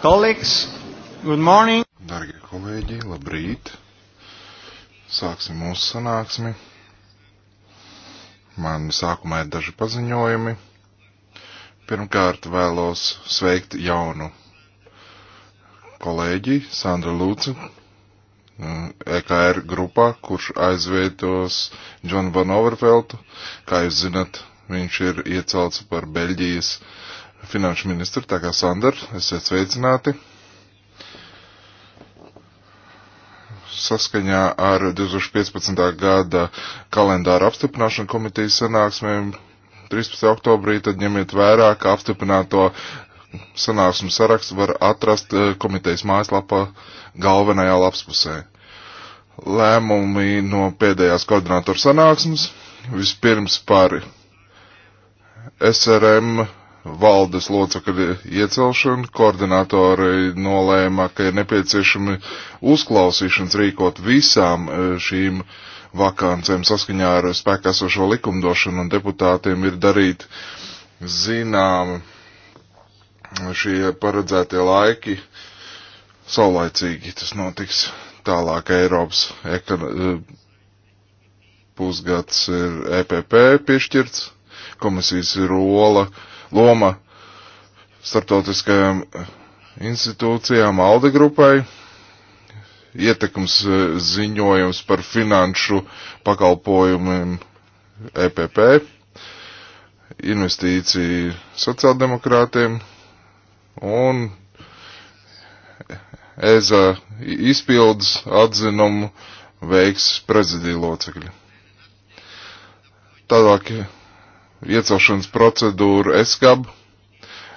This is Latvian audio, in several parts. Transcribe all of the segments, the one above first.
colleagues, good morning. Dargie kolēģi, labrīt. Sāksim mūsu sanāksmi. Man sākumā ir daži paziņojumi. Pirmkārt vēlos sveikt jaunu kolēģi Sandra Lūcu, EKR grupā, kurš aizvietos Džonu Van Overfeltu. Kā jūs zinat, viņš ir iecelts par Beļģijas uh, finanšu ministru, tā kā Sandar, esiet sveicināti. Saskaņā ar 2015. gada kalendāra apstiprināšanu komitejas sanāksmēm 13. oktobrī, tad ņemiet vērā, ka apstiprināto sanāksmu sarakstu var atrast eh, komitejas mājaslapā galvenajā lapspusē. Lēmumi no pēdējās koordinātoru sanāksmes vispirms par SRM valdes locekļu iecelšanu. Koordinatori nolēma, ka ir nepieciešami uzklausīšanas rīkot visām e, šīm vakancēm saskaņā ar spēkā esošo likumdošanu un deputātiem ir darīt zinām šie paredzētie laiki saulaicīgi. Tas notiks tālāk Eiropas ekon... E, pusgads ir EPP piešķirts, komisijas rola loma starptautiskajām eh, institūcijām, ALDE grupai, ietekums eh, ziņojums par finanšu pakalpojumiem EPP, investīciju sociāldemokrātiem un EZA izpildes atzinumu veiks prezidiju locekļi. Tālāk iecelšanas procedūru ESCAB.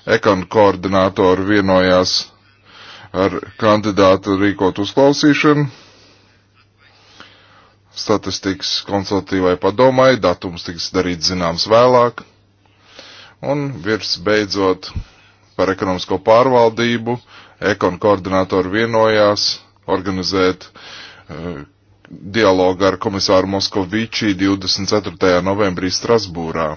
Ekon koordinātori vienojās ar kandidātu rīkot uzklausīšanu. Statistikas konsultatīvai padomai datums tiks darīts zināms vēlāk. Un virs beidzot par ekonomisko pārvaldību ekon koordinātori vienojās organizēt uh, dialogu ar komisāru Moskovičī 24. novembrī Strasbūrā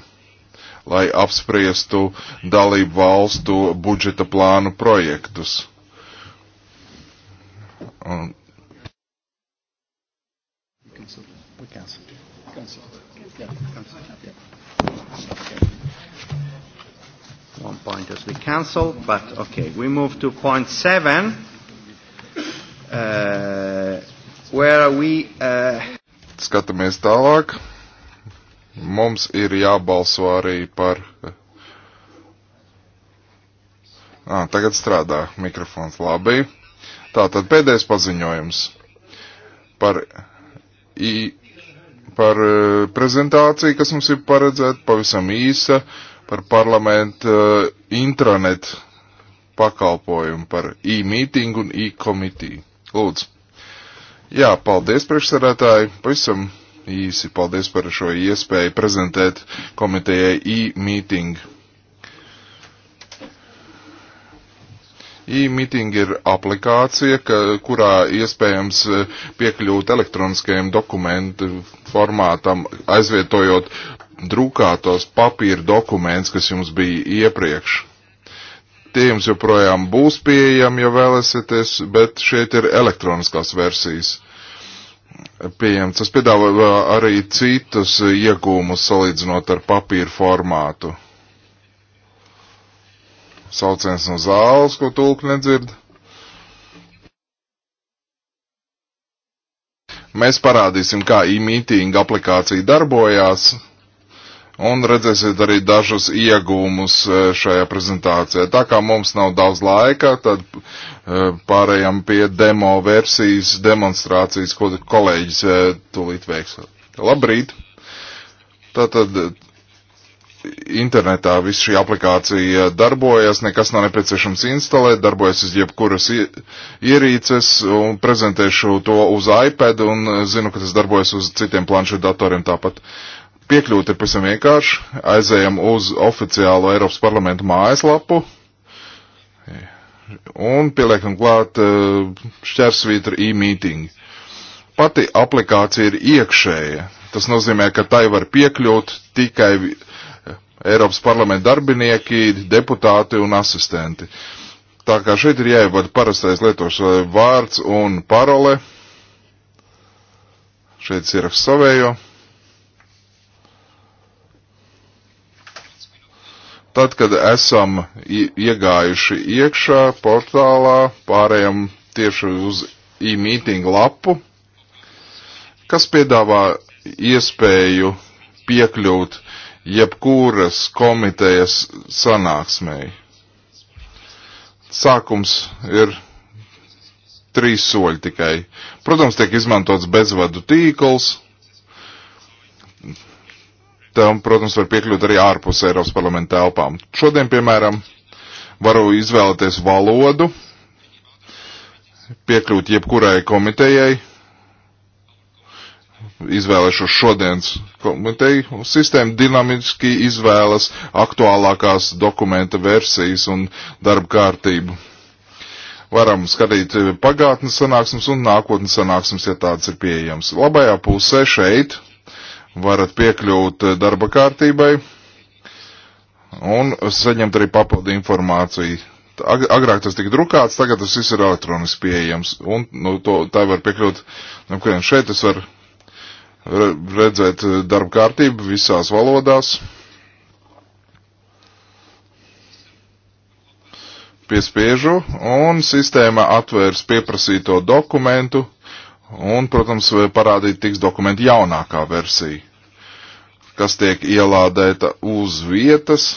lai apspriestu dalību valstu budžeta plānu projektus. Un, One point has been cancelled, but okay, we move to point seven, uh, where we. Uh, Skatāmies tālāk. Mums ir jābalso arī par. À, tagad strādā mikrofons labi. Tātad pēdējais paziņojums par, i, par prezentāciju, kas mums ir paredzēta pavisam īsa par parlamentu intranet pakalpojumu par e-mītingu un e-komitiju. Lūdzu. Jā, paldies priekšsarētāji. Pavisam īsi paldies par šo iespēju prezentēt komitejai e-meeting. E-meeting ir aplikācija, ka, kurā iespējams e, piekļūt elektroniskajam dokumentu formātam, aizvietojot drukātos papīra dokumentus, kas jums bija iepriekš. Tie jums joprojām būs pieejami, ja vēlēsieties, bet šeit ir elektroniskās versijas pieejams. Tas piedāvā arī citus iegūmus salīdzinot ar papīru formātu. Sauciens no zāles, ko tulk nedzird. Mēs parādīsim, kā e-mītīnga aplikācija darbojās un redzēsiet arī dažus ieguvumus e, šajā prezentācijā. Tā kā mums nav daudz laika, tad e, pārējām pie demo versijas demonstrācijas, ko kolēģis e, tūlīt veiks. Labrīt! Tātad internetā viss šī aplikācija darbojas, nekas nav nepieciešams instalēt, darbojas uz jebkuras ierīces un prezentēšu to uz iPad un zinu, ka tas darbojas uz citiem planšu datoriem tāpat. Uh, Piekļūt ir pavisam vienkārši. Aizējam uz oficiālo Eiropas parlamentu mājaslapu un pieliekam klāt eh, šķērsvītru e-meeting. Pati aplikācija ir iekšēja. Tas nozīmē, ka tai var piekļūt tikai Eiropas parlamenta darbinieki, deputāti un asistenti. Tā kā šeit ir jāievada parastais lietošanas vārds un parole. Šeit ir savējo. Tad, kad esam iegājuši iekšā portālā, pārējām tieši uz e-mītinga lapu, kas piedāvā iespēju piekļūt jebkuras komitejas sanāksmēji. Sākums ir trīs soļi tikai. Protams, tiek izmantots bezvadu tīkls, tam, um, protams, var piekļūt arī ārpus Eiropas parlamenta telpām. Šodien, piemēram, varu izvēlēties valodu, piekļūt jebkurai komitejai, izvēlēšos šodienas komiteju. Sistēma dinamiski izvēlas aktuālākās dokumenta versijas un darba kārtību. Varam skatīt pagātnes sanāksmes un nākotnes sanāksmes, ja tāds ir pieejams. Labajā pusē šeit varat piekļūt eh, darba kārtībai un saņemt arī papildu informāciju. Ag agrāk tas tika drukāts, tagad tas viss ir elektroniski pieejams, un nu, to, tā var piekļūt, nu, kuriem šeit es varu redzēt eh, darba kārtību visās valodās. 5 spiežu un sistēma atvērs pieprasīto dokumentu un, protams, eh, parādīt tiks dokumenta jaunākā versija, kas tiek ielādēta uz vietas.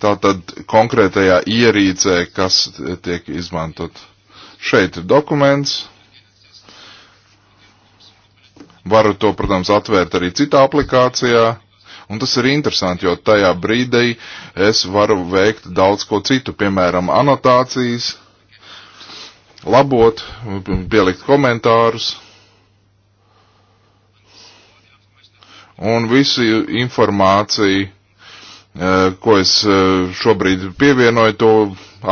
Tātad konkrētajā ierīcē, kas tiek izmantot. Šeit ir dokuments. Varu to, protams, atvērt arī citā aplikācijā. Un tas ir interesanti, jo tajā brīdī es varu veikt daudz ko citu, piemēram, anotācijas, labot, pielikt komentārus. Un visu informāciju, eh, ko es eh, šobrīd pievienoju, to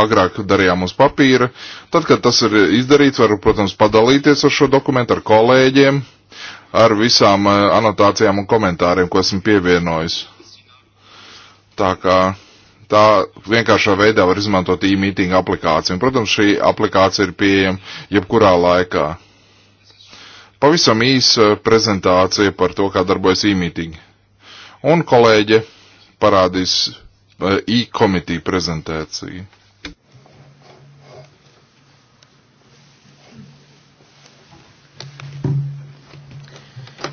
agrāk darījām uz papīra. Tad, kad tas ir izdarīts, varu, protams, padalīties ar šo dokumentu, ar kolēģiem, ar visām eh, anotācijām un komentāriem, ko esmu pievienojis. Tā kā Tā vienkāršā veidā var izmantot e-mītinga aplikāciju. Un, protams, šī aplikācija ir pieejama jebkurā laikā. Pavisam īsa prezentācija par to, kā darbojas e-mītingi. Un kolēģe parādīs eh, e-komitīju prezentāciju.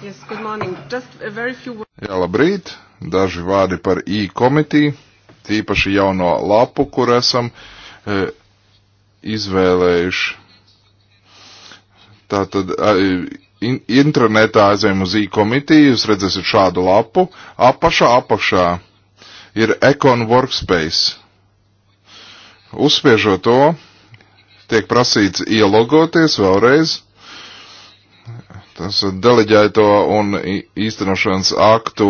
Yes, good morning. Just a very few... Jā, labrīt. Daži vārdi par e-komitīju tīpaši jauno lapu, kur esam e, izvēlējuši. Tātad in, internetā aizējām uz e-komitiju, jūs redzēsiet šādu lapu, apašā apakšā ir Econ Workspace. Uzspiežot to, tiek prasīts ielogoties vēlreiz Tas deleģēto un īstenošanas aktu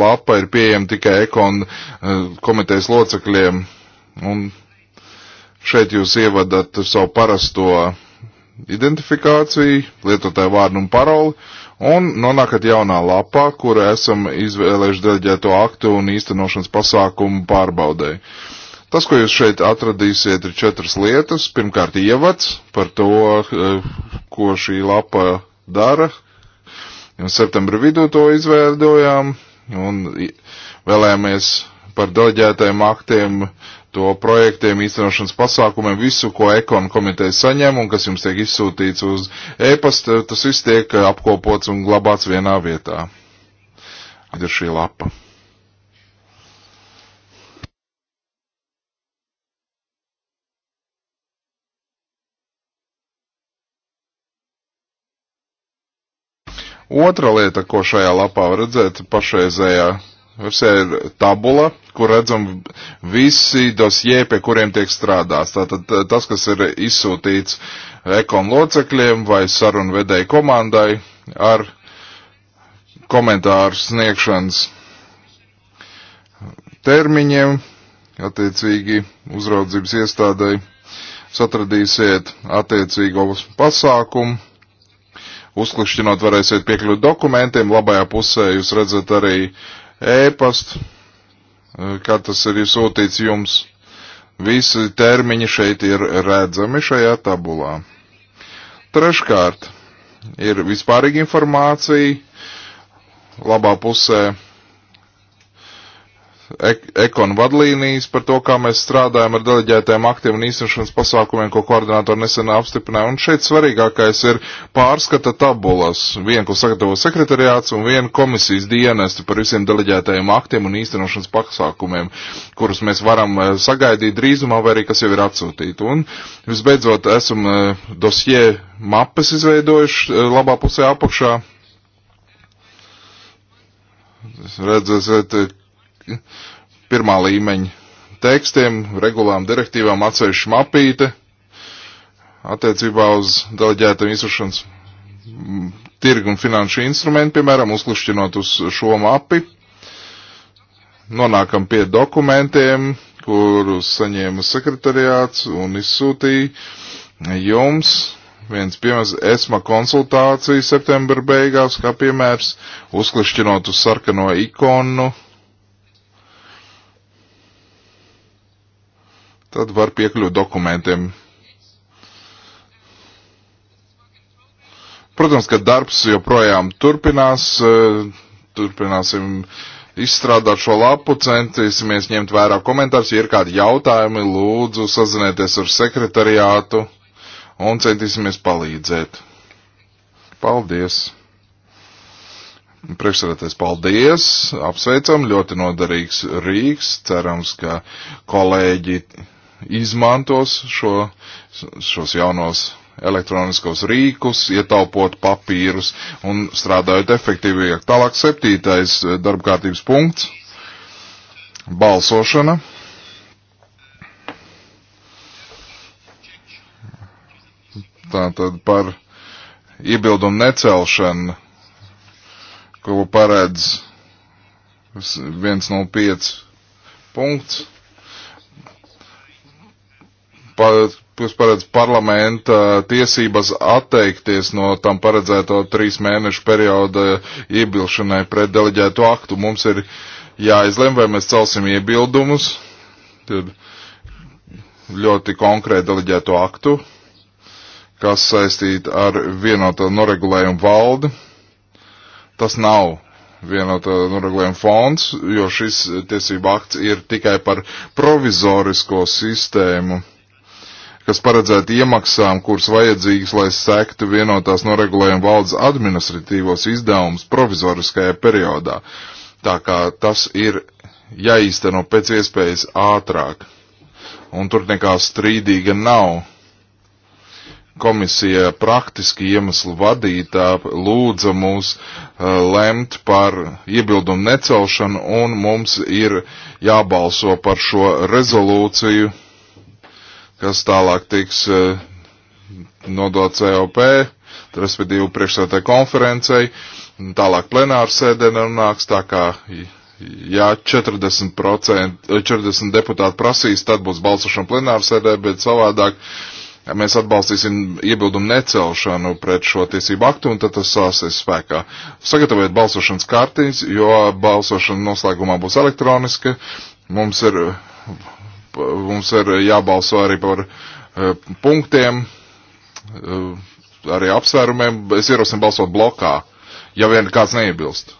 lapa ir pieejama tikai ekon eh, komitejas locekļiem. Un šeit jūs ievadat savu parasto identifikāciju, lietotāju vārdu un paroli, un nonākat jaunā lapā, kura esam izvēlējuši deleģēto aktu un īstenošanas pasākumu pārbaudēji. Tas, ko jūs šeit atradīsiet, ir četras lietas. Pirmkārt, ievads par to, eh, ko šī lapa dara. Septembra vidū to izveidojām un vēlējāmies par deleģētajiem aktiem, to projektiem, īstenošanas pasākumiem, visu, ko ekon komiteja saņem un kas jums tiek izsūtīts uz e-pasta, tas viss tiek apkopots un glabāts vienā vietā. Ir šī lapa. Otra lieta, ko šajā lapā var redzēt pašreizējā versijā, ir tabula, kur redzam visi dosjē, pie kuriem tiek strādāts. Tātad tas, kas ir izsūtīts ekon locekļiem vai sarunu vedēju komandai ar komentāru sniegšanas termiņiem, attiecīgi uzraudzības iestādai, satradīsiet attiecīgos pasākumu Uzklikšķinot varēsiet piekļūt dokumentiem, labajā pusē jūs redzat arī ēpastu, e kā tas ir sūtīts jums. Visi termiņi šeit ir redzami šajā tabulā. Treškārt ir vispārīga informācija, labā pusē ek ekonu vadlīnijas par to, kā mēs strādājam ar deleģētiem aktiem un īstenošanas pasākumiem, ko koordinātori nesen apstiprināja. Un šeit svarīgākais ir pārskata tabulas. Vienu, ko sagatavo sekretariāts, un vienu komisijas dienestu par visiem deleģētajiem aktiem un īstenošanas pasākumiem, kurus mēs varam eh, sagaidīt drīzumā vai arī kas jau ir atsūtīti. Un visbeidzot, esam eh, dosie mapes izveidojuši eh, labā pusē apakšā redzēsiet, pirmā līmeņa tekstiem, regulām, direktīvām atsevišķa mapīte attiecībā uz deleģētiem izsušanas tirgu un finanšu instrumentu, piemēram, uzklišķinot uz šo mapi. Nonākam pie dokumentiem, kurus saņēma sekretariāts un izsūtīja jums. Viens piemērs - ESMA konsultācija septembra beigās, kā piemērs, uzklišķinot uz sarkano ikonu tad var piekļūt dokumentiem. Protams, ka darbs joprojām turpinās, eh, turpināsim izstrādāt šo lapu, centīsimies ņemt vērā komentārus, ja ir kādi jautājumi, lūdzu sazinieties ar sekretariātu un centīsimies palīdzēt. Paldies! Priekšsēdētais, paldies! Apsveicam, ļoti noderīgs rīks, cerams, ka kolēģi izmantos šo, šos jaunos elektroniskos rīkus, ietaupot papīrus un strādājot efektīvāk. Tālāk septītais darba kārtības punkts - balsošana. Tātad par iebildumu necelšanu, ko paredz 105 punkts kas paredz parlamenta tiesības atteikties no tam paredzēto trīs mēnešu perioda iebilšanai pret deleģēto aktu. Mums ir jāizlem, vai mēs celsim iebildumus tad ļoti konkrēti deleģēto aktu, kas saistīta ar vienoto noregulējumu valdi. Tas nav vienotā noregulējuma fonds, jo šis tiesība akts ir tikai par provizorisko sistēmu kas paredzēta iemaksām, kuras vajadzīgas, lai sektu vienotās noregulējuma valdes administratīvos izdevumus provizoriskajā periodā. Tā kā tas ir jāīsteno pēc iespējas ātrāk. Un tur nekā strīdīga nav. Komisija praktiski iemeslu vadītā lūdza mūs uh, lemt par iebildumu necelšanu, un mums ir jābalso par šo rezolūciju kas tālāk tiks eh, nodot COP, respektīvi priekšsētē konferencei, tālāk plenāru sēdē nonāks, tā kā, ja 40%, 40 deputāti prasīs, tad būs balsošana plenāru sēdē, bet savādāk mēs atbalstīsim iebildumu necelšanu pret šo tiesību aktu, un tad tas sāksies spēkā. Sagatavojiet balsošanas kārtīs, jo balsošana noslēgumā būs elektroniska. Mums ir mums ir jābalso arī par eh, punktiem, eh, arī apsvērumiem. Es ierosinu balsot blokā, ja vien kāds neiebilst.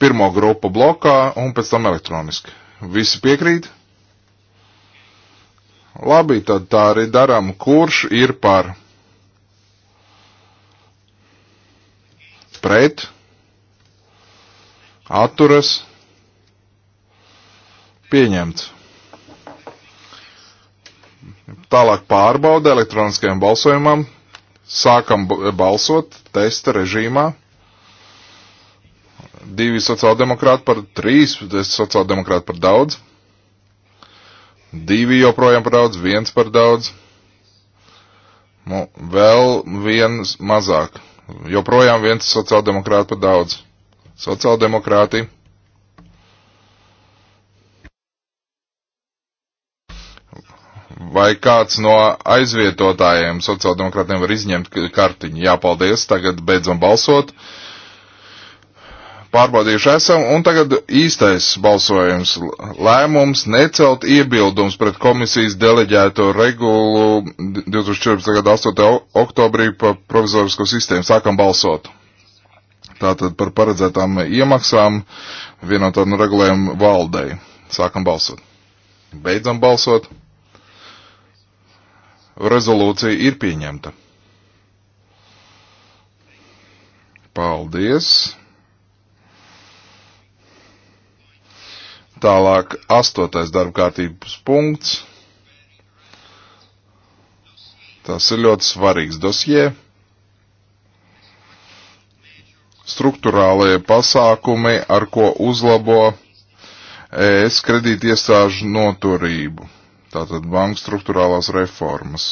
Pirmo grupu blokā un pēc tam elektroniski. Visi piekrīt? Labi, tad tā arī darām. Kurš ir par? Pret? Atturas? Pieņemts. Tālāk pārbauda elektroniskajam balsojumam. Sākam balsot testa režīmā. Divi sociāldemokrāti par trīs, sociāldemokrāti par daudz. Divi joprojām par daudz, viens par daudz. Nu, vēl viens mazāk. Joprojām viens sociāldemokrāti par daudz. Sociāldemokrāti. Vai kāds no aizvietotājiem sociāldemokrātiem var izņemt kartiņu? Jā, paldies, tagad beidzam balsot. Pārbaudījuši esam, un tagad īstais balsojums lēmums necelt iebildums pret komisijas deleģēto regulu 2014. gada 8. oktobrī par provizorisko sistēmu. Sākam balsot. Tātad par paredzētām iemaksām vienotā no regulējuma valdei. Sākam balsot. Beidzam balsot rezolūcija ir pieņemta. Paldies! Tālāk, astotais darba kārtības punkts. Tas ir ļoti svarīgs dosie. Struktūrālie pasākumi, ar ko uzlabo ES kredītiestāžu noturību tātad banku struktūrālās reformas.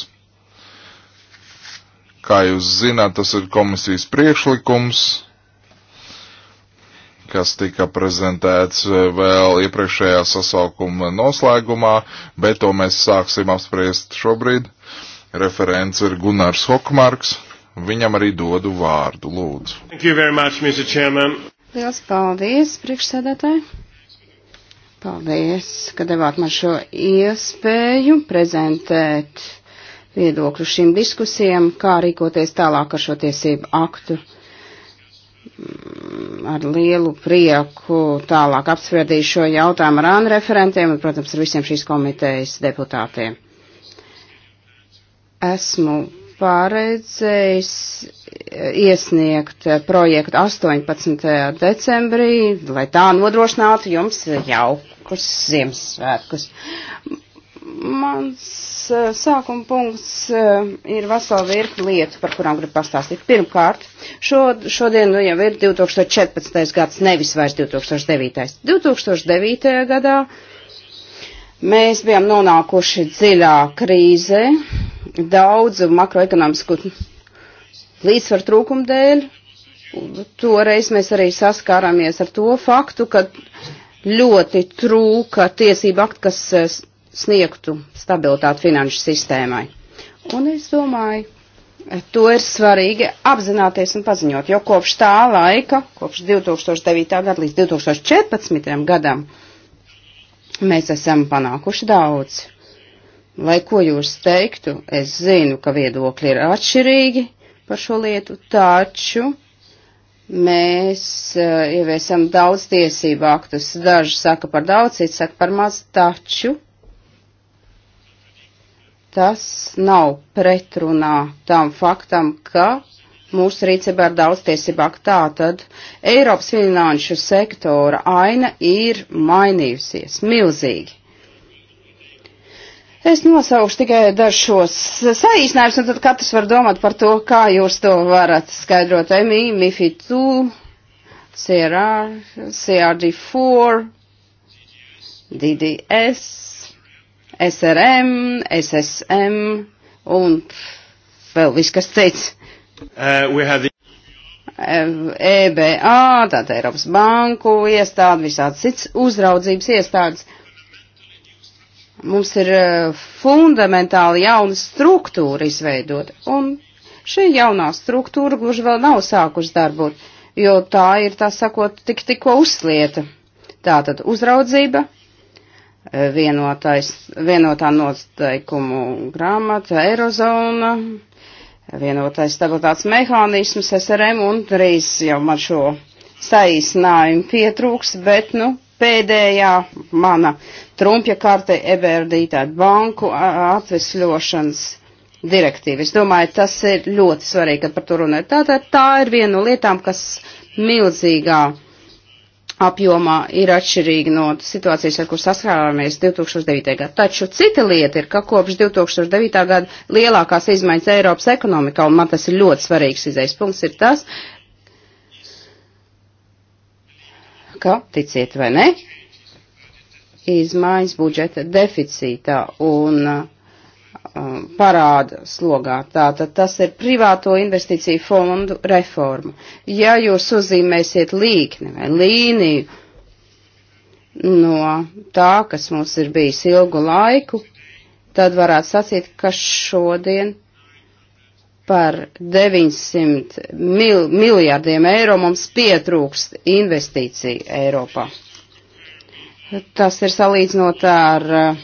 Kā jūs zināt, tas ir komisijas priekšlikums, kas tika prezentēts eh, vēl iepriekšējā sasaukuma noslēgumā, bet to mēs sāksim apspriest šobrīd. Referents ir Gunārs Hokmarks. Viņam arī dodu vārdu, lūdzu. Much, Liels paldies, priekšsēdētāji! Paldies, ka devāt man šo iespēju prezentēt viedokļu šīm diskusijām, kā rīkoties tālāk ar šo tiesību aktu. Mm, ar lielu prieku tālāk apspriedīšu šo jautājumu ar ANU referentiem un, protams, ar visiem šīs komitejas deputātiem. Esmu pārēdzējis eh, iesniegt eh, projektu 18. decembrī, lai tā nodrošinātu jums eh, jaukus Ziemassvētkus. Mans sākuma punkts ir vesela virkni lietu, par kurām gribu pastāstīt. Pirmkārt, šo, šodien nu, jau ir 2014. gads, nevis vairs 2009. 2009. gadā Mēs bijām nonākuši dziļā krīzē, daudzu makroekonomisku līdzsvaru trūkumu dēļ. Toreiz mēs arī saskārāmies ar to faktu, ka ļoti trūka tiesība akti, kas eh, sniegtu stabilitāti finanšu sistēmai. Un es domāju, eh, to ir svarīgi apzināties un paziņot, jo kopš tā laika, kopš 2009. gada līdz 2014. gadam, Mēs esam panākuši daudz. Lai ko jūs teiktu, es zinu, ka viedokļi ir atšķirīgi par šo lietu, taču mēs uh, ieviesam daudz tiesību aktus. Daži saka par daudz, citi saka par maz, taču tas nav pretrunā tam faktam, ka Mūsu rīcībā ir daudz tiesību aktu. Tātad Eiropas finanšu sektora aina ir mainījusies milzīgi. Es nosaukšu tikai dažos saīsinājumus, un tad katrs var domāt par to, kā jūs to varat skaidrot. MI, MIFI 2, CRR, CRD4, DDS, SRM, SSM un vēl viss, kas cits. Uh, EBA, e tātad Eiropas banku iestādi, visāds cits uzraudzības iestādes. Mums ir uh, fundamentāli jauna struktūra izveidot, un šī jaunā struktūra gluži vēl nav sākusi darbot, jo tā ir, tā sakot, tik tikko uzslieta. Tātad uzraudzība, uh, vienotais, vienotā noteikumu grāmata, Eirozona, vienotais stabilitātes mehānisms SRM un drīz jau man šo saīsinājumu pietrūks, bet, nu, pēdējā mana trumpja karte EBRD, tāda banku atvesļošanas direktīva. Es domāju, tas ir ļoti svarīgi, ka par to runāt. Tātad tā ir viena no lietām, kas milzīgā apjomā ir atšķirīga no situācijas, ar kur saskārāmies 2009. gadā. Taču cita lieta ir, ka kopš 2009. gada lielākās izmaiņas Eiropas ekonomikā, un man tas ir ļoti svarīgs izējas punkts, ir tas, ka, ticiet vai ne, izmaiņas budžeta deficītā un uh, Um, parāda slogā. Tātad tas ir privāto investīciju fondu reforma. Ja jūs uzzīmēsiet līkni vai līniju no tā, kas mums ir bijis ilgu laiku, tad varētu sacīt, ka šodien par 900 mil, miljārdiem eiro mums pietrūkst investīciju Eiropā. Tas ir salīdzinot ar uh,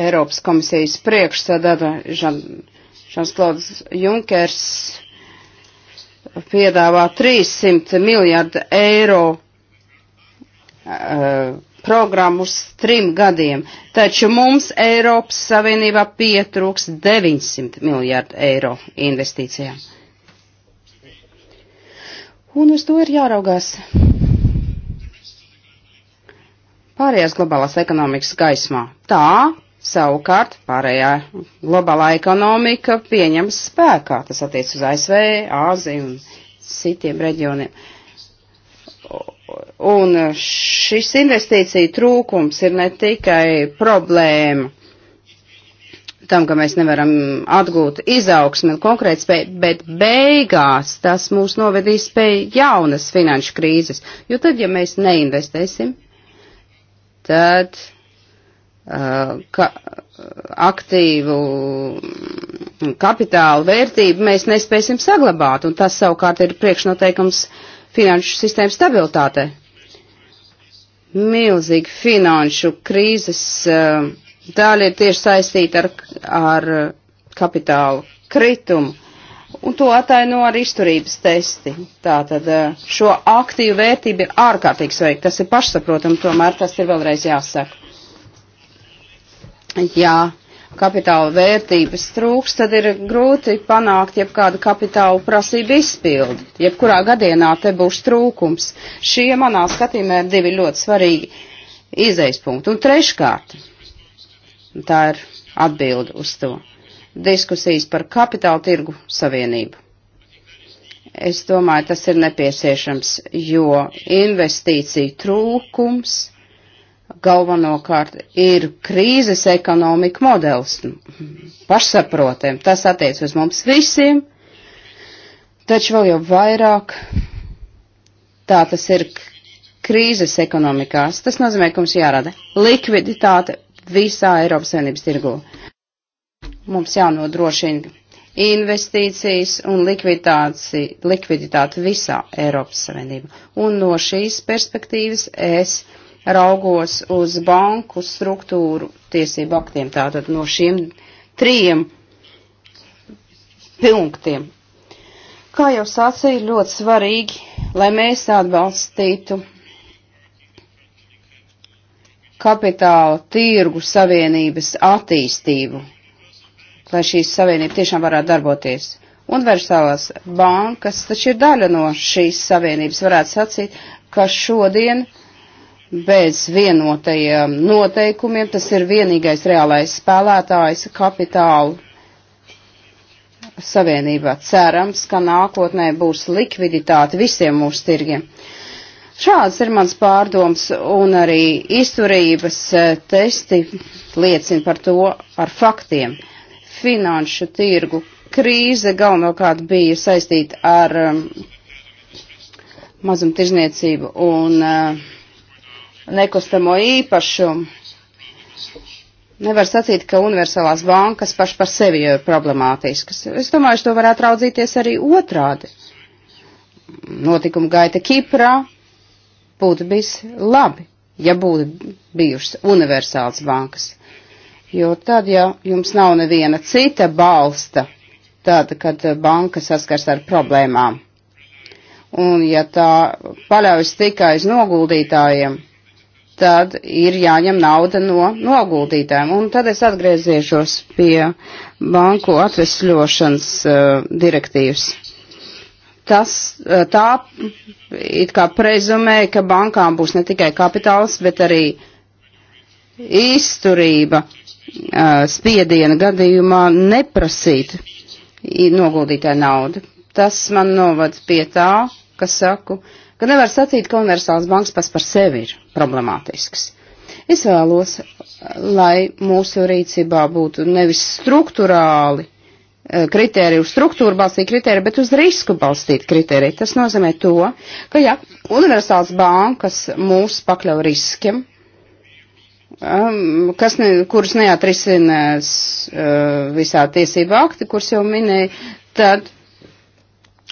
Eiropas komisijas priekšsēdētājs Žans-Klauds Junkers piedāvā 300 miljārdu eiro uh, programmu uz trim gadiem, taču mums Eiropas Savienībā pietrūks 900 miljārdu eiro investīcijām. Un uz to ir jāraugās pārējās globālās ekonomikas gaismā. Tā, Savukārt pārējā globālā ekonomika pieņems spēkā. Tas attiec uz ASV, Āziju un citiem reģioniem. Un šis investīcija trūkums ir ne tikai problēma tam, ka mēs nevaram atgūt izaugsmi un konkrētspēju, bet beigās tas mūs novedīs pie jaunas finanšu krīzes. Jo tad, ja mēs neinvestēsim, tad ka, aktīvu kapitālu vērtību mēs nespēsim saglabāt, un tas savukārt ir priekšnoteikums finanšu sistēmas stabilitātei. Milzīgi finanšu krīzes e, daļa ir tieši saistīta ar, ar kapitālu kritumu, un to ataino ar izturības testi. Tātad e, šo aktīvu vērtību ir ārkārtīgi svarīgi, tas ir pašsaprotami, tomēr tas ir vēlreiz jāsaka ja kapitāla vērtības trūks, tad ir grūti panākt jebkādu kapitāla prasību izpildi. Jebkurā gadienā te būs trūkums. Šie manā skatījumā ir divi ļoti svarīgi izejas punkti. Un treškārt, tā ir atbilde uz to, diskusijas par kapitāla tirgu savienību. Es domāju, tas ir nepieciešams, jo investīciju trūkums galvenokārt ir krīzes ekonomika modelis. Pašsaprotam, tas attiec uz mums visiem, taču vēl jau vairāk tā tas ir krīzes ekonomikās. Tas nozīmē, ka mums jārada likviditāte visā Eiropas Savienības tirgu. Mums jānodrošina investīcijas un likviditāti visā Eiropas Savienībā. Un no šīs perspektīvas es raugos uz banku struktūru tiesību aktiem, tātad no šiem trījiem punktiem. Kā jau sacīju, ļoti svarīgi, lai mēs atbalstītu kapitāla tirgu savienības attīstību, lai šī savienība tiešām varētu darboties. Universālās bankas taču ir daļa no šīs savienības, varētu sacīt, ka šodien uh, bez vienotajiem noteikumiem. Tas ir vienīgais reālais spēlētājs kapitālu savienībā. Cerams, ka nākotnē būs likviditāte visiem mūsu tirgiem. Šāds ir mans pārdoms un arī izturības eh, testi liecina par to ar faktiem. Finanšu tirgu krīze galvenokārt bija saistīta ar um, mazumtirzniecību un uh, nekustamo īpašumu. Nevar sacīt, ka universālās bankas paši par sevi ir problemātiskas. Es domāju, ka to varētu raudzīties arī otrādi. Notikuma gaita Kiprā būtu bijis labi, ja būtu bijušas universāls bankas. Jo tad, ja jums nav neviena cita balsta, tad, kad banka saskars ar problēmām. Un ja tā paļaujas tikai uz noguldītājiem, tad ir jāņem nauda no noguldītēm. Un tad es atgriezīšos pie banku atvesļošanas uh, direktīvas. Tas eh, tā it kā prezumē, ka bankām būs ne tikai kapitāls, bet arī izturība uh, spiediena gadījumā neprasīt noguldītē naudu. Tas man novad pie tā, ka saku, uh, ka nevar sacīt, ka universāls banks pats par sevi ir problemātisks. Es vēlos, lai mūsu rīcībā būtu nevis struktūrāli e, kritēriju, uz struktūru balstīt kritēriju, bet uz risku balstīt kritēriju. Tas nozīmē to, ka ja universāls bankas mūs pakļauj riskiem, um, kas ne, kurus neatrisinās uh, visā tiesība akti, kurus jau minēja, tad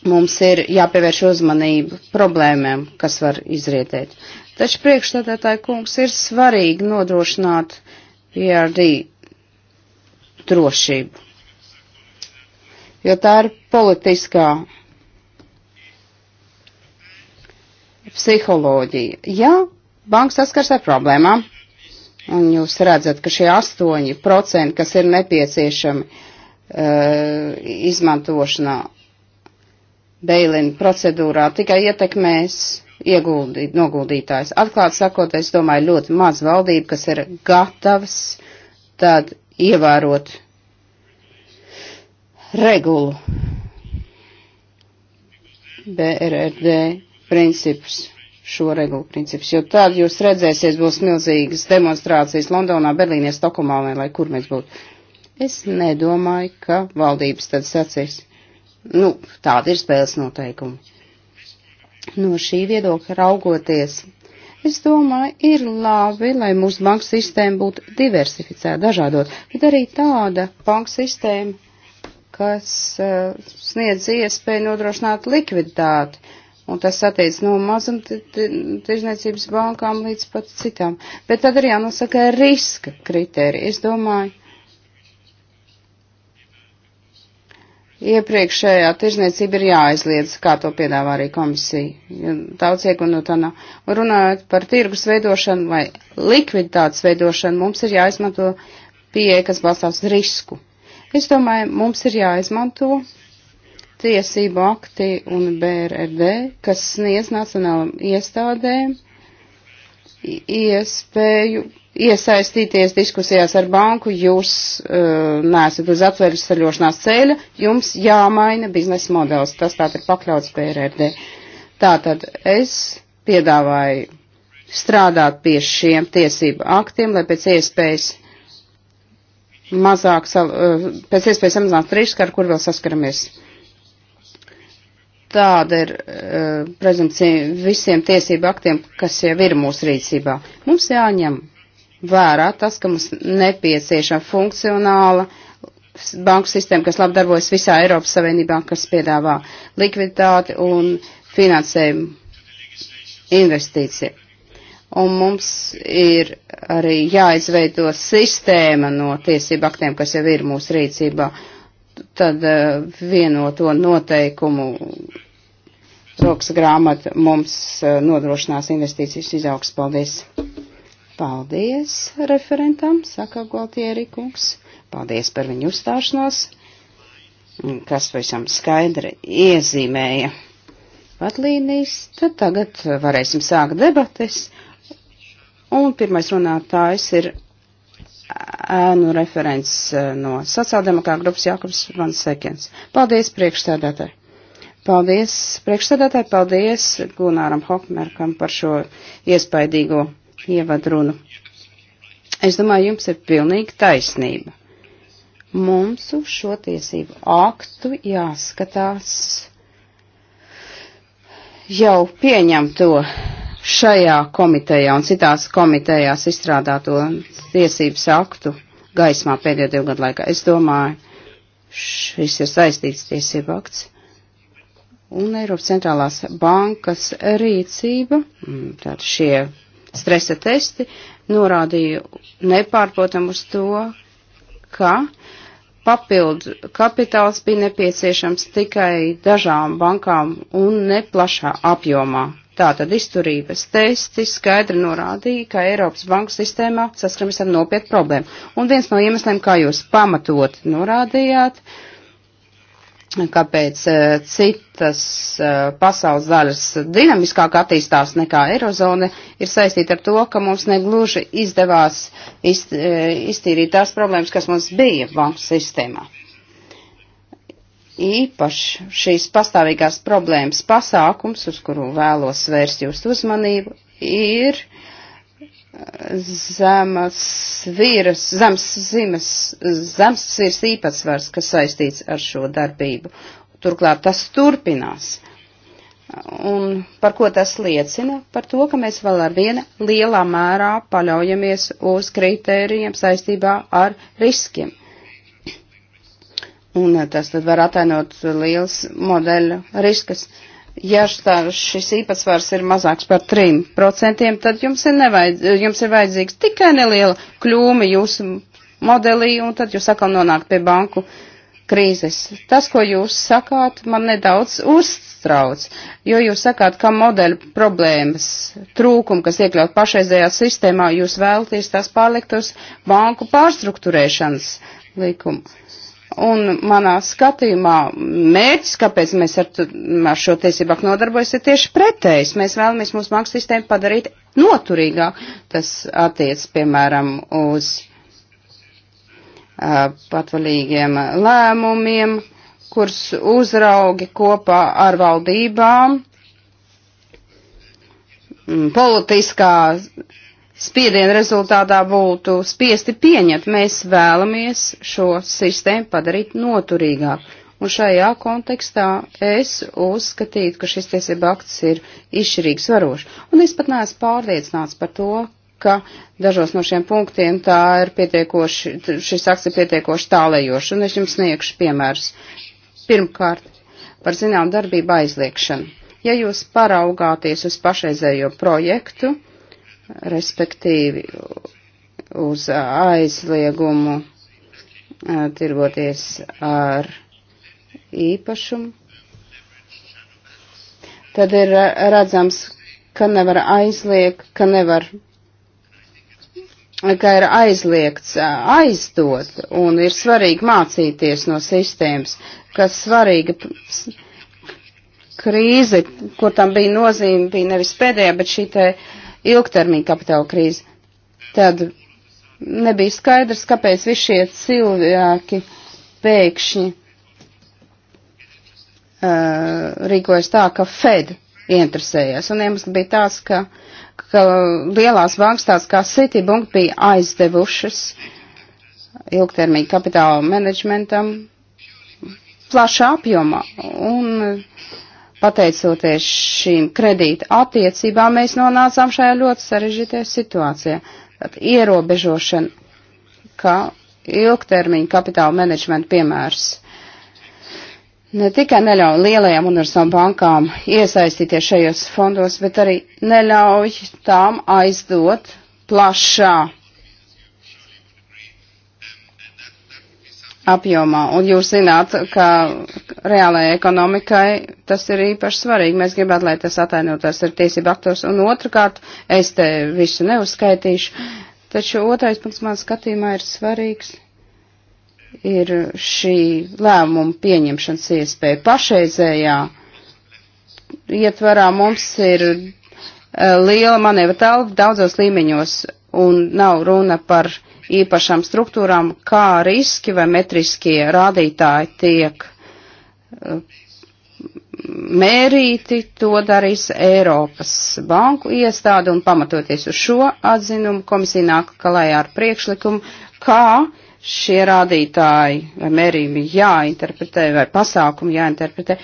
mums ir jāpievērš uzmanība problēmēm, kas var izrietēt. Taču priekšstādātāji kungs ir svarīgi nodrošināt PRD drošību, jo tā ir politiskā psiholoģija. Ja banka saskars ar problēmām, un jūs redzat, ka šie 8%, kas ir nepieciešami uh, izmantošanā, beilina procedūrā tikai ietekmēs ieguldīt, noguldītājs. Atklāt sakot, es domāju, ļoti maz valdība, kas ir gatavs tad ievērot regulu BRRD principus, šo regulu principus, jo tad jūs redzēsiet, būs milzīgas demonstrācijas Londonā, Berlīnē, Stokholmā, lai kur mēs būtu. Es nedomāju, ka valdības tad sacīs Nu, tāda ir spēles noteikumi. No šī viedokļa raugoties, es domāju, ir labi, lai mūsu banka sistēma būtu diversificēta, dažādot, bet arī tāda banka sistēma, kas uh, sniedz iespēju nodrošināt likviditāti, un tas attiec no mazumtirdzniecības bankām līdz pat citām. Bet tad ir jānosaka riska kriterija. Es domāju, iepriekšējā tirzniecība ir jāaizliedz, kā to piedāvā arī komisija. Daudz iegunu no tā nav. Runājot par tirgus veidošanu vai likviditātes veidošanu, mums ir jāizmanto pieeja, kas balstās risku. Es domāju, mums ir jāizmanto tiesību akti un BRD, kas sniedz nacionālam iestādēm iespēju iesaistīties diskusijās ar banku, jūs uh, neesat uz atveres ceļošanās ceļa, jums jāmaina biznesa modelis. Tas tātad ir pakļauts PRD. Tātad es piedāvāju strādāt pie šiem tiesību aktiem, lai pēc iespējas mazāk, eh, pēc iespējas samazināt risku, ar kur vēl saskaramies tāda ir uh, eh, prezumcija visiem tiesību aktiem, kas jau ir mūsu rīcībā. Mums jāņem vērā tas, ka mums nepieciešama funkcionāla banku sistēma, kas labi darbojas visā Eiropas Savienībā, kas piedāvā likviditāti un finansējumu investīciju. Un mums ir arī jāizveido sistēma no tiesību aktiem, kas jau ir mūsu rīcībā tad eh, vienoto noteikumu rokas grāmata mums eh, nodrošinās investīcijas izaugs. Paldies! Paldies referentam, saka Gualtieri kungs. Paldies par viņu uzstāšanos, kas pavisam skaidri iezīmēja vadlīnijas. Tad tagad varēsim sākt debates. Un pirmais runātājs ir ēnu referents eh, no sociāldemokrāta grupas Jākubs Vans Sekens. Paldies priekšstādātāji! Paldies priekšstādātāji, paldies Gunāram Hokmerkam par šo iespaidīgo ievadrunu. Es domāju, jums ir pilnīgi taisnība. Mums uz šo tiesību aktu jāskatās jau pieņemto šajā komitejā un citās komitejās izstrādāto tiesības aktu gaismā pēdējo divu gadu laikā. Es domāju, šis ir saistīts tiesību akts. Un Eiropas centrālās bankas rīcība, mm, tātad šie stresa testi, norādīja nepārprotam uz to, ka papildu kapitāls bija nepieciešams tikai dažām bankām un neplašā apjomā Tātad izturības testi skaidri norādīja, ka Eiropas banku sistēmā saskaramies ar nopietnu problēmu. Un viens no iemesliem, kā jūs pamatot norādījāt, kāpēc eh, citas eh, pasaules daļas dinamiskāk attīstās nekā Eirozone, ir saistīta ar to, ka mums negluži izdevās eh, iztīrīt tās problēmas, kas mums bija banku sistēmā īpaši šīs pastāvīgās problēmas pasākums, uz kuru vēlos vērst jūsu uzmanību, ir eh, zemas vīras, zemes zimes, zemes vīras īpatsvars, kas saistīts ar šo darbību. Turklāt tas turpinās. Un par ko tas liecina? Par to, ka mēs vēl ar vienu lielā mērā paļaujamies uz kritērijiem saistībā ar riskiem. Un tas tad var atainot liels modeļu riskas. Ja štā, šis īpatsvars ir mazāks par 3%, tad jums ir, nevajadz, jums ir vajadzīgs tikai neliela kļūme jūsu modelī, un tad jūs atkal nonākt pie banku krīzes. Tas, ko jūs sakāt, man nedaudz uztrauc, jo jūs sakāt, ka modeļu problēmas trūkumu, kas iekļaut pašreizējā sistēmā, jūs vēlaties tās pārlikt uz banku pārstruktūrēšanas likumu Un manā skatījumā mērķis, kāpēc mēs ar, ar šo tiesību aktu nodarbojas, ir tieši pretējs. Mēs vēlamies mūsu mākslas sistēmu padarīt noturīgāk. Tas attiec, piemēram, uz uh, patvaļīgiem lēmumiem, kurus uzraugi kopā ar valdībām, mm, politiskās spiediena rezultātā būtu spiesti pieņemt. Mēs vēlamies šo sistēmu padarīt noturīgāku. Un šajā kontekstā es uzskatītu, ka šis tiesība akts ir izšķirīgi svarošs. Un es pat neesmu pārliecināts par to, ka dažos no šiem punktiem tā ir pietiekoši, šis akts ir pietiekoši tālējošs. Un es jums sniegšu piemērus. Pirmkārt, par zinām darbību aizliekšanu. Ja jūs paraugāties uz pašreizējo projektu, respektīvi uz aizliegumu tirgoties ar īpašumu. Tad ir redzams, ka nevar aizliegt, ka nevar, ka ir aizliegts aizdot, un ir svarīgi mācīties no sistēmas, kas svarīga krīze, kur tam bija nozīme, bija nevis pēdējā, bet šī te uh, ilgtermiņa kapitāla krīze, tad nebija skaidrs, kāpēc visi šie cilvēki pēkšņi uh, rīkojas tā, ka Fed ieinteresējās. Un iemesls bija tāds, ka, ka lielās bankas tāds kā Citibank bija aizdevušas ilgtermiņa kapitāla menedžmentam plašā apjomā. Un pateicoties šīm kredīta attiecībām, mēs nonācām šajā ļoti sarežģītajā situācijā. Tad ierobežošana, kā ilgtermiņa kapitāla menedžmenta piemērs. Ne tikai neļauj lielajām universālām bankām iesaistīties šajos fondos, bet arī neļauj tām aizdot plašā apjomā. Un jūs zināt, ka reālajai ekonomikai tas ir īpaši svarīgi. Mēs gribētu, lai tas atainotos ar tiesību aktos. Un otrkārt, es te visu neuzskaitīšu, taču otrais punkts man skatījumā ir svarīgs. Ir šī lēmuma pieņemšanas iespēja pašreizējā ietvarā mums ir eh, liela manevra telpa daudzos līmeņos un nav runa par uh, īpašām struktūrām, kā riski vai metriskie rādītāji tiek eh, mērīti, to darīs Eiropas banku iestāde un pamatoties uz šo atzinumu komisija nāk kalējā ar priekšlikumu, kā šie rādītāji vai mērījumi jāinterpretē vai pasākumi jāinterpretē.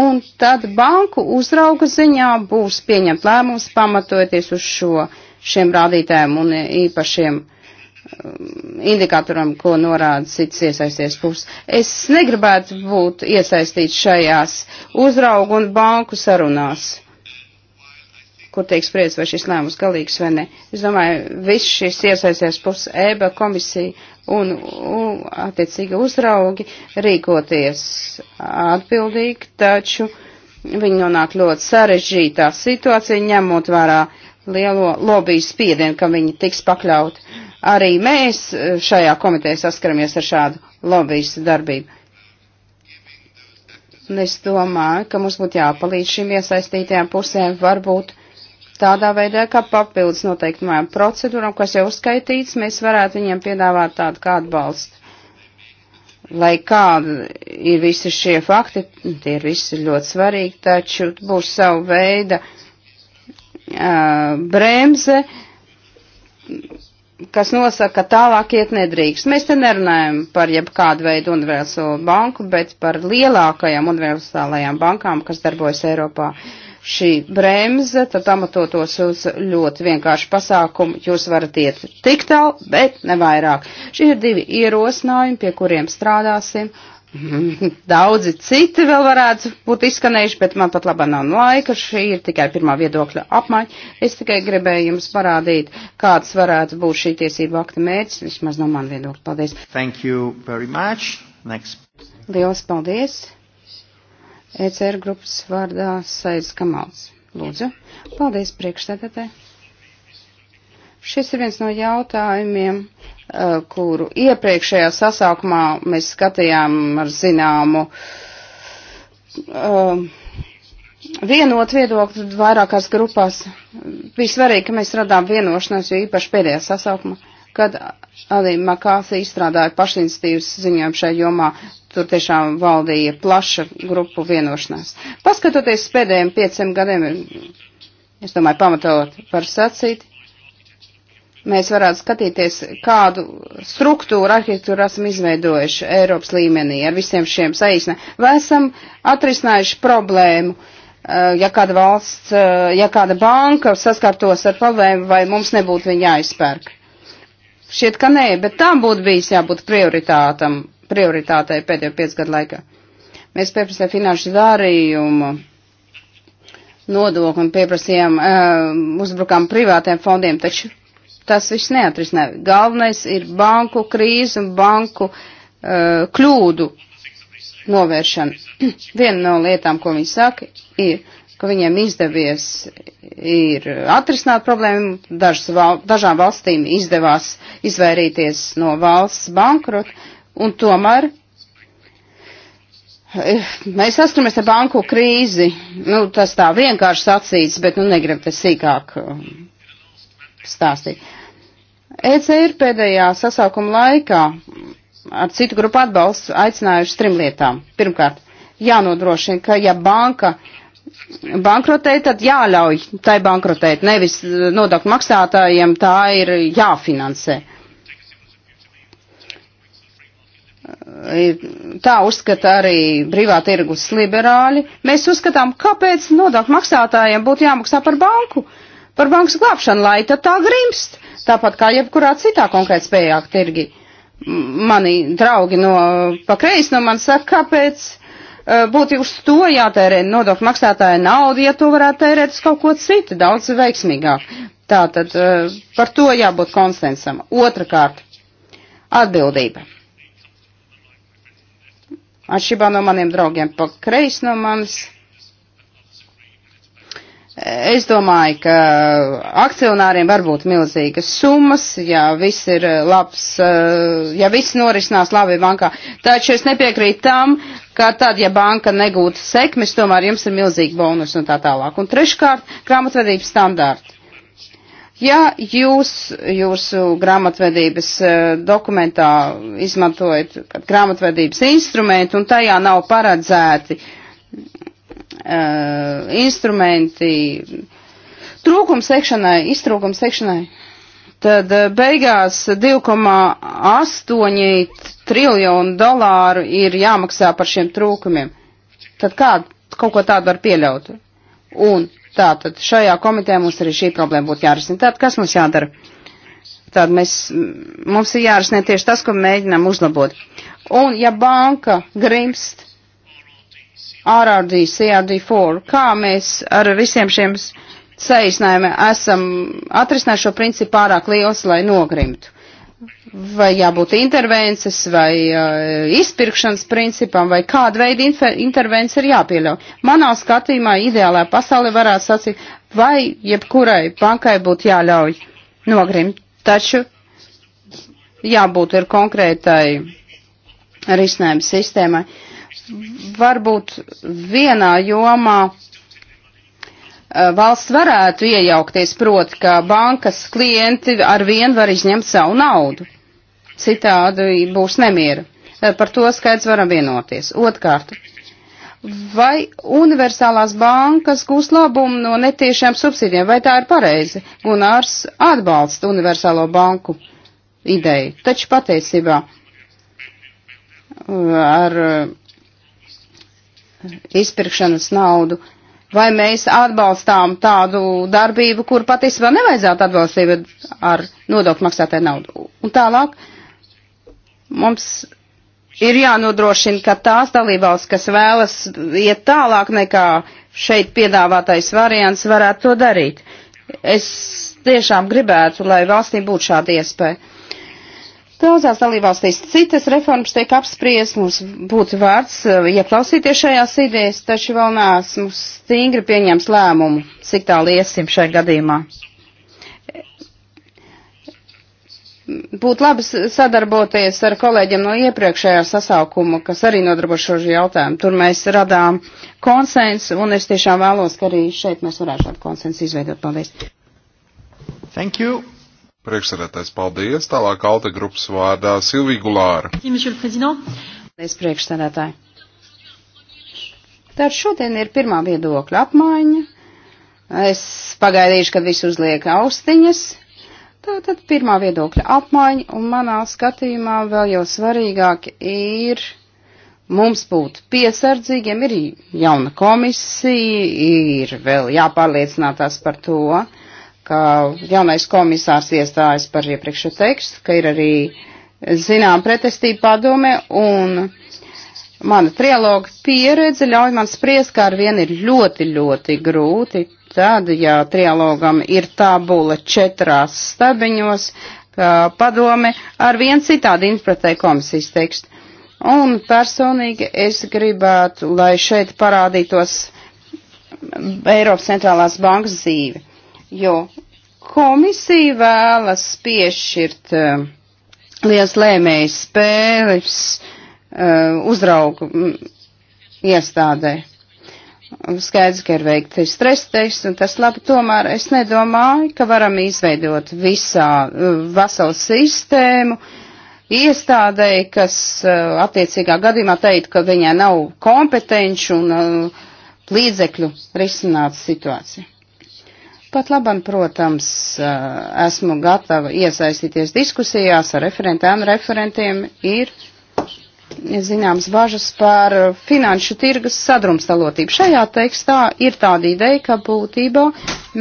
Un tad banku uzrauga ziņā būs pieņemt lēmums pamatoties uz šo, šiem rādītājiem un īpašiem uh, indikatoram, ko norāda cits iesaisties puses. Es negribētu būt iesaistīts šajās uzraugu un banku sarunās, kur tiek spriedz, vai šis lēmums galīgs vai ne. Es domāju, viss šis iesaisties puses EBA komisija un, un attiecīgi uzraugi rīkoties atbildīgi, taču viņi nonāk ļoti sarežģītā situācija, ņemot vērā lielo lobiju spiedienu, ka viņi tiks pakļauti Arī mēs eh, šajā komitē saskaramies ar šādu lobijas darbību. Un es domāju, ka mums būtu jāpalīdz šīm iesaistītajām pusēm varbūt tādā veidā, ka papildus noteiktumajām procedūram, kas jau uzskaitīts, mēs varētu viņiem piedāvāt tādu kā atbalstu. Lai kāda ir visi šie fakti, tie ir visi ļoti svarīgi, taču būs savu veidu uh, bremze kas nosaka, ka tālāk iet nedrīkst. Mēs te nerunājam par jebkādu veidu universālo banku, bet par lielākajām universālajām bankām, kas darbojas Eiropā. Šī bremze, tad pamatotos uz ļoti vienkāršu pasākumu, jūs varat iet tik tālu, bet nevairāk. Šie ir divi ierosinājumi, pie kuriem strādāsim, Daudzi citi vēl varētu būt izskanējuši, bet man pat labā nav laika. Šī ir tikai pirmā viedokļa apmaiņa. Es tikai gribēju jums parādīt, kāds varētu būt šī tiesība akta mērķis, vismaz no man viedokļa. Paldies. Thank you very much. Next. Lielas paldies. ECR grupas vārdā Saids Kamals. Lūdzu. Paldies priekšstādātē. Šis ir viens no jautājumiem, Eh, kuru iepriekšējā sasaukumā mēs skatījām ar zināmu um, vienot viedokli vairākās grupās. Bija svarīgi, ka mēs radām vienošanos, jo īpaši pēdējā sasaukumā, kad arī Makāsi izstrādāja pašinstīvas ziņojumu šajā jomā, tur tiešām valdīja plaša grupu vienošanās. Paskatoties pēdējiem pieciem gadiem, es domāju, pamatot var sacīt, mēs varētu skatīties, kādu struktūru arhitektūru esam izveidojuši Eiropas līmenī ar visiem šiem saīsinē. Vai esam atrisinājuši problēmu, eh, ja kāda valsts, eh, ja kāda banka saskartos ar problēmu, vai mums nebūtu viņa jāizpērk? Šķiet, ka nē, bet tam būtu bijis jābūt prioritātam, prioritātei pēdējo piecu gadu laikā. Mēs pieprasījām finanšu darījumu nodokli un pieprasījām, uh, uzbrukām privātiem fondiem, taču tas viss neatrisinās. Galvenais ir banku krīze un banku uh, kļūdu novēršana. Viena no lietām, ko viņi saka, ir, ka viņiem izdevies ir atrisināt problēmu, Dažas, val, dažām valstīm izdevās izvairīties no valsts bankrota, un tomēr eh, mēs saskaramies ar banku krīzi. Nu, tas tā vienkārši sacīts, bet nu negrib te sīkāk eh, stāstīt. ECR pēdējā sasaukuma laikā ar citu grupu atbalstu aicinājuši trim lietām. Pirmkārt, jānodrošina, ka ja banka bankrotē, tad jāļauj tai bankrotēt, nevis nodokļu maksātājiem tā ir jāfinansē. Tā uzskata arī brīvā tirgus liberāļi. Mēs uzskatām, kāpēc nodokļu maksātājiem būtu jāmaksā par banku, par bankas glābšanu, lai tad tā grimst. Uh, tāpat kā jebkurā citā konkrēt spējāk tirgi. Mani draugi no pakreis no man saka, kāpēc e, būtu uz to jātērē nodokļu maksātāja nauda, ja to varētu tērēt uz kaut ko citu, daudz veiksmīgāk. Tātad e, par to jābūt konsensam. Otrakārt, atbildība. Atšķirībā no maniem draugiem pa kreis no manis Es domāju, ka akcionāriem var būt milzīgas summas, ja viss ir eh, labs, eh, ja viss norisinās labi bankā. Taču es nepiekrītu tam, ka tad, ja banka negūtu sekmes, tomēr jums ir milzīgi bonus un tā tālāk. Un treškārt, grāmatvedības standārti. Ja jūs jūsu grāmatvedības eh, dokumentā izmantojat grāmatvedības instrumentu un tajā nav paredzēti uh, Uh, instrumenti trūkums sekšanai, iztrūkums sekšanai, tad uh, beigās 2,8 triljonu dolāru ir jāmaksā par šiem trūkumiem. Tad kā kaut ko tādu var pieļaut? Un tātad šajā komitē mums arī šī problēma būtu jārisina. Tātad kas mums jādara? Tātad mēs, mums ir jārisina tieši tas, ko mēģinām uzlabot. Un ja banka grimst RRD, CRD4, kā mēs ar visiem šiem saīsinājumiem esam atrisinājuši šo principu pārāk liels, lai nogrimtu. Vai jābūt intervences, vai uh, izpirkšanas principam, vai kāda veida intervences ir jāpieļauj. Manā skatījumā ideālā pasaulē varētu sacīt, vai jebkurai bankai būtu jāļauj nogrimt. Taču jābūt ir konkrētai risinājuma sistēmai. Uh, varbūt vienā jomā eh, valsts varētu iejaukties, proti, ka bankas klienti ar vienu var izņemt savu naudu. Citādi būs nemiera. Eh, par to skaidrs varam vienoties. Otkārt, vai universālās bankas gūs labumu no netiešām subsīdiem, vai tā ir pareizi? Gunārs atbalsta universālo banku ideju, taču patiesībā eh, ar izpirkšanas naudu. Vai mēs atbalstām tādu darbību, kur patiesībā nevajadzētu atbalstīt ar nodokļu maksātāju naudu? Un tālāk mums ir jānodrošina, ka tās dalībvalsts, kas vēlas iet tālāk nekā šeit piedāvātais variants, varētu to darīt. Es tiešām gribētu, lai valstī būtu šāda iespēja daudzās dalībvalstīs citas reformas tiek apspriest, mums būtu vārds eh, ieklausīties ja šajās idejas, taču vēl neesmu stingri pieņems lēmumu, cik tālu iesim šai gadījumā. Būtu labi sadarboties ar kolēģiem no iepriekšējā sasaukuma, kas arī nodarbo šo jautājumu. Tur mēs radām konsensu, un es tiešām vēlos, ka arī šeit mēs varētu šādu konsensu izveidot. Paldies! Thank you. Priekšsēdētājs, paldies. Tālāk Alta grupas vārdā Silvija Gulāra. Paldies, priekšsēdētāji. Tātad šodien ir pirmā viedokļa apmaiņa. Es pagaidīšu, kad visi uzliek austiņas. Tātad pirmā viedokļa apmaiņa, un manā skatījumā vēl jau svarīgāk ir mums būt piesardzīgiem, ir jauna komisija, ir vēl jāpārliecinātās par to, ka jaunais komisārs iestājas par iepriekšu tekstu, ka ir arī zinām pretestība padome un mana trialoga pieredze ļauj man spriest, ka ar vienu ir ļoti, ļoti grūti. Tad, ja trialogam ir tabula četrās stabiņos, padome ar vien citādi interpretē komisijas tekstu. Un personīgi es gribētu, lai šeit parādītos Eiropas centrālās bankas dzīve jo komisija vēlas piešķirt uh, liels lēmējas spēles uh, uzraugu um, iestādē. Skaidrs, ka ir veikti stresa tests, un tas labi, tomēr es nedomāju, ka varam izveidot visā uh, veselu sistēmu iestādēji, kas uh, attiecīgā gadījumā teikt, ka viņai nav kompetenci un līdzekļu risināt situāciju. Pat labam, protams, esmu gatava iesaistīties diskusijās ar referentēm. Referentiem ir zināms bažas par finanšu tirgus sadrumstalotību. Šajā tekstā ir tāda ideja, ka būtībā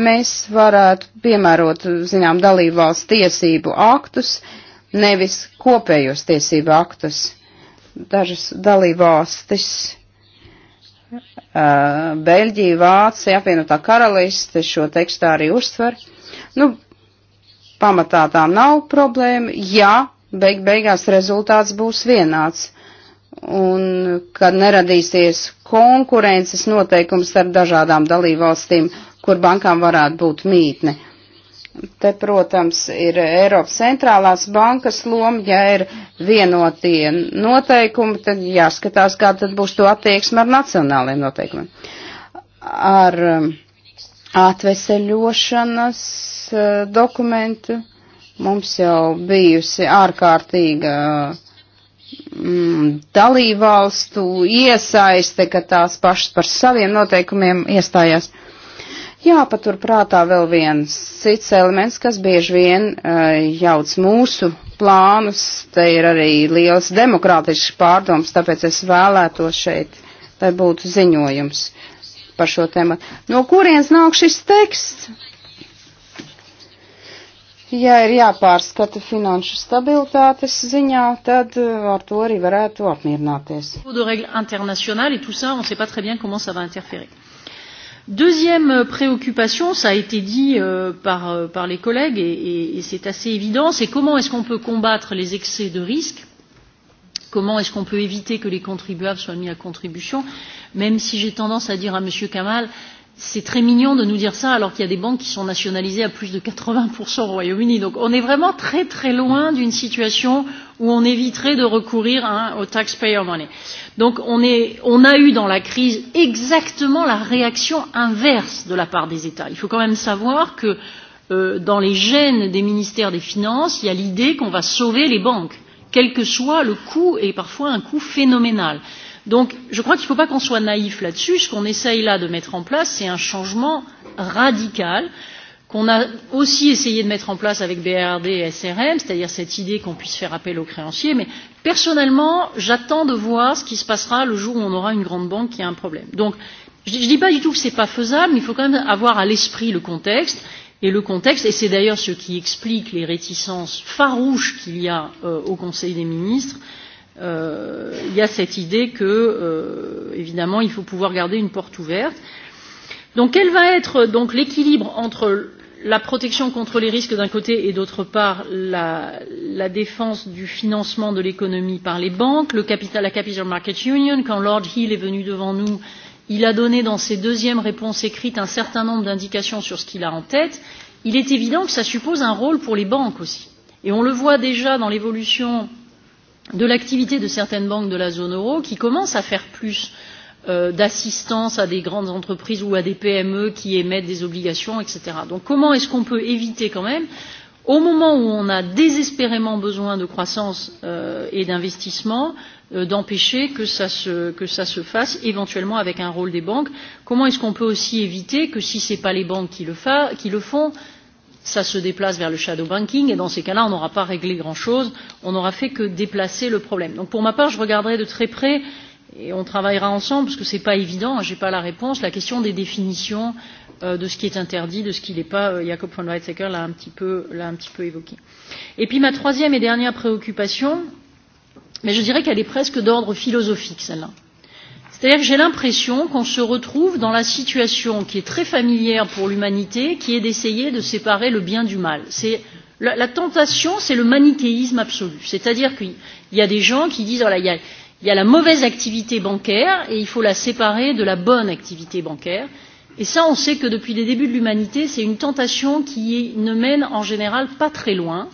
mēs varētu piemērot, zinām, dalībvalsts tiesību aktus, nevis kopējos tiesību aktus. Dažas dalībvalstis Eh, Beļģija, Vācija, apvienotā karaliste šo tekstu arī uztver. Nu, pamatā tā nav problēma, ja beig beigās rezultāts būs vienāds. Un kad neradīsies konkurences noteikums starp dažādām dalībvalstīm, kur bankām varētu būt mītne. Te, protams, ir Eiropas centrālās bankas loma, ja ir vienotie noteikumi, tad jāskatās, kā tad būs to attieksme ar nacionāliem noteikumiem. Ar um, atveseļošanas uh, dokumentu mums jau bijusi ārkārtīga mm, dalībvalstu iesaiste, ka tās pašas par saviem noteikumiem iestājās. Uh, Jāpaturprātā vēl viens cits elements, kas bieži vien uh, jauc mūsu plānus. Te ir arī liels demokrātisks pārdoms, tāpēc es vēlētos šeit, lai būtu ziņojums par šo tēmu. No kurienes nāk šis teksts? Ja ir jāpārskata finanšu stabilitātes ziņā, tad eh, ar to arī varētu apmierināties. Règles internationales et tout ça, on ne sait pas très bien comment ça va interférer. Deuxième préoccupation, ça a été dit euh, par, euh, par les collègues et, et, et c'est assez évident, c'est comment est-ce qu'on peut combattre les excès de risque Comment est-ce qu'on peut éviter que les contribuables soient mis à contribution Même si j'ai tendance à dire à M. Kamal, c'est très mignon de nous dire ça alors qu'il y a des banques qui sont nationalisées à plus de 80% au Royaume-Uni. Donc on est vraiment très très loin d'une situation où on éviterait de recourir hein, au taxpayer money. Donc on, est, on a eu dans la crise exactement la réaction inverse de la part des États. Il faut quand même savoir que euh, dans les gènes des ministères des Finances, il y a l'idée qu'on va sauver les banques, quel que soit le coût et parfois un coût phénoménal. Euh, donc je crois qu'il ne faut pas qu'on soit naïf là dessus ce qu'on essaye là de mettre en place c'est un changement radical qu'on a aussi essayé de mettre en place avec BRD et SRM, c'est-à-dire cette idée qu'on puisse faire appel aux créanciers, mais personnellement, j'attends de voir ce qui se passera le jour où on aura une grande banque qui a un problème. Donc, je ne dis pas du tout que ce n'est pas faisable, mais il faut quand même avoir à l'esprit le contexte, et le contexte, et c'est d'ailleurs ce qui explique les réticences farouches qu'il y a euh, au Conseil des ministres, euh, euh, y a cette idée que, euh, évidemment, il faut pouvoir garder une porte ouverte. Donc, quel va être donc l'équilibre entre la protection contre les risques d'un côté et d'autre part la, la défense du financement de l'économie par les banques, le capital, la Capital Market Union, quand Lord Hill est venu devant nous, il a donné dans ses deuxièmes réponses écrites un certain nombre d'indications sur ce qu'il a en tête. Il est évident que ça suppose un rôle pour les banques aussi. Et on le voit déjà dans l'évolution de l'activité de certaines banques de la zone euro qui commencent à faire plus euh, d'assistance à des grandes entreprises ou à des PME qui émettent des obligations, etc. Donc comment est-ce qu'on peut éviter quand même, au moment où on a désespérément besoin de croissance euh, et d'investissement, euh, d'empêcher que, ça se, que ça se fasse éventuellement avec un rôle des banques Comment est-ce qu'on peut aussi éviter que si ce n'est pas les banques qui le, fa qui le font, euh, ça se déplace vers le shadow banking et dans ces cas là on n'aura pas réglé grand chose on n'aura fait que déplacer le problème. donc pour ma part je regarderai de très près et on travaillera ensemble parce que ce n'est pas évident je n'ai pas la réponse la question des définitions euh, de ce qui est interdit de ce qui ne l'est pas euh, Jacob von Weizsäcker l'a un petit peu l'a un petit peu évoqué. Et puis ma troisième et dernière préoccupation mais je dirais qu'elle est presque d'ordre philosophique celle là. Euh, C'est-à-dire que j'ai l'impression qu'on se retrouve dans la situation qui est très familière pour l'humanité, qui est d'essayer de séparer le bien du mal. C'est la, la tentation, c'est le manichéisme absolu. C'est-à-dire qu'il y a des gens qui disent voilà, il y a, il y a la mauvaise activité bancaire et il faut la séparer de la bonne activité bancaire. Et ça, on sait que depuis les débuts de l'humanité, c'est une tentation qui ne mène en général pas très loin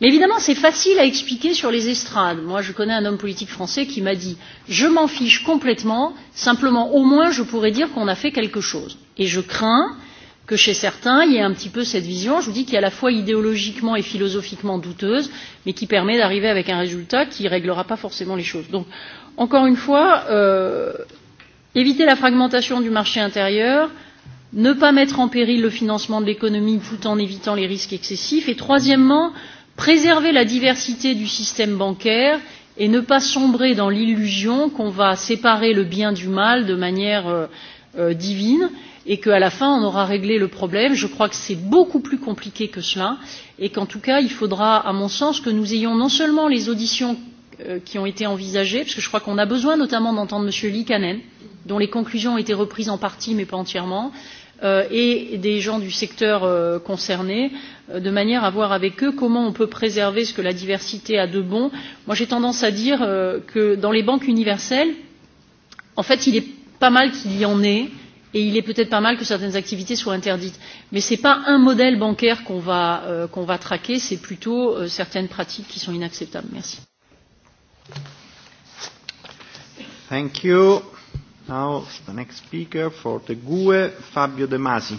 Mais évidemment, c'est facile à expliquer sur les estrades. Moi, je connais un homme politique français qui m'a dit Je m'en fiche complètement, simplement au moins je pourrais dire qu'on a fait quelque chose. Et je crains que chez certains, il y ait un petit peu cette vision, je vous dis, qui est à la fois idéologiquement et philosophiquement douteuse, mais qui permet d'arriver avec un résultat qui ne réglera pas forcément les choses. Donc, encore une fois, euh, éviter la fragmentation du marché intérieur, ne pas mettre en péril le financement de l'économie tout en évitant les risques excessifs, et troisièmement, euh, préserver la diversité du système bancaire et ne pas sombrer dans l'illusion qu'on va séparer le bien du mal de manière euh, euh, divine et qu'à la fin on aura réglé le problème. Je crois que c'est beaucoup plus compliqué que cela et qu'en tout cas il faudra, à mon sens, que nous ayons non seulement les auditions euh, qui ont été envisagées, parce que je crois qu'on a besoin notamment d'entendre M. Likanen, dont les conclusions ont été reprises en partie mais pas entièrement, euh, et des gens du secteur euh, concerné, euh, de manière à voir avec eux comment on peut préserver ce que la diversité a de bon. Moi, j'ai tendance à dire euh, que dans les banques universelles, en fait, il est pas mal qu'il y en ait. Et il est peut-être pas mal que certaines activités soient interdites. Mais ce n'est pas un modèle bancaire qu'on va, euh, qu va traquer, c'est plutôt euh, certaines pratiques qui sont inacceptables. Merci. Thank you. Now the next speaker for the GUE, Fabio De Masi.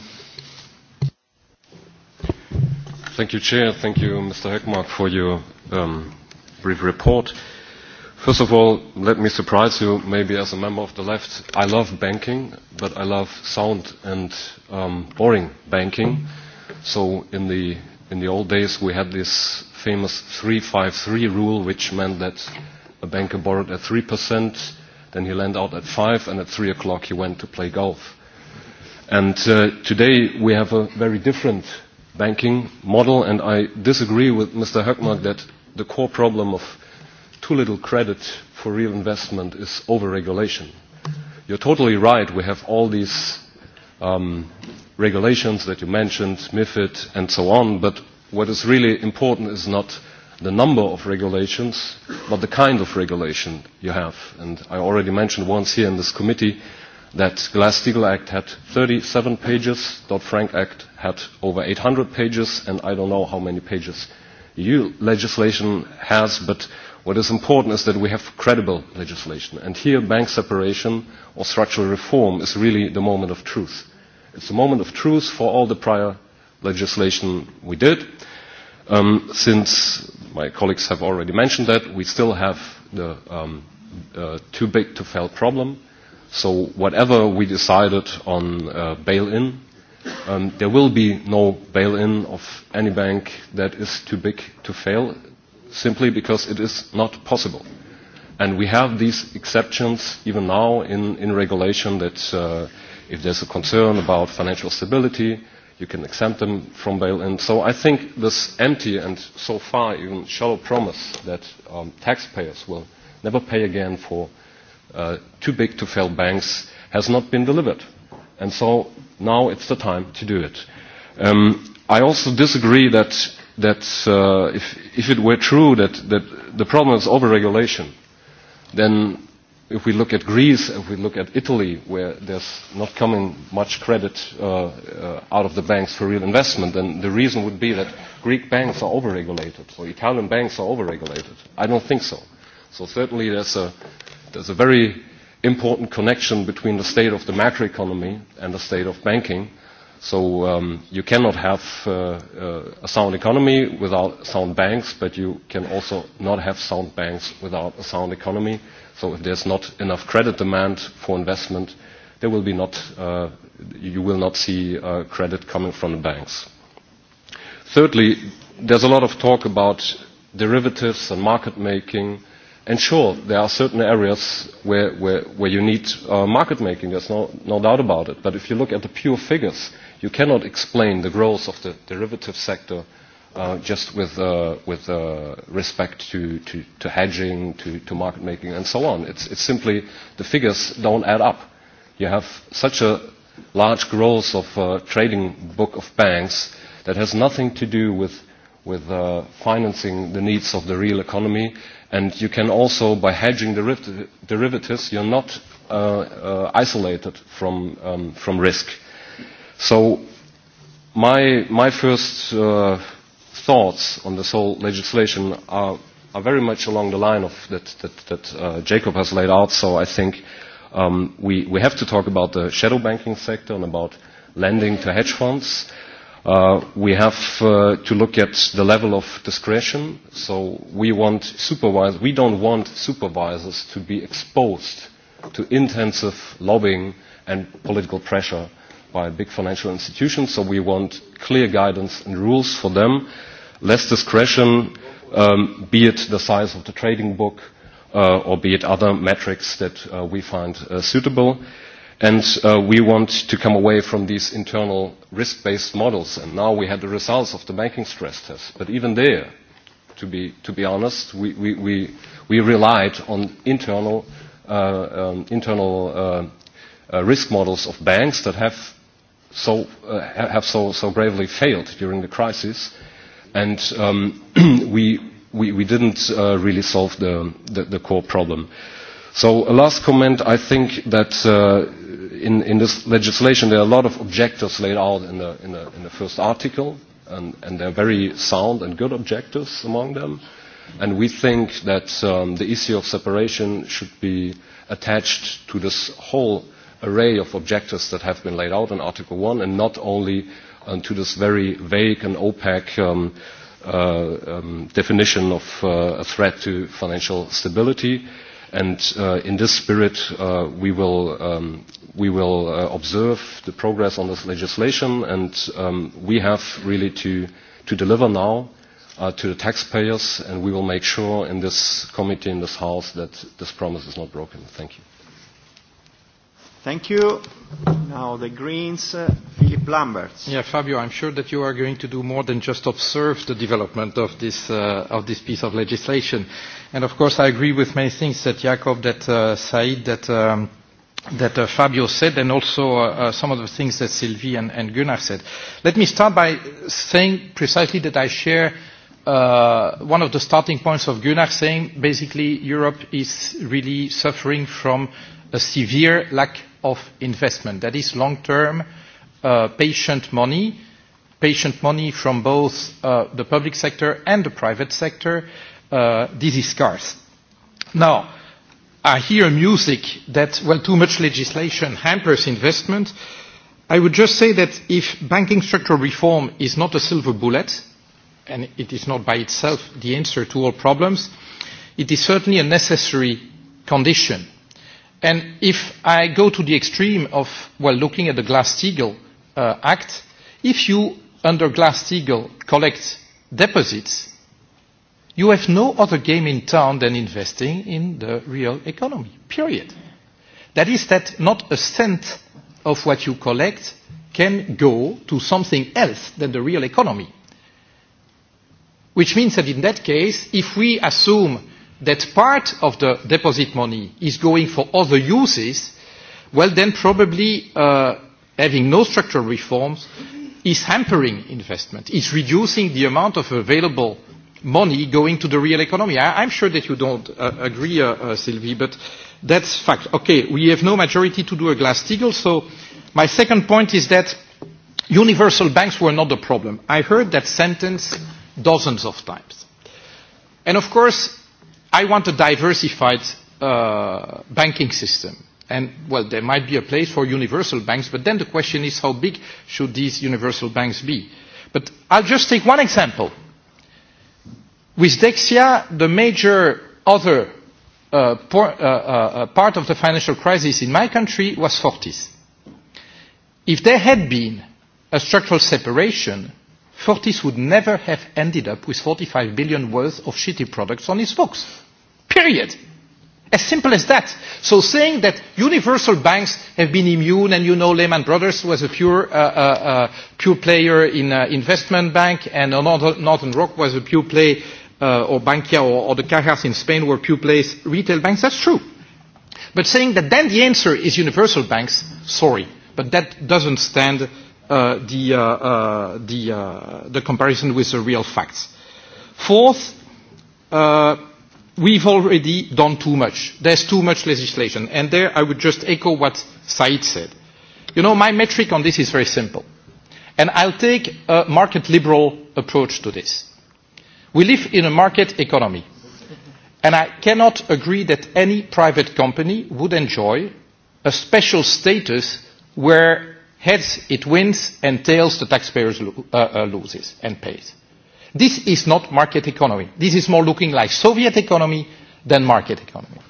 Thank you, Chair. Thank you, Mr. Heckmark, for your um, brief report. First of all, let me surprise you, maybe as a member of the left, I love banking, but I love sound and um, boring banking. So in the, in the old days, we had this famous 353 rule, which meant that a banker borrowed at 3%, Then he landed out at 5, and at 3 o'clock he went to play golf. And uh, today we have a very different banking model, and I disagree with Mr. Höckmark that the core problem of too little credit for real investment is overregulation. You're totally right. We have all these um, regulations that you mentioned, MIFID, and so on, but what is really important is not the number of regulations, but the kind of regulation you have. And I already mentioned once here in this committee that Glass-Steagall Act had 37 pages, Dodd-Frank Act had over 800 pages, and I don't know how many pages EU legislation has, but what is important is that we have credible legislation. And here, bank separation or structural reform is really the moment of truth. It's the moment of truth for all the prior legislation we did. Um, since my colleagues have already mentioned that, we still have the um, uh, too big to fail problem. So whatever we decided on uh, bail-in, um, there will be no bail-in of any bank that is too big to fail, simply because it is not possible. And we have these exceptions even now in, in regulation that uh, if there's a concern about financial stability, you can exempt them from bail in. So I think this empty and so far even shallow promise that um, taxpayers will never pay again for uh, too big to fail banks has not been delivered. And so now it's the time to do it. Um, I also disagree that, that uh, if, if it were true that, that the problem is overregulation, then if we look at Greece, if we look at Italy, where there's not coming much credit uh, uh, out of the banks for real investment, then the reason would be that Greek banks are overregulated or Italian banks are overregulated. I don't think so. So certainly there's a, there's a very important connection between the state of the macroeconomy and the state of banking. So um, you cannot have uh, uh, a sound economy without sound banks, but you can also not have sound banks without a sound economy So if there's not enough credit demand for investment, there will be not, uh, you will not see uh, credit coming from the banks. Thirdly, there's a lot of talk about derivatives and market making. And sure, there are certain areas where, where, where you need uh, market making, there's no, no doubt about it. But if you look at the pure figures, you cannot explain the growth of the derivative sector uh, just with, uh, with uh, respect to, to, to hedging, to, to market making, and so on. It's, it's simply the figures don't add up. You have such a large growth of uh, trading book of banks that has nothing to do with, with uh, financing the needs of the real economy. And you can also, by hedging deriv derivatives, you're not uh, uh, isolated from, um, from risk. So my, my first uh, thoughts on this whole legislation are, are very much along the line of that, that, that uh, Jacob has laid out. So I think um, we, we have to talk about the shadow banking sector and about lending to hedge funds. Uh, we have uh, to look at the level of discretion. So we want supervisors, we don't want supervisors to be exposed to intensive lobbying and political pressure by big financial institutions. So we want clear guidance and rules for them. Uh, less discretion, um, be it the size of the trading book uh, or be it other metrics that uh, we find uh, suitable. And uh, we want to come away from these internal risk-based models. And now we had the results of the banking stress test. But even there, to be, to be honest, we, we, we, we relied on internal, uh, um, internal uh, uh, risk models of banks that have so, uh, have so, so gravely failed during the crisis And um, we, we, we didn't uh, really solve the, the, the core problem. So a last comment, I think that uh, in, in this legislation there are a lot of objectives laid out in the, in the, in the first article, and, and they're very sound and good objectives among them. And we think that um, the issue of separation should be attached to this whole array of objectives that have been laid out in Article 1 and not only and to this very vague and opaque um, uh, um, definition of uh, a threat to financial stability. And uh, in this spirit, uh, we will, um, we will uh, observe the progress on this legislation, and um, we have really to, to deliver now uh, to the taxpayers, and we will make sure in this committee, in this House, that this promise is not broken. Thank you. Thank you. Now the Greens, uh, Philip Lamberts. Yeah, Fabio, I'm sure that you are going to do more than just observe the development of this, uh, of this piece of legislation. And of course, I agree with many things that Jacob, that uh, Said, that, um, that uh, Fabio said, and also uh, uh, some of the things that Sylvie and, and Gunnar said. Let me start by saying precisely that I share uh, one of the starting points of Gunnar saying basically Europe is really suffering from a severe lack of investment. That is long-term uh, patient money, patient money from both uh, the public sector and the private sector. Uh, this is scarce. Now, I hear music that, well, too much legislation hampers investment. I would just say that if banking structural reform is not a silver bullet, and it is not by itself the answer to all problems, it is certainly a necessary condition And if I go to the extreme of, well, looking at the Glass-Steagall uh, Act, if you, under Glass-Steagall, collect deposits, you have no other game in town than investing in the real economy, period. That is that not a cent of what you collect can go to something else than the real economy. Which means that in that case, if we assume that part of the deposit money is going for other uses, well then probably uh, having no structural reforms is hampering investment. It's reducing the amount of available money going to the real economy. I, I'm sure that you don't uh, agree, uh, uh, Sylvie, but that's fact. Okay, we have no majority to do a Glass-Steagall, so my second point is that universal banks were not the problem. I heard that sentence dozens of times. And of course, I want a diversified uh, banking system. And, well, there might be a place for universal banks, but then the question is how big should these universal banks be? But I'll just take one example. With Dexia, the major other uh, por, uh, uh, uh part of the financial crisis in my country was Fortis. If there had been a structural separation, Fortis would never have ended up with 45 billion worth of shitty products on its books Period. As simple as that. So saying that universal banks have been immune, and you know Lehman Brothers was a pure, uh, uh, uh, pure player in uh, investment bank, and uh, Northern Rock was a pure play, uh, or Bankia or, or the Cajas in Spain were pure plays retail banks. That's true. But saying that then the answer is universal banks, sorry, but that doesn't stand uh, the, uh, uh, the, uh, the comparison with the real facts. Fourth, uh, we've already done too much. There's too much legislation. And there I would just echo what Said said. You know, my metric on this is very simple. And I'll take a market liberal approach to this. We live in a market economy. And I cannot agree that any private company would enjoy a special status where heads it wins and tails the taxpayers lo- uh, uh, loses and pays. This is not market economy. This is more looking like Soviet economy than market economy.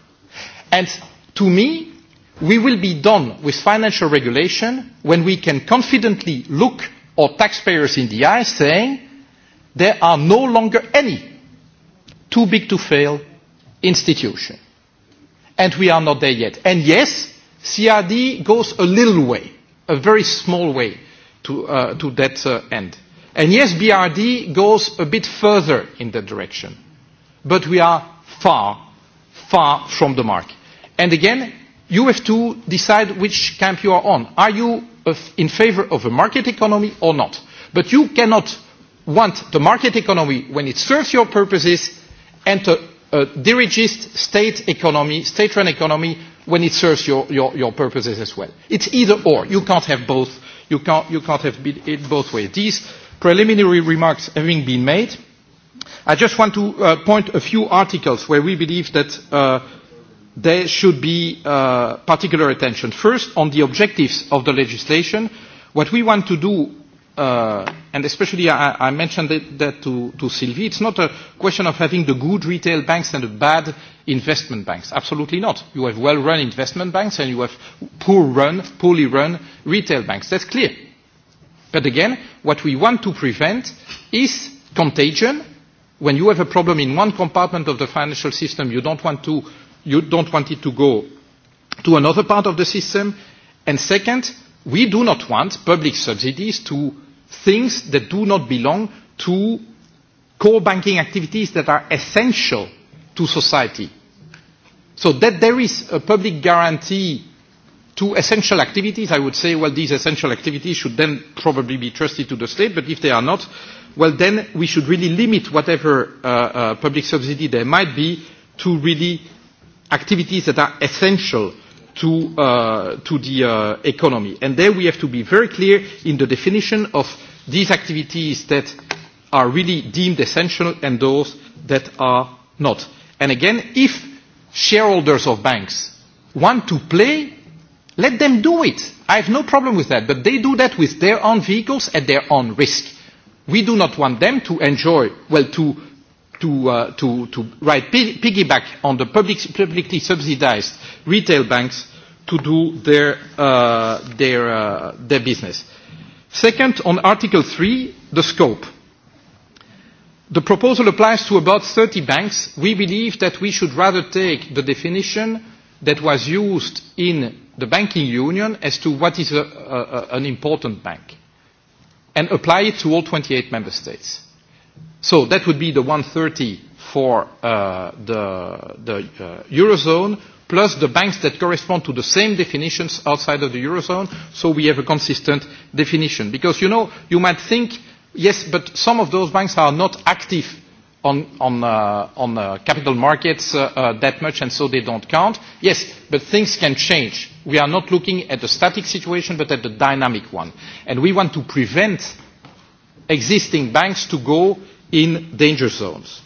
And to me, we will be done with financial regulation when we can confidently look our taxpayers in the eye saying there are no longer any too big to fail institution. And we are not there yet. And yes, CRD goes a little way, a very small way to, uh, to that uh, end. And yes, BRD goes a bit further in that direction, but we are far, far from the mark. And again, you have to decide which camp you are on. Are you in favor of a market economy or not? But you cannot want the market economy when it serves your purposes and a, a dirigist state economy, state-run economy, when it serves your, your, your purposes as well. It's either or. You can't have both. You can't, you can't have it both ways. These Preliminary remarks having been made, I just want to uh, point a few articles where we believe that uh, there should be uh, particular attention. First, on the objectives of the legislation, what we want to do, uh, and especially I, I mentioned it, that to, to Sylvie, it's not a question of having the good retail banks and the bad investment banks. Absolutely not. You have well-run investment banks and you have poor-run, poorly-run retail banks. That's clear But again, what we want to prevent is contagion. When you have a problem in one compartment of the financial system, you don't want, to, you don't want it to go to another part of the system. And second, we do not want public subsidies to things that do not belong to core banking activities that are essential to society. So that there is a public guarantee to essential activities, I would say, well, these essential activities should then probably be trusted to the state, but if they are not, well, then we should really limit whatever uh, uh, public subsidy there might be to really activities that are essential to, uh, to the uh, economy. And there we have to be very clear in the definition of these activities that are really deemed essential and those that are not. And again, if shareholders of banks want to play Let them do it. I have no problem with that. But they do that with their own vehicles at their own risk. We do not want them to enjoy, well, to, to, uh, to, to ride piggyback on the public, publicly subsidized retail banks to do their, uh, their, uh, their business. Second, on Article 3, the scope. The proposal applies to about 30 banks. We believe that we should rather take the definition that was used in the banking union as to what is a, a, an important bank and apply it to all 28 member states. So that would be the 130 for uh, the, the uh, Eurozone plus the banks that correspond to the same definitions outside of the Eurozone so we have a consistent definition. Because, you know, you might think, yes, but some of those banks are not active on, on, uh, on uh, capital markets uh, uh, that much and so they don't count. Yes, but things can change we are not looking at a static situation but at a dynamic one. And we want to prevent existing banks to go in danger zones.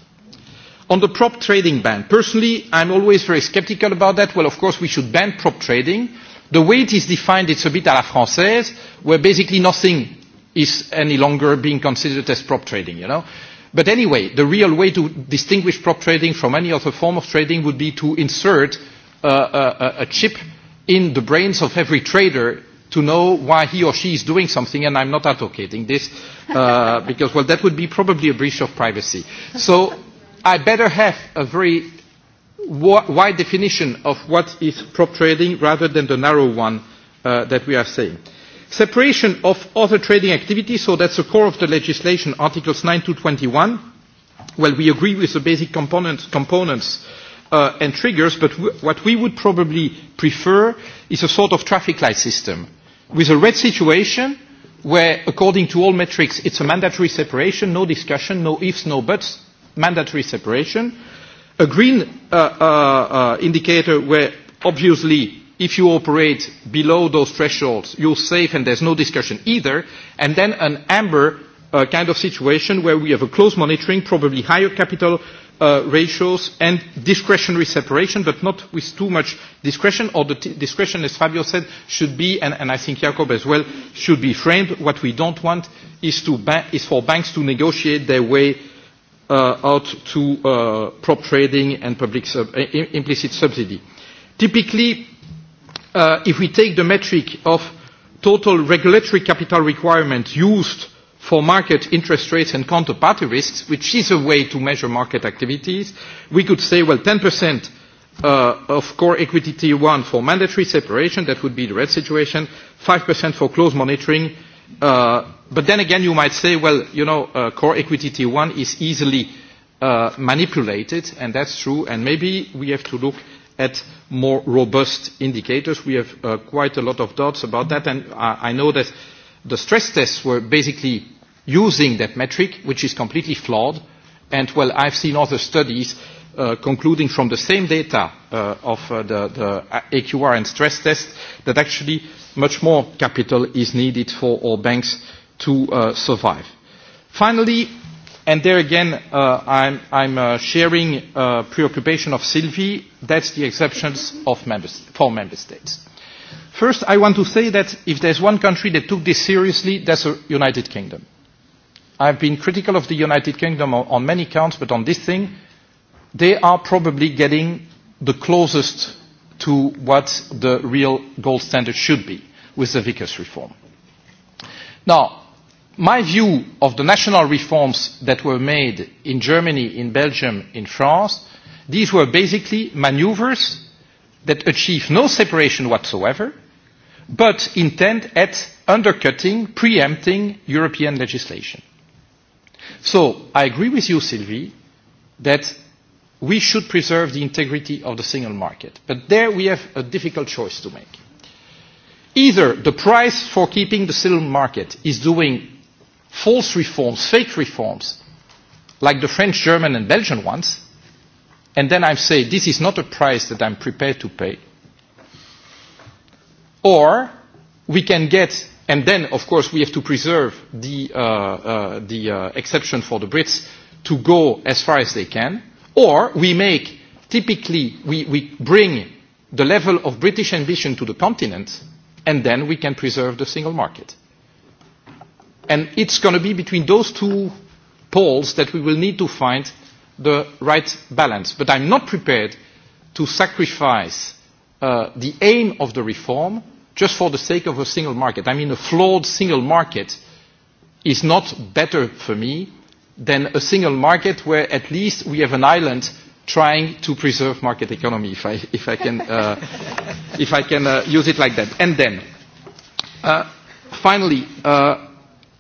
On the prop trading ban, personally, I'm always very skeptical about that. Well, of course, we should ban prop trading. The way it is defined, it's a bit à la française, where basically nothing is any longer being considered as prop trading, you know. But anyway, the real way to distinguish prop trading from any other form of trading would be to insert uh, uh a, a chip uh, in the brains of every trader to know why he or she is doing something, and I'm not advocating this uh, because, well, that would be probably a breach of privacy. So I better have a very wide definition of what is prop trading rather than the narrow one uh, that we are saying. Separation of other trading activities, so that's the core of the legislation, Articles 9 to 21. Well, we agree with the basic component, components uh, and triggers, but w- what we would probably prefer is a sort of traffic light system with a red situation where, according to all metrics, it's a mandatory separation, no discussion, no ifs, no buts, mandatory separation. A green uh, uh, uh, indicator where, obviously, if you operate below those thresholds, you're safe and there's no discussion either. And then an amber uh, kind of situation where we have a close monitoring, probably higher capital uh, ratios and discretionary separation, but not with too much discretion, or the t discretion, as Fabio said, should be, and, and I think Jacob as well, should be framed. What we don't want is, to ba is for banks to negotiate their way uh, out to uh, prop trading and public sub uh, implicit subsidy. Typically, uh, if we take the metric of total regulatory capital requirement used uh, for market interest rates and counterparty risks, which is a way to measure market activities, we could say, well, 10% uh, of core equity tier 1 for mandatory separation, that would be the red situation, 5% for close monitoring. Uh, but then again, you might say, well, you know, uh, core equity tier 1 is easily uh, manipulated, and that's true, and maybe we have to look at more robust indicators. We have uh, quite a lot of doubts about that, and I, I know that uh, the stress tests were basically using that metric, which is completely flawed. And well, I've seen other studies uh, concluding from the same data uh, of uh, the, the uh, AQR and stress test that actually much more capital is needed for all banks to uh, survive. Finally, and there again, uh, I'm, I'm uh, sharing uh, preoccupation of Sylvie, that's the exceptions of member, for member states. First, I want to say that if there's one country that took this seriously, that's the United Kingdom. I've been critical of the United Kingdom on, on many counts, but on this thing, they are probably getting the closest to what the real gold standard should be with the Vickers reform. Now, my view of the national reforms that were made in Germany, in Belgium, in France, these were basically maneuvers that achieve no separation whatsoever – but intend at undercutting, preempting European legislation. So I agree with you, Sylvie, that we should preserve the integrity of the single market. But there we have a difficult choice to make. Either the price for keeping the single market is doing false reforms, fake reforms, like the French, German and Belgian ones, and then I say this is not a price that I'm prepared to pay, or we can get and then of course we have to preserve the, uh, uh, the uh, exception for the Brits to go as far as they can or we make typically we, we bring the level of British ambition to the continent and then we can preserve the single market. And it's going to be between those two poles that we will need to find the right balance. But I'm not prepared to sacrifice uh, the aim of the reform just for the sake of a single market. I mean, a flawed single market is not better for me than a single market where at least we have an island trying to preserve market economy, if I, if I can, uh, if I can uh, use it like that. And then, uh, finally, uh,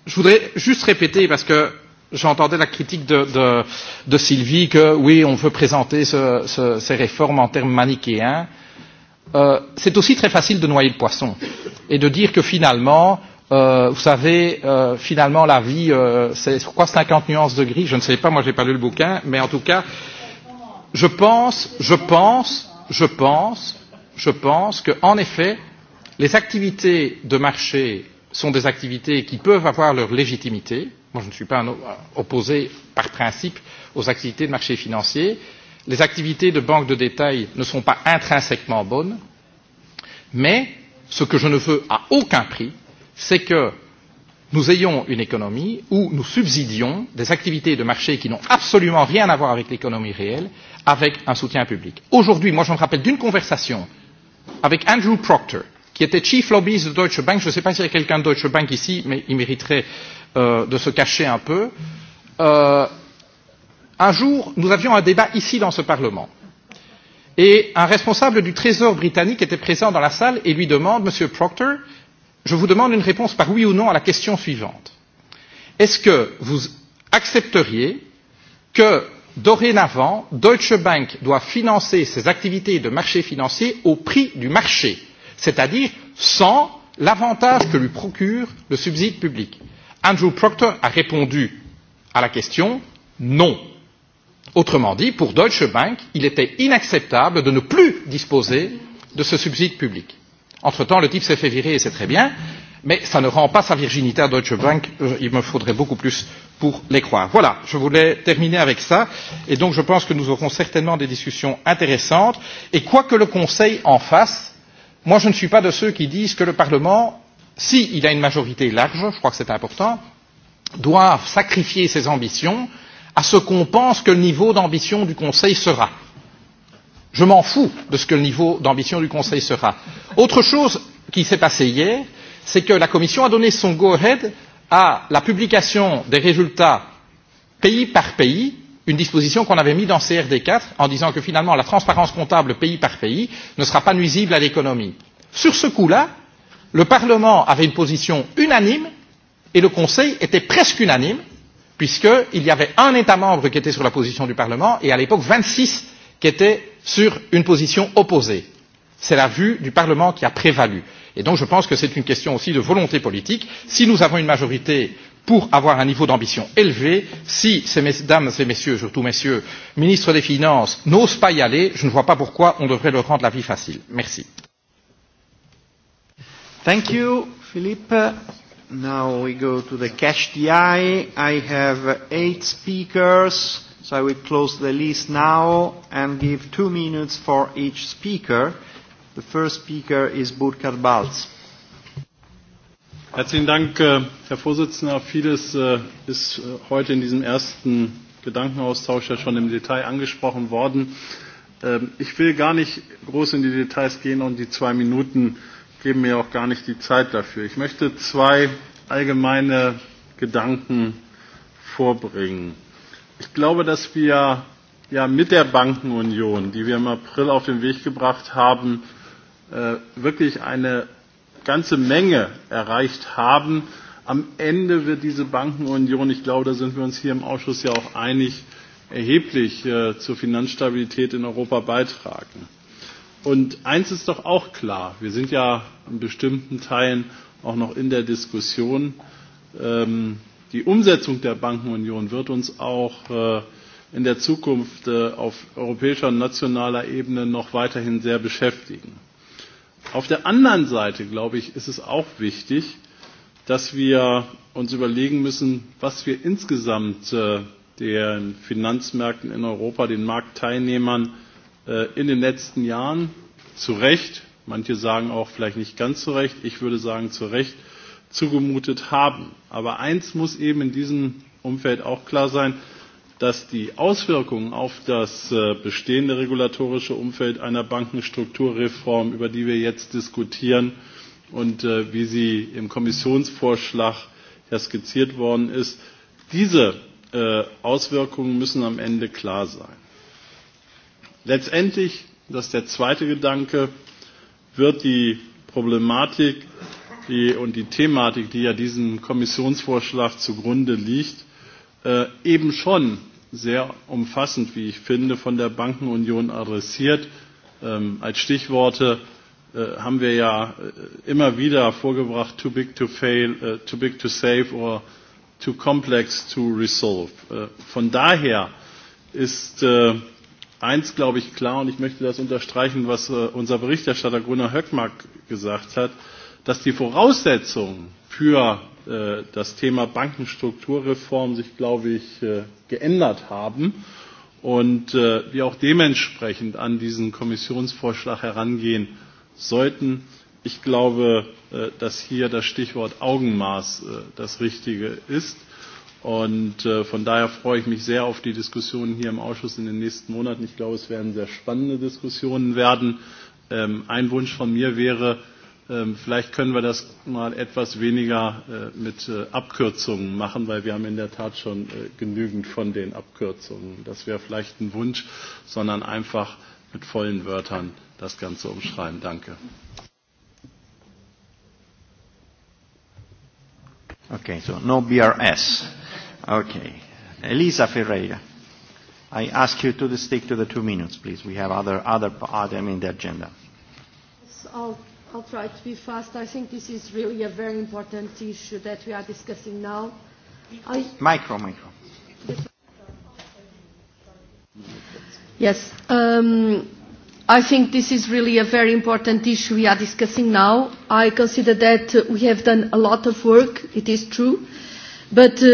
je voudrais juste répéter, parce que j'entendais la critique de, de, de Sylvie, que oui, on veut présenter ce, ce, ces réformes en termes manichéens. Euh, euh, c'est aussi très facile de noyer le poisson et de dire que finalement, euh, vous savez, euh, finalement la vie, euh, c'est quoi 50 nuances de gris Je ne sais pas, moi j'ai pas lu le bouquin, mais en tout cas, je pense, je pense, je pense, je pense que en effet, les activités de marché sont des activités qui peuvent avoir leur légitimité. Moi, je ne suis pas un, opposé par principe aux activités de marché financier, euh, les activités de banque de détail ne sont pas intrinsèquement bonnes, mais ce que je ne veux à aucun prix, c'est que nous ayons une économie où nous subsidions des activités de marché qui n'ont absolument rien à voir avec l'économie réelle avec un soutien public. Aujourd'hui, moi je me rappelle d'une conversation avec Andrew Proctor, qui était chief lobbyist de Deutsche Bank. Je ne sais pas s'il y a quelqu'un de Deutsche Bank ici, mais il mériterait euh, de se cacher un peu. Euh, Un jour, nous avions un débat ici dans ce Parlement et un responsable du Trésor britannique était présent dans la salle et lui demande Monsieur Proctor, je vous demande une réponse par oui ou non à la question suivante. Est-ce que vous accepteriez que dorénavant Deutsche Bank doit financer ses activités de marché financier au prix du marché, c'est-à-dire sans l'avantage que lui procure le subside public Andrew Proctor a répondu à la question non autrement dit pour deutsche bank il était inacceptable de ne plus disposer de ce subside public. entre temps le type s'est fait virer et c'est très bien mais cela ne rend pas sa virginité à deutsche bank euh, il me faudrait beaucoup plus pour les croire. voilà je voulais terminer avec cela et donc je pense que nous aurons certainement des discussions intéressantes et quoi que le conseil en fasse moi je ne suis pas de ceux qui disent que le parlement s'il si a une majorité large je crois que c'est important doit sacrifier ses ambitions à ce qu'on pense que le niveau d'ambition du Conseil sera. Je m'en fous de ce que le niveau d'ambition du Conseil sera. Autre chose qui s'est passée hier, c'est que la Commission a donné son go-ahead à la publication des résultats pays par pays, une disposition qu'on avait mise dans CRD4 en disant que finalement la transparence comptable pays par pays ne sera pas nuisible à l'économie. Sur ce coup-là, le Parlement avait une position unanime et le Conseil était presque unanime puisqu'il y avait un État membre qui était sur la position du Parlement et à l'époque 26 qui étaient sur une position opposée. C'est la vue du Parlement qui a prévalu. Et donc je pense que c'est une question aussi de volonté politique. Si nous avons une majorité pour avoir un niveau d'ambition élevé, si ces mesdames et messieurs, surtout messieurs, ministres des Finances, n'osent pas y aller, je ne vois pas pourquoi on devrait leur rendre la vie facile. Merci. Thank you, Philippe. Now we go to the cash DI. I have eight speakers, so I will close the list now and give two minutes for each speaker. The first speaker is Burkhard Balz. Herzlichen Dank, äh, Herr Vorsitzender. Vieles äh, ist äh, heute in diesem ersten Gedankenaustausch ja schon im Detail angesprochen worden. Ähm, ich will gar nicht groß in die Details gehen und die zwei Minuten äh, geben mir auch gar nicht die Zeit dafür. Ich möchte zwei allgemeine Gedanken vorbringen. Ich glaube, dass wir ja mit der Bankenunion, die wir im April auf den Weg gebracht haben, äh, wirklich eine ganze Menge erreicht haben. Am Ende wird diese Bankenunion, ich glaube, da sind wir uns hier im Ausschuss ja auch einig, erheblich äh, zur Finanzstabilität in Europa beitragen. Und eins ist doch auch klar, wir sind ja in bestimmten Teilen auch noch in der Diskussion. Ähm, die Umsetzung der Bankenunion wird uns auch äh, in der Zukunft äh, auf europäischer und nationaler Ebene noch weiterhin sehr beschäftigen. Auf der anderen Seite, glaube ich, ist es auch wichtig, dass wir uns überlegen müssen, was wir insgesamt äh, den Finanzmärkten in Europa, den Marktteilnehmern, äh, Äh, in den letzten Jahren zu Recht, manche sagen auch vielleicht nicht ganz zu Recht, ich würde sagen zu Recht, zugemutet haben. Aber eins muss eben in diesem Umfeld auch klar sein, dass die Auswirkungen auf das äh, bestehende regulatorische Umfeld einer Bankenstrukturreform, über die wir jetzt diskutieren und äh, wie sie im Kommissionsvorschlag ja skizziert worden ist, diese Auswirkungen müssen am Ende klar sein. Letztendlich, das ist der zweite Gedanke, wird die Problematik die, und die Thematik, die ja diesem Kommissionsvorschlag zugrunde liegt, äh, eben schon sehr umfassend, wie ich finde, von der Bankenunion adressiert. Ähm, als Stichworte äh, haben wir ja äh, immer wieder vorgebracht, too big to fail, äh, too big to save or too complex to resolve. Äh, von daher ist äh, eins, glaube ich, klar, und ich möchte das unterstreichen, was äh, unser Berichterstatter Gunnar Höckmark gesagt hat, dass die Voraussetzungen für äh, das Thema Bankenstrukturreform sich, glaube ich, äh, geändert haben und wir auch dementsprechend an diesen Kommissionsvorschlag herangehen sollten. Ich glaube, dass hier das Stichwort Augenmaß das Richtige ist Und äh, von daher freue ich mich sehr auf die Diskussionen hier im Ausschuss in den nächsten Monaten. Ich glaube, es werden sehr spannende Diskussionen werden. Ähm, ein Wunsch von mir wäre, ähm, vielleicht können wir das mal etwas weniger äh, mit äh, Abkürzungen machen, weil wir haben in der Tat schon äh, genügend von den Abkürzungen. Das wäre vielleicht ein Wunsch, sondern einfach mit vollen Wörtern das Ganze umschreiben. Danke. Okay, so no BRS. Okay. Elisa Ferreira, I ask you to stick to the two minutes, please. We have other, other item in the agenda. Yes, I'll, I'll try to be fast. I think this is really a very important issue that we are discussing now. I... Micro, micro. Yes. Um, I think this is really a very important issue we are discussing now. I consider that uh, we have done a lot of work, it is true, but uh, uh,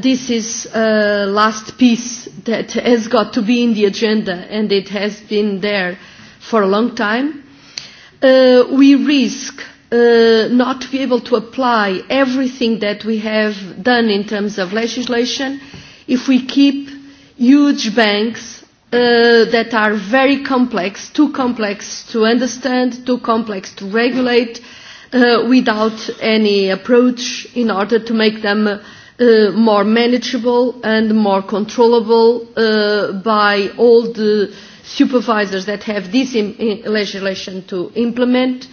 this is a uh, last piece that has got to be in the agenda and it has been there for a long time. Uh, we risk uh, not to be able to apply everything that we have done in terms of legislation if we keep huge banks uh, that are very complex, too complex to understand, too complex to regulate, uh, without any approach in order to make them uh, uh, more manageable and more controllable uh, by all the supervisors that have this in, in legislation to implement.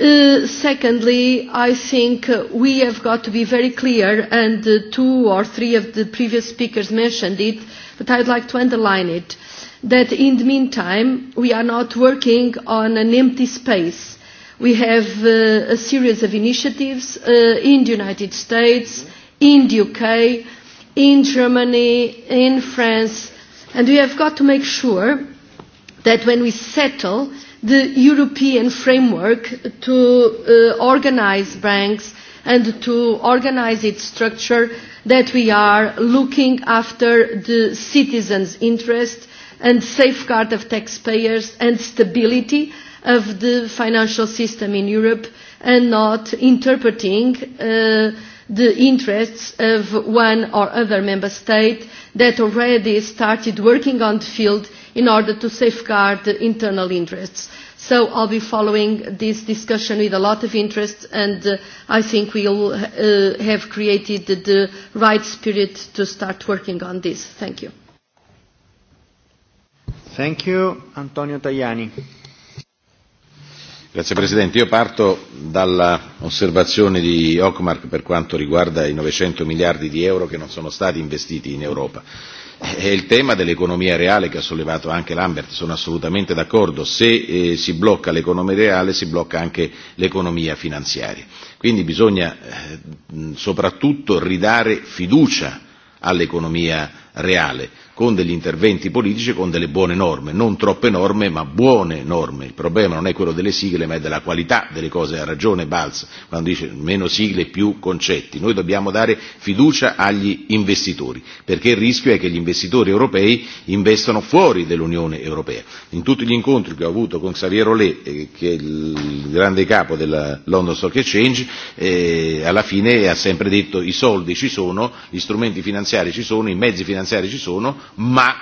Uh, secondly, I think uh, we have got to be very clear, and uh, two or three of the previous speakers mentioned it, uh, but I'd like to underline it, that in the meantime, we are not working on an empty space. We have uh, a series of initiatives uh, in the United States, in the UK, in Germany, in France, and we have got to make sure that when we settle the European framework to uh, organize banks and to organize its structure that we are looking after the citizens' interest and safeguard of taxpayers and stability of the financial system in Europe and not interpreting uh, the interests of one or other member state that already started working on the field in order to safeguard the internal interests. So I'll be following this discussion with a lot of interest, and uh, I think we'll uh, have created the right spirit to start working on this. Thank you. Thank you, Antonio Tajani. Grazie Presidente. Io parto dall'osservazione di Ockmark per quanto riguarda i 900 miliardi di euro che non sono stati investiti in Europa. E il tema dell'economia reale che ha sollevato anche Lambert, sono assolutamente d'accordo. Se eh, si blocca l'economia reale si blocca anche l'economia finanziaria. Quindi bisogna eh, soprattutto ridare fiducia all'economia reale reale, con degli interventi politici, con delle buone norme, non troppe norme ma buone norme. Il problema non è quello delle sigle ma è della qualità delle cose, ha ragione Balz quando dice meno sigle più concetti. Noi dobbiamo dare fiducia agli investitori perché il rischio è che gli investitori europei investano fuori dell'Unione Europea. In tutti gli incontri che ho avuto con Xavier Olé, eh, che è il grande capo della London Stock Exchange, eh, alla fine ha sempre detto i soldi ci sono, gli strumenti finanziari ci sono, i mezzi finanziari finanziarie ci sono, ma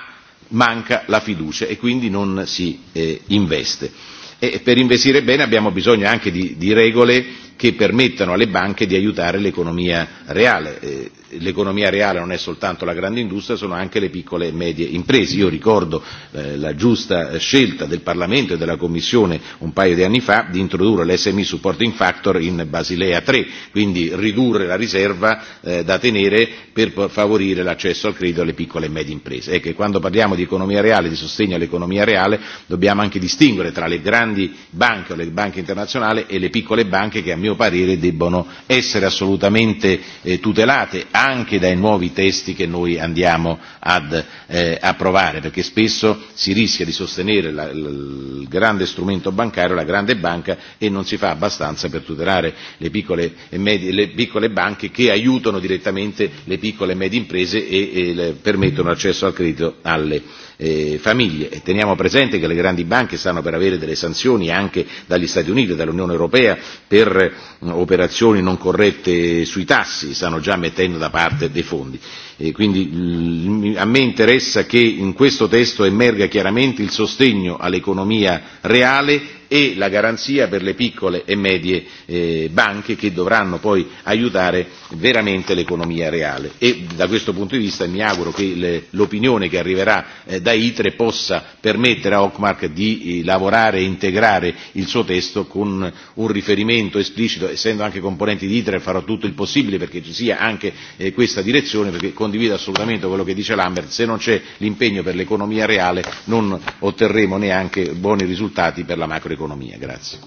manca la fiducia e quindi non si eh, investe. E per investire bene abbiamo bisogno anche di, di regole che permettano alle banche di aiutare l'economia reale. Eh, l'economia reale non è soltanto la grande industria, sono anche le piccole e medie imprese. Io ricordo eh, la giusta scelta del Parlamento e della Commissione un paio di anni fa di introdurre l'SMI Supporting Factor in Basilea 3, quindi ridurre la riserva eh, da tenere per favorire l'accesso al credito alle piccole e medie imprese. Ecco, e quando parliamo di economia reale, di sostegno all'economia reale, dobbiamo anche distinguere tra le grandi banche o le banche internazionali e le piccole banche che a mio parere debbono essere assolutamente eh, tutelate anche dai nuovi testi che noi andiamo ad eh, approvare, perché spesso si rischia di sostenere la, la, il grande strumento bancario, la grande banca, e non si fa abbastanza per tutelare le piccole, e medie, le piccole banche che aiutano direttamente le piccole e medie imprese e, e le, permettono l'accesso al credito alle eh, famiglie e teniamo presente che le grandi banche stanno per avere delle sanzioni anche dagli Stati Uniti e dall'Unione Europea per mh, operazioni non corrette sui tassi, stanno già mettendo da parte dei fondi. E quindi mh, a me interessa che in questo testo emerga chiaramente il sostegno all'economia reale e la garanzia per le piccole e medie eh, banche che dovranno poi aiutare veramente l'economia reale e da questo punto di vista mi auguro che le, l'opinione che arriverà eh, da ITRE possa permettere a Hochmark di eh, lavorare e integrare il suo testo con un riferimento esplicito, essendo anche componenti di ITRE farò tutto il possibile perché ci sia anche eh, questa direzione perché condivido assolutamente quello che dice Lambert, se non c'è l'impegno per l'economia reale non otterremo neanche buoni risultati per la macroeconomia dell'economia. Grazie.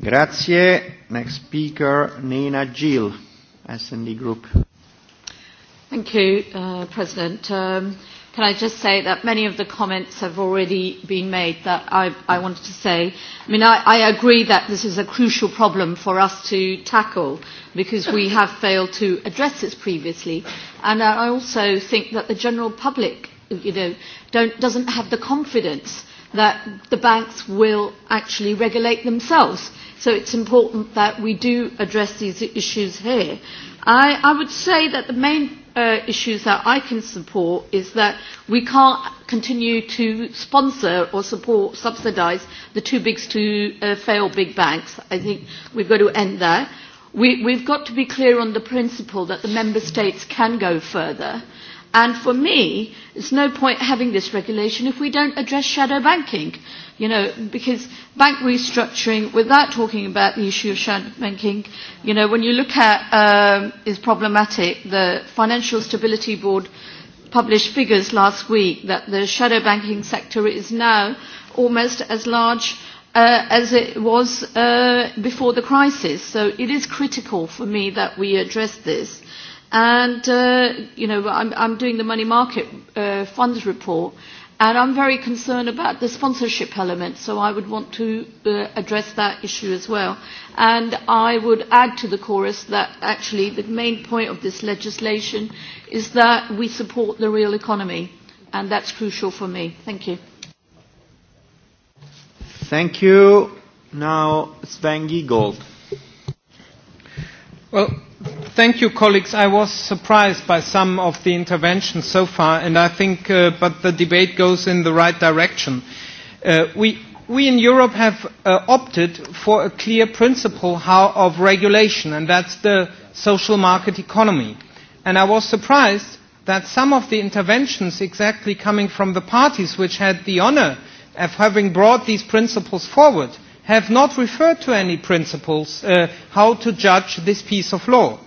Grazie. Next speaker, Nina Gill, SD Group. Thank you, uh, President. Um, can I just say that many of the comments have already been made that I, I wanted to say. I mean, I, I agree that this is a crucial problem for us to tackle because we have failed to address this previously. And I also think that the general public you know, don't, doesn't have the confidence that the banks will actually regulate themselves. So it's important that we do address these issues here. I, I would say that the main uh, issues that I can support is that we can't continue to sponsor or support, subsidise the too big to uh, fail big banks. I think we've got to end there. We, we've got to be clear on the principle that the member states can go further. Uh, And for me, there's no point having this regulation if we don't address shadow banking. You know, because bank restructuring, without talking about the issue of shadow banking, you know, when you look at um, is problematic. The Financial Stability Board published figures last week that the shadow banking sector is now almost as large uh, as it was uh, before the crisis. So it is critical for me that we address this. And, uh, you know, I'm, I'm doing the money market uh, funds report, and I'm very concerned about the sponsorship element, so I would want to uh, address that issue as well. And I would add to the chorus that actually the main point of this legislation is that we support the real economy, and that's crucial for me. Thank you. Thank you. Now, Sven Giegold. Well, Thank you, colleagues. I was surprised by some of the interventions so far, and I think, uh, but the debate goes in the right direction. Uh, we, we in Europe have uh, opted for a clear principle how, of regulation, and that's the social market economy. And I was surprised that some of the interventions exactly coming from the parties which had the honor of having brought these principles forward – have not referred to any principles uh, how to judge this piece of law.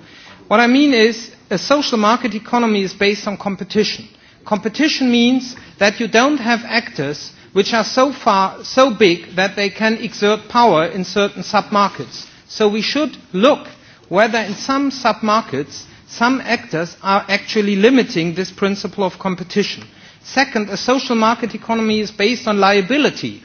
What I mean is a social market economy is based on competition. Competition means that you don't have actors which are so far so big that they can exert power in certain submarkets. So we should look whether in some submarkets some actors are actually limiting this principle of competition. Second, a social market economy is based on liability.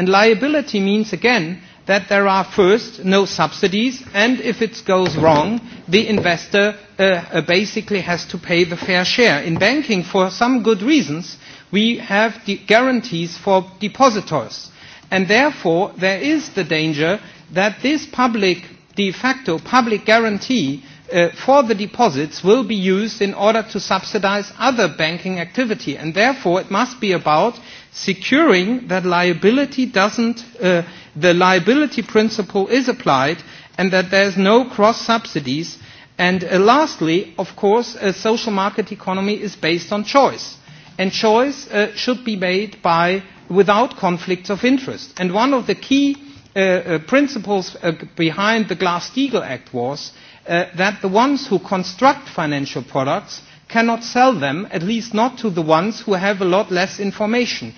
And liability means, again, that there are first no subsidies and if it goes wrong the investor uh, uh, basically has to pay the fair share. In banking for some good reasons we have the guarantees for depositors and therefore there is the danger that this public de facto public guarantee uh, for the deposits will be used in order to subsidize other banking activity and therefore it must be about uh, securing that liability doesn't, uh, the liability principle is applied and that there's no cross subsidies. And uh, lastly, of course, a social market economy is based on choice. And choice uh, should be made by, without conflicts of interest. And one of the key uh, uh, principles uh, behind the Glass-Steagall Act was uh, that the ones who construct financial products cannot sell them, at least not to the ones who have a lot less information.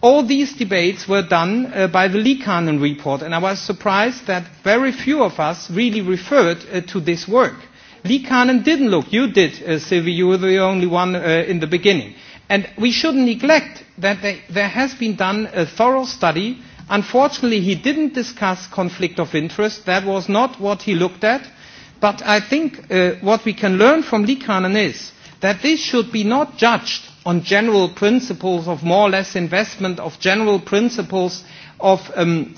All these debates were done uh, by the Liikanen report, and I was surprised that very few of us really referred uh, to this work. Liikanen didn't look. You did, uh, Sylvie. You were the only one uh, in the beginning. And we shouldn't neglect that they, there has been done a thorough study. Unfortunately, he didn't discuss conflict of interest. That was not what he looked at. But I think uh, what we can learn from Liikanen is that this should be not judged on general principles of more or less investment, of general principles of um,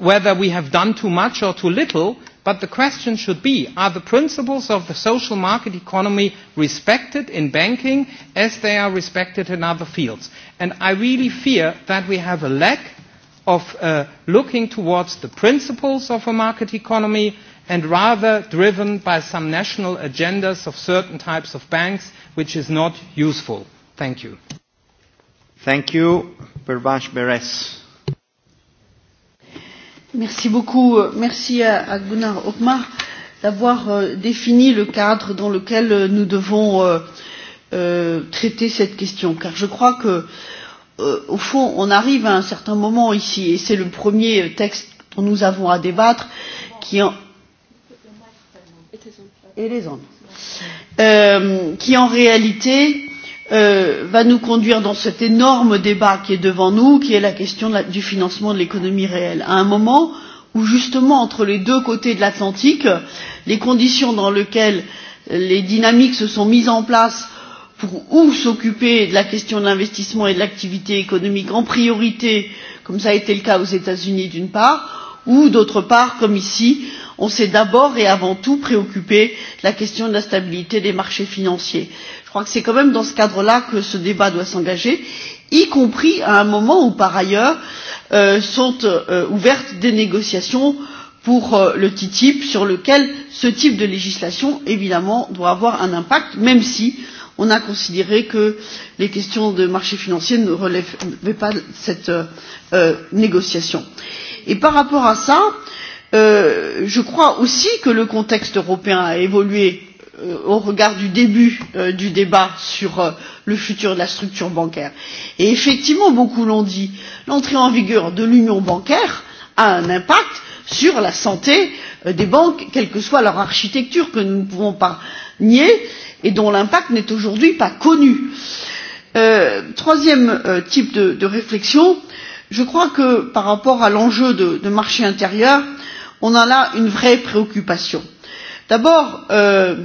whether we have done too much or too little, but the question should be, are the principles of the social market economy respected in banking as they are respected in other fields? And I really fear that we have a lack of uh, looking towards the principles of a market economy, uh, and rather driven by some national agendas of certain types of banks, which is not useful. Thank you. Thank you, Pervash Beres. Merci beaucoup. Merci à, à Gunnar Hochmar d'avoir euh, défini le cadre dans lequel euh, nous devons euh, euh, traiter cette question, car je crois que, euh, au fond, on arrive à un certain moment ici, et c'est le premier texte dont nous avons à débattre qui en, et les andes euh, qui en réalité euh, va nous conduire dans cet énorme débat qui est devant nous qui est la question la, du financement de l'économie réelle à un moment où justement entre les deux côtés de l'atlantique les conditions dans lesquelles les dynamiques se sont mises en place pour ou s'occuper de la question de l'investissement et de l'activité économique en priorité comme cela a été le cas aux états unis d'une part ou d'autre part comme ici on s'est d'abord et avant tout préoccupé de la question de la stabilité des marchés financiers. je crois que c'est quand même dans ce cadre là que ce débat doit s'engager y compris à un moment où par ailleurs euh, sont euh, ouvertes des négociations pour euh, le ttip sur lequel ce type de législation évidemment doit avoir un impact même si on a considéré que les questions de marché financier ne relevaient pas de cette euh, euh, négociation. il et par rapport à cela euh, je crois aussi que le contexte européen a évolué euh, au regard du début euh, du débat sur euh, le futur de la structure bancaire et effectivement beaucoup l'ont dit l'entrée en vigueur de l'union bancaire a un impact sur la santé euh, des banques quelle que soit leur architecture que nous ne pouvons pas nier et dont l'impact n'est aujourd'hui pas connu. Euh, troisième euh, type de, de réflexion euh, je crois que par rapport à l'enjeu de, de marché intérieur on a là une vraie préoccupation. d'abord euh,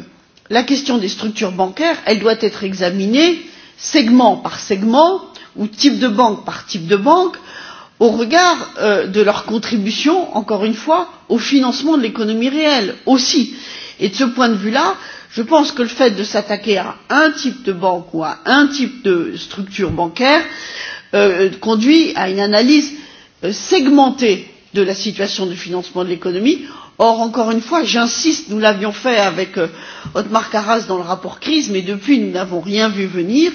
la question des structures bancaires elle doit être examinée segment par segment ou type de banque par type de banque au regard euh, de leur contribution encore une fois au financement de l'économie réelle aussi. et de ce point de vue là je pense que le fait de s'attaquer à un type de banque ou à un type de structure bancaire euh, euh, conduit à une analyse euh, segmentée de la situation du financement de l'économie. or encore une fois j'insiste nous l'avions fait avec euh, othmar karas dans le rapport crise mais depuis nous n'avons rien vu venir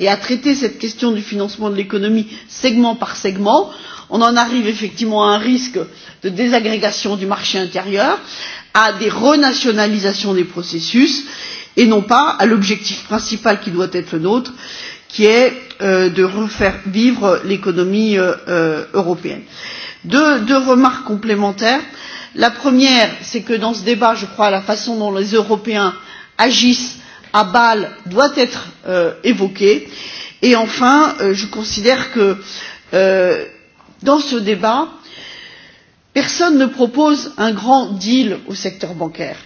et à traiter cette question du financement de l'économie segment par segment on en arrive effectivement à un risque de désagrégation du marché intérieur à des renationalisations des processus et non pas à l'objectif principal qui doit être le nôtre à savoir qui est euh, de refaire vivre l'économie euh, euh, européenne. Deux, deux remarques complémentaires. La première, c'est que dans ce débat, je crois, la façon dont les Européens agissent à Bâle doit être euh, évoquée. Et enfin, euh, je considère que euh, dans ce débat, personne ne propose un grand deal au secteur bancaire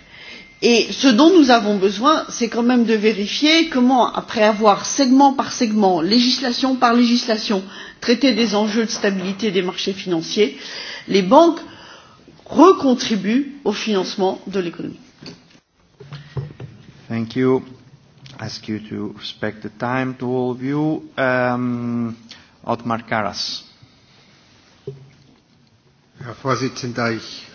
et ce dont nous avons besoin c'est quand même de vérifier comment après avoir segment par segment législation par législation traité des enjeux de stabilité des marchés financiers les banques recontribuent au financement de l'économie. Thank you. Ask you to respect the time to all of you. Um, Otmar Karas. Herr Vorsitzender, ich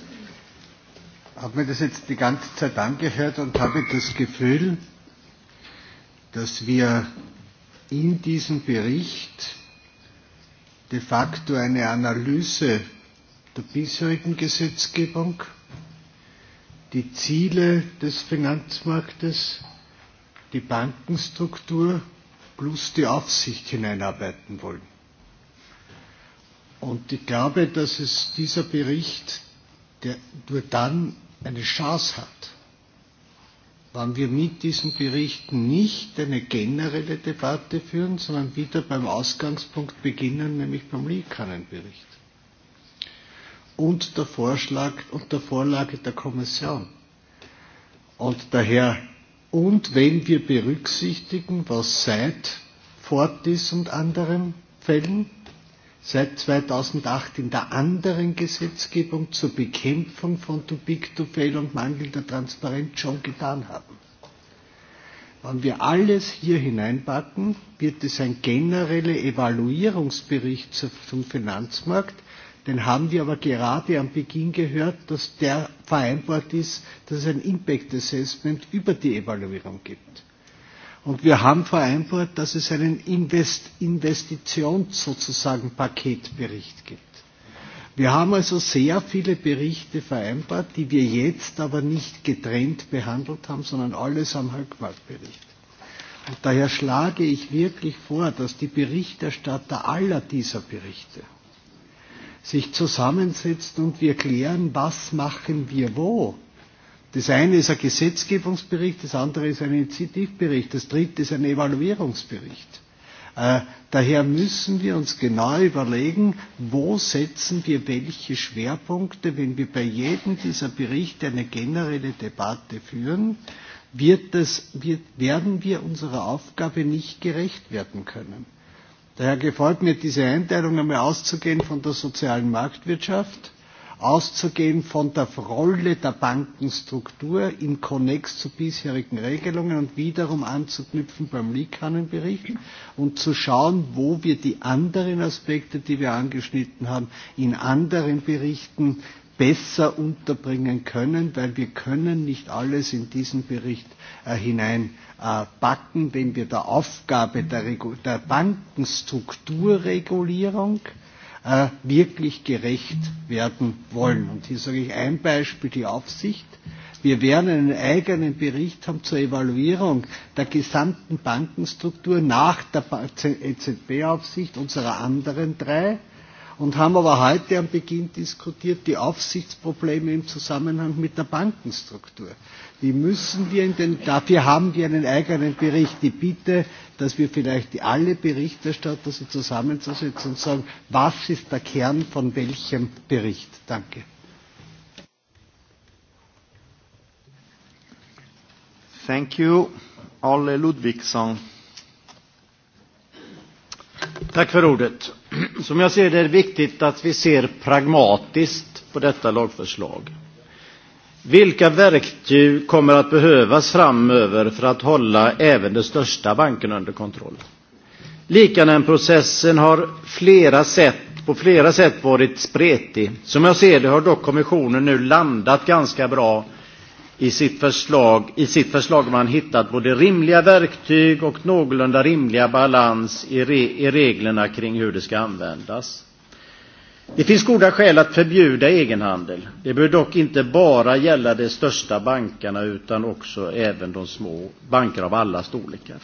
habe mir das jetzt die ganze Zeit angehört und habe das Gefühl, dass wir in diesem Bericht de facto eine Analyse der bisherigen Gesetzgebung, die Ziele des Finanzmarktes, die Bankenstruktur plus die Aufsicht hineinarbeiten wollen. Und ich glaube, dass es dieser Bericht der nur dann eine Chance hat, wann wir mit diesen Berichten nicht eine generelle Debatte führen, sondern wieder beim Ausgangspunkt beginnen, nämlich beim Likanenbericht und der Vorschlag und der Vorlage der Kommission. Und daher, und wenn wir berücksichtigen, was seit Fortis und anderen Fällen seit 2008 in der anderen Gesetzgebung zur Bekämpfung von Too Big to Fail und mangelnder Transparenz schon getan haben. Wenn wir alles hier hineinpacken, wird es ein genereller Evaluierungsbericht zum Finanzmarkt, den haben wir aber gerade am Beginn gehört, dass der vereinbart ist, dass es ein Impact Assessment über die Evaluierung gibt. Und wir haben vereinbart, dass es einen Invest Investitions sozusagen Paketbericht gibt. Wir haben also sehr viele Berichte vereinbart, die wir jetzt aber nicht getrennt behandelt haben, sondern alles am Höckmark-Bericht. Und daher schlage ich wirklich vor, dass die Berichterstatter aller dieser Berichte sich zusammensetzen und wir klären, was machen wir wo Das eine ist ein Gesetzgebungsbericht, das andere ist ein Initiativbericht, das dritte ist ein Evaluierungsbericht. Äh, daher müssen wir uns genau überlegen, wo setzen wir welche Schwerpunkte, wenn wir bei jedem dieser Berichte eine generelle Debatte führen, wird das, wird, werden wir unserer Aufgabe nicht gerecht werden können. Daher gefällt mir diese Einteilung einmal auszugehen von der sozialen Marktwirtschaft auszugehen von der Rolle der Bankenstruktur in Konnex zu bisherigen Regelungen und wiederum anzuknüpfen beim Liikanen-Bericht und zu schauen, wo wir die anderen Aspekte, die wir angeschnitten haben, in anderen Berichten besser unterbringen können, weil wir können nicht alles in diesen Bericht äh, hineinpacken, äh, wenn wir der Aufgabe der, Regu der Bankenstrukturregulierung äh, äh, wirklich gerecht werden wollen. Und hier sage ich ein Beispiel, die Aufsicht. Wir werden einen eigenen Bericht haben zur Evaluierung der gesamten Bankenstruktur nach der EZB-Aufsicht unserer anderen drei und haben aber heute am Beginn diskutiert die Aufsichtsprobleme im Zusammenhang mit der Bankenstruktur die müssen wir in den, dafür haben wir einen eigenen Bericht. Die Bitte, dass wir vielleicht alle Berichterstatter so zusammenzusetzen und sagen, was ist der Kern von welchem Bericht? Danke. Thank you. Olle Ludvigsson. Tack för ordet. Som jag ser det är det viktigt att vi ser pragmatiskt på detta lagförslag. Vilka verktyg kommer att behövas framöver för att hålla även de största bankerna under kontroll? Likanenprocessen har flera sätt, på flera sätt varit spretig. Som jag ser det har dock kommissionen nu landat ganska bra i sitt förslag. I sitt förslag har man hittat både rimliga verktyg och någorlunda rimliga balans i, re, i reglerna kring hur det ska användas. Det finns goda skäl att förbjuda egenhandel. Det bör dock inte bara gälla de största bankerna utan också även de små, banker av alla storlekar.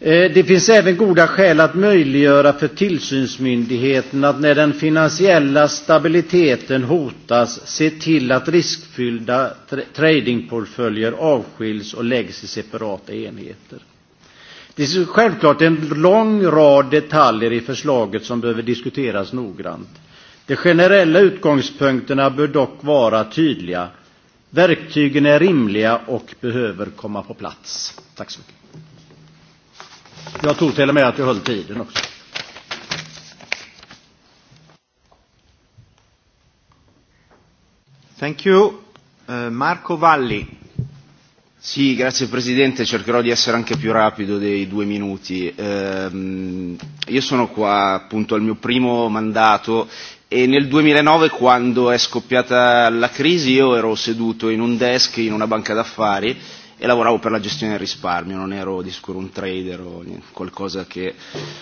Eh, det finns även goda skäl att möjliggöra för tillsynsmyndigheten att när den finansiella stabiliteten hotas se till att riskfyllda tradingportföljer avskiljs och läggs i separata enheter. Det är självklart en lång rad detaljer i förslaget som behöver diskuteras noggrant. De generella utgångspunkterna bör dock vara tydliga. Verktygen är rimliga och behöver komma på plats. Tack så mycket. Jag tror till och med att jag höll tiden också. Thank you. Uh, Marco Valli. Sì, grazie Presidente, cercherò di essere anche più rapido dei due minuti. Eh, io sono qua appunto al mio primo mandato e nel 2009 quando è scoppiata la crisi io ero seduto in un desk in una banca d'affari e lavoravo per la gestione del risparmio, non ero di sicuro un trader o qualcosa che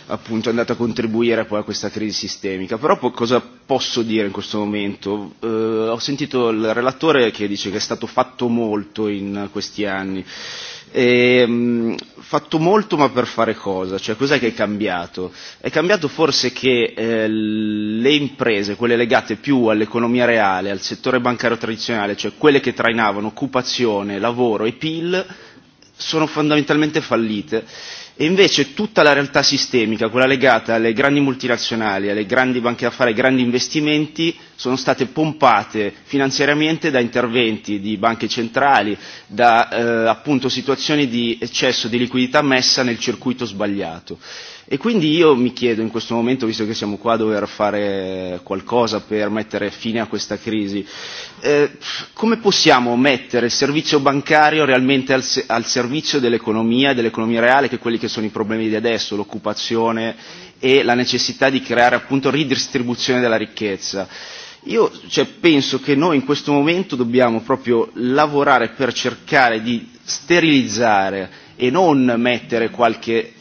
appunto è andato a contribuire poi a questa crisi sistemica. Però po- cosa posso dire in questo momento? Eh, ho sentito il relatore che dice che è stato fatto molto in questi anni. Eh, E, fatto molto ma per fare cosa? Cioè cos'è che è cambiato? È cambiato forse che eh, le imprese, quelle legate più all'economia reale, al settore bancario tradizionale, cioè quelle che trainavano occupazione, lavoro e PIL, sono fondamentalmente fallite E invece tutta la realtà sistemica, quella legata alle grandi multinazionali, alle grandi banche d'affari, ai grandi investimenti, sono state pompate finanziariamente da interventi di banche centrali, da eh, appunto situazioni di eccesso di liquidità messa nel circuito sbagliato. Eh, E quindi io mi chiedo in questo momento, visto che siamo qua a dover fare qualcosa per mettere fine a questa crisi, eh, come possiamo mettere il servizio bancario realmente al, al servizio dell'economia, dell'economia reale, che quelli che sono i problemi di adesso, l'occupazione e la necessità di creare appunto ridistribuzione della ricchezza? Io cioè, penso che noi in questo momento dobbiamo proprio lavorare per cercare di sterilizzare e non mettere qualche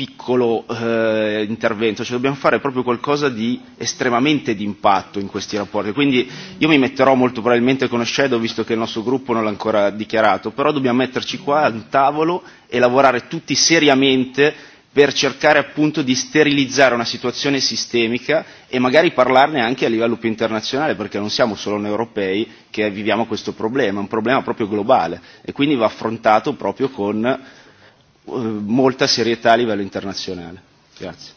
piccolo eh, intervento, cioè dobbiamo fare proprio qualcosa di estremamente di impatto in questi rapporti. Quindi io mi metterò molto probabilmente con Shadow, visto che il nostro gruppo non l'ha ancora dichiarato, però dobbiamo metterci qua a un tavolo e lavorare tutti seriamente per cercare appunto di sterilizzare una situazione sistemica e magari parlarne anche a livello più internazionale, perché non siamo solo noi europei che viviamo questo problema, è un problema proprio globale e quindi va affrontato proprio con Eh, molta serietà a livello internazionale. Grazie.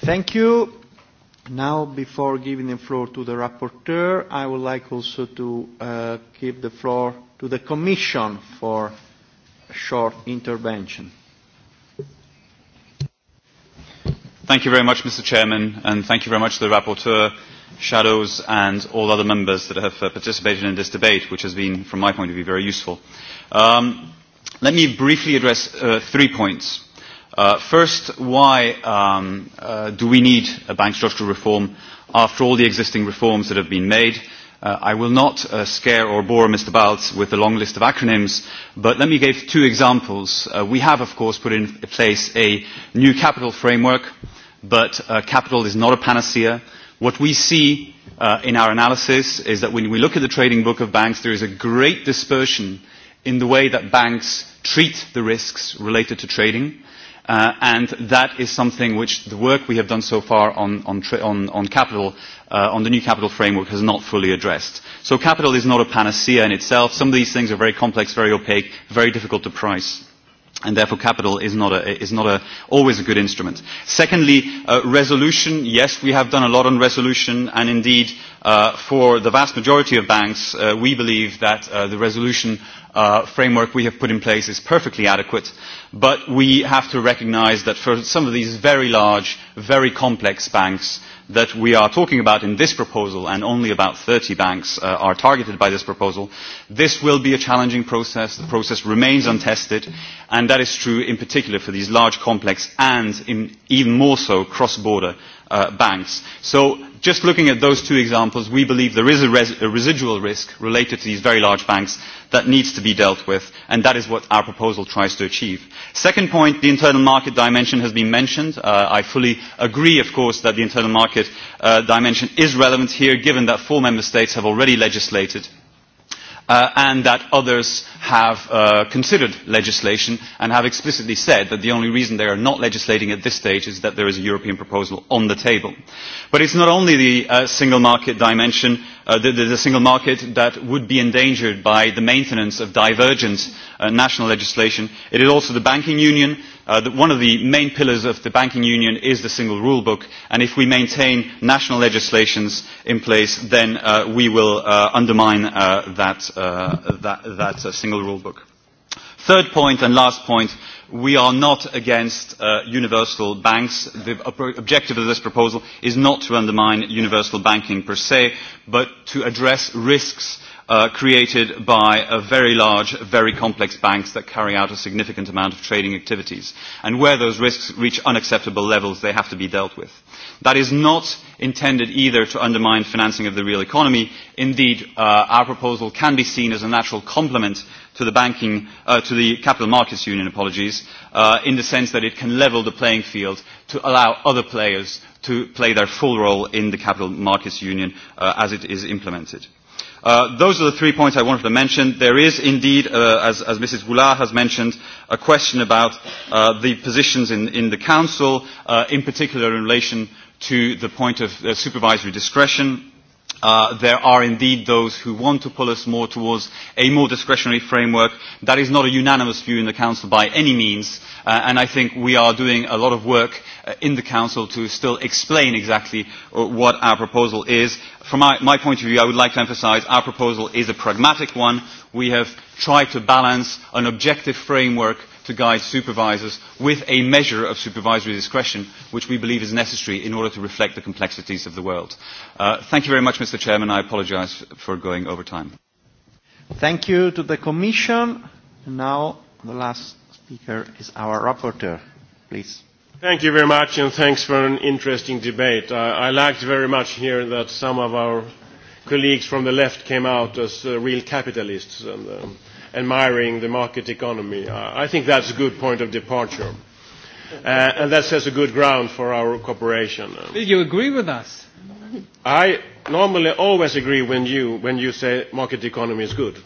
Thank you. Now, before giving the floor to the rapporteur, I would like also to uh, give the floor to the Commission for a short intervention. Thank you very much, Mr. Chairman, and thank you very much to the rapporteur, shadows, and all other members that have uh, participated in this debate, which has been, from my point of view, very useful. Um, Let me briefly address uh, three points. Uh, first, why um, uh, do we need a bank structural reform after all the existing reforms that have been made? Uh, I will not uh, scare or bore Mr. Baltz with a long list of acronyms, but let me give two examples. Uh, we have, of course, put in place a new capital framework, but uh, capital is not a panacea. What we see uh, in our analysis is that when we look at the trading book of banks, there is a great dispersion uh, in the way that banks treat the risks related to trading. Uh, and that is something which the work we have done so far on, on, tra- on, on capital, uh, on the new capital framework, has not fully addressed. So capital is not a panacea in itself. Some of these things are very complex, very opaque, very difficult to price and therefore capital is not, a, is not a, always a good instrument. Secondly, uh, resolution. Yes, we have done a lot on resolution, and indeed, uh, for the vast majority of banks, uh, we believe that uh, the resolution uh, framework we have put in place is perfectly adequate, but we have to recognize that for some of these very large, very complex banks, that we are talking about in this proposal, and only about 30 banks uh, are targeted by this proposal, this will be a challenging process. The process remains untested, and that is true in particular for these large, complex, and in even more so cross-border uh, banks. So just looking at those two examples, we believe there is a, res- a residual risk related to these very large banks that needs to be dealt with, and that is what our proposal tries to achieve. Second point, the internal market dimension has been mentioned. Uh, I fully agree, of course, that the internal market uh, dimension is relevant here, given that four member states have already legislated uh, and that others have uh, considered legislation and have explicitly said that the only reason they are not legislating at this stage is that there is a European proposal on the table. But it's not only the uh, single market dimension, uh, the, the, the single market that would be endangered by the maintenance of divergent uh, national legislation. It is also the banking union, Uh, the, one of the main pillars of the banking union is the single rule book, and if we maintain national legislations in place, then uh, we will uh, undermine uh, that, uh, that, that uh, single rule book. Third point and last point, we are not against uh, universal banks. The ob objective of this proposal is not to undermine universal banking per se, but to address risks uh, created by a very large, very complex banks that carry out a significant amount of trading activities. And where those risks reach unacceptable levels, they have to be dealt with. That is not intended either to undermine financing of the real economy. Indeed, uh, our proposal can be seen as a natural complement to the banking, uh, to the capital markets union, apologies, uh, in the sense that it can level the playing field to allow other players to play their full role in the capital markets union uh, as it is implemented. Uh, Uh, those are the three points I wanted to mention. There is indeed, uh, as, as Mrs. Goulart has mentioned, a question about uh, the positions in, in the Council, uh, in particular in relation to the point of uh, supervisory discretion Uh, there are indeed those who want to pull us more towards a more discretionary framework. That is not a unanimous view in the Council by any means, uh, and I think we are doing a lot of work uh, in the Council to still explain exactly uh, what our proposal is. From my, my point of view, I would like to emphasize our proposal is a pragmatic one. We have tried to balance an objective framework to guide supervisors with a measure of supervisory discretion, which we believe is necessary in order to reflect the complexities of the world. Uh, thank you very much, Mr. Chairman. I apologize for going over time. Thank you to the Commission. Now the last speaker is our rapporteur. Please. Thank you very much, and thanks for an interesting debate. I, I liked very much here that some of our colleagues from the left came out as uh, real capitalists. And, um, admiring the market economy. I think that's a good point of departure. Uh, and that sets a good ground for our cooperation. Did you agree with us? I normally always agree when you, when you say market economy is good.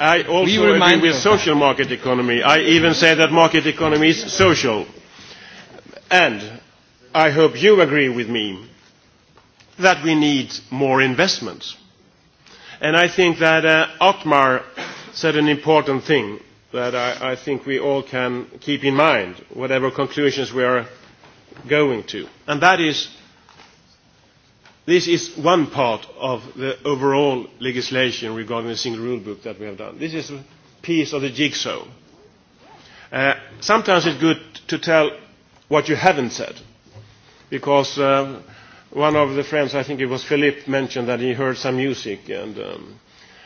I also we agree with social market economy. I even say that market economy is social. And I hope you agree with me that we need more investments And I think that uh, Otmar said an important thing that I, I think we all can keep in mind, whatever conclusions we are going to. And that is, this is one part of the overall legislation regarding the single rule book that we have done. This is a piece of the jigsaw. Uh, sometimes it's good to tell what you haven't said, because uh, one of the friends, I think it was Philippe, mentioned that he heard some music, and um,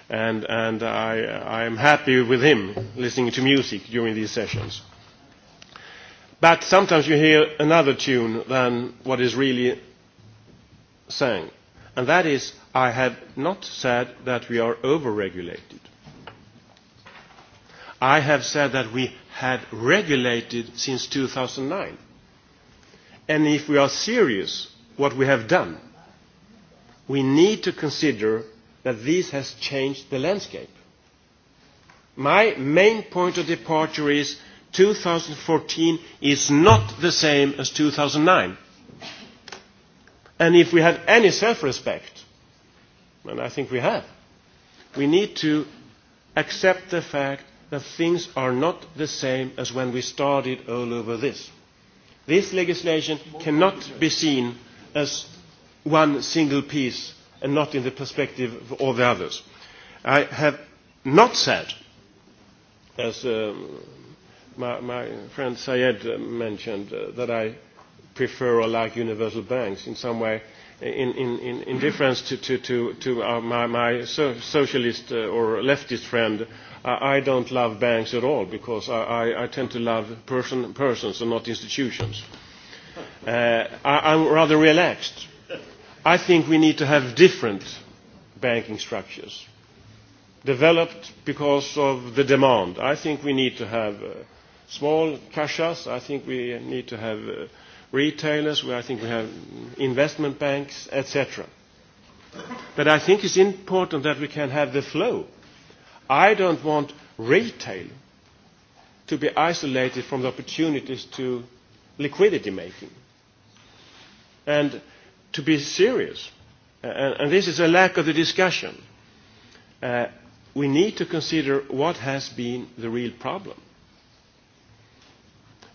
and and I I am happy with him listening to music during these sessions. But sometimes you hear another tune than what is really sang, and that is I have not said that we are overregulated. I have said that we had regulated since 2009. And if we are serious what we have done, we need to consider that this has changed the landscape. My main point of departure is 2014 is not the same as 2009. And if we have any self-respect, and I think we have, we need to accept the fact that things are not the same as when we started all over this. This legislation cannot be seen as one single piece and not in the perspective of all the others. I have not said, as um, my, my friend Sayed mentioned, uh, that I prefer or like universal banks in some way, in, in, in, in difference to, to, to, to our, my, my so, socialist uh, or leftist friend. I, I don't love banks at all because I, I, I tend to love person, persons and not institutions. Uh, uh, I, I'm rather relaxed. I think we need to have different banking structures developed because of the demand. I think we need to have uh, small cashas. I think we need to have uh, retailers. I think we have investment banks, etc. But I think it's important that we can have the flow. I don't want retail to be isolated from the opportunities to liquidity making and to be serious. Uh, and, and this is a lack of the discussion. Uh, we need to consider what has been the real problem.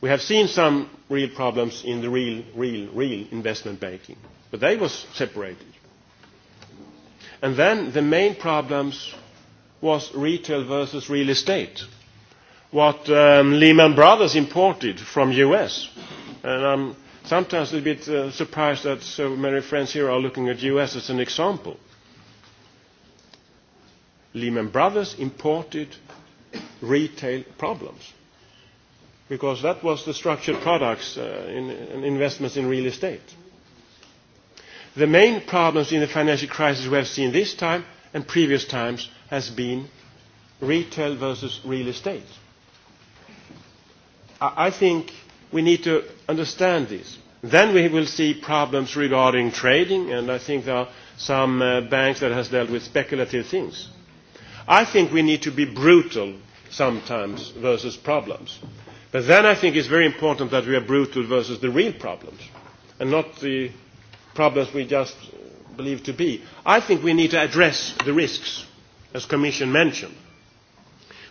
We have seen some real problems in the real, real, real investment banking, but they was separated. And then the main problems was retail versus real estate, what um, Lehman Brothers imported from U.S. And I'm sometimes a bit uh, surprised that so many friends here are looking at us as an example. lehman brothers imported retail problems because that was the structured products uh, in, in investments in real estate. The main problems in the financial crisis we have seen this time and previous times has been retail versus real estate. I, I think we need to understand this. Then we will see problems regarding trading, and I think there are some uh, banks that has dealt with speculative things. I think we need to be brutal sometimes versus problems. But then I think it's very important that we are brutal versus the real problems, and not the problems we just believe to be. I think we need to address the risks, as Commission mentioned.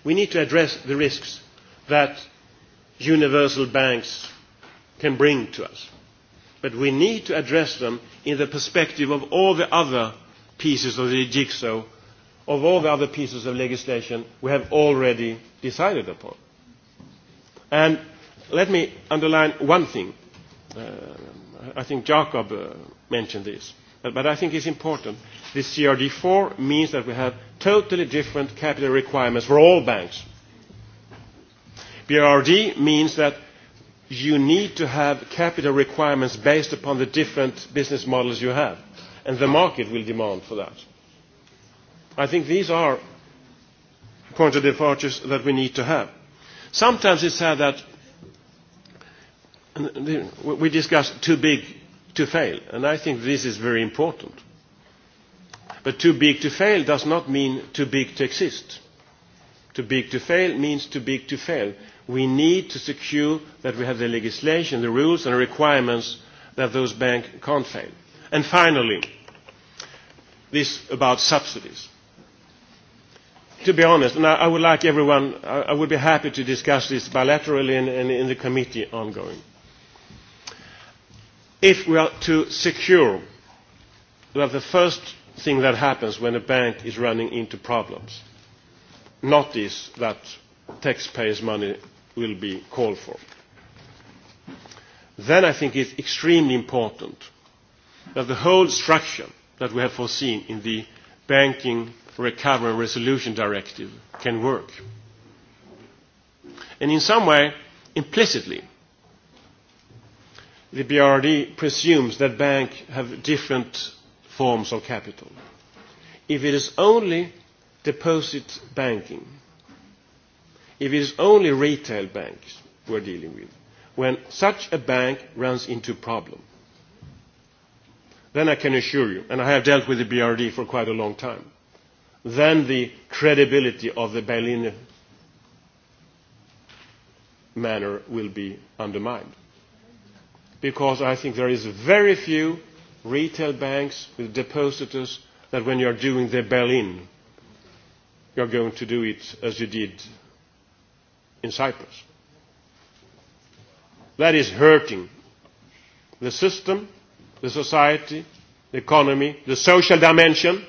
We need to address the risks that universal banks can bring to us. But we need to address them in the perspective of all the other pieces of the jigsaw, of all the other pieces of legislation we have already decided upon. And let me underline one thing. Uh, I think Jacob uh, mentioned this, but, but I think it's important. The CRD4 means that we have totally different capital requirements for all banks BRRD means that you need to have capital requirements based upon the different business models you have, and the market will demand for that. I think these are point of departures that we need to have. Sometimes it's said that we discuss too big to fail, and I think this is very important. But too big to fail does not mean too big to exist. Too big to fail means too big to fail we need to secure that we have the legislation, the rules and the requirements that those banks can't fail. And finally, this about subsidies. To be honest, and I, I would like everyone, I, I would be happy to discuss this bilaterally and, and in the committee ongoing. If we are to secure that the first thing that happens when a bank is running into problems, not is that taxpayers' money will be called for. Then I think it's extremely important that the whole structure that we have foreseen in the Banking Recovery and Resolution Directive can work. And in some way, implicitly, the BRD presumes that banks have different forms of capital. If it is only deposit banking, If it is only retail banks we're dealing with, when such a bank runs into problem, then I can assure you, and I have dealt with the BRD for quite a long time, then the credibility of the bail-in manner will be undermined. Because I think there is very few retail banks with depositors that when you are doing the bail-in, you are going to do it as you did in Cyprus. That is hurting the system, the society, the economy, the social dimension,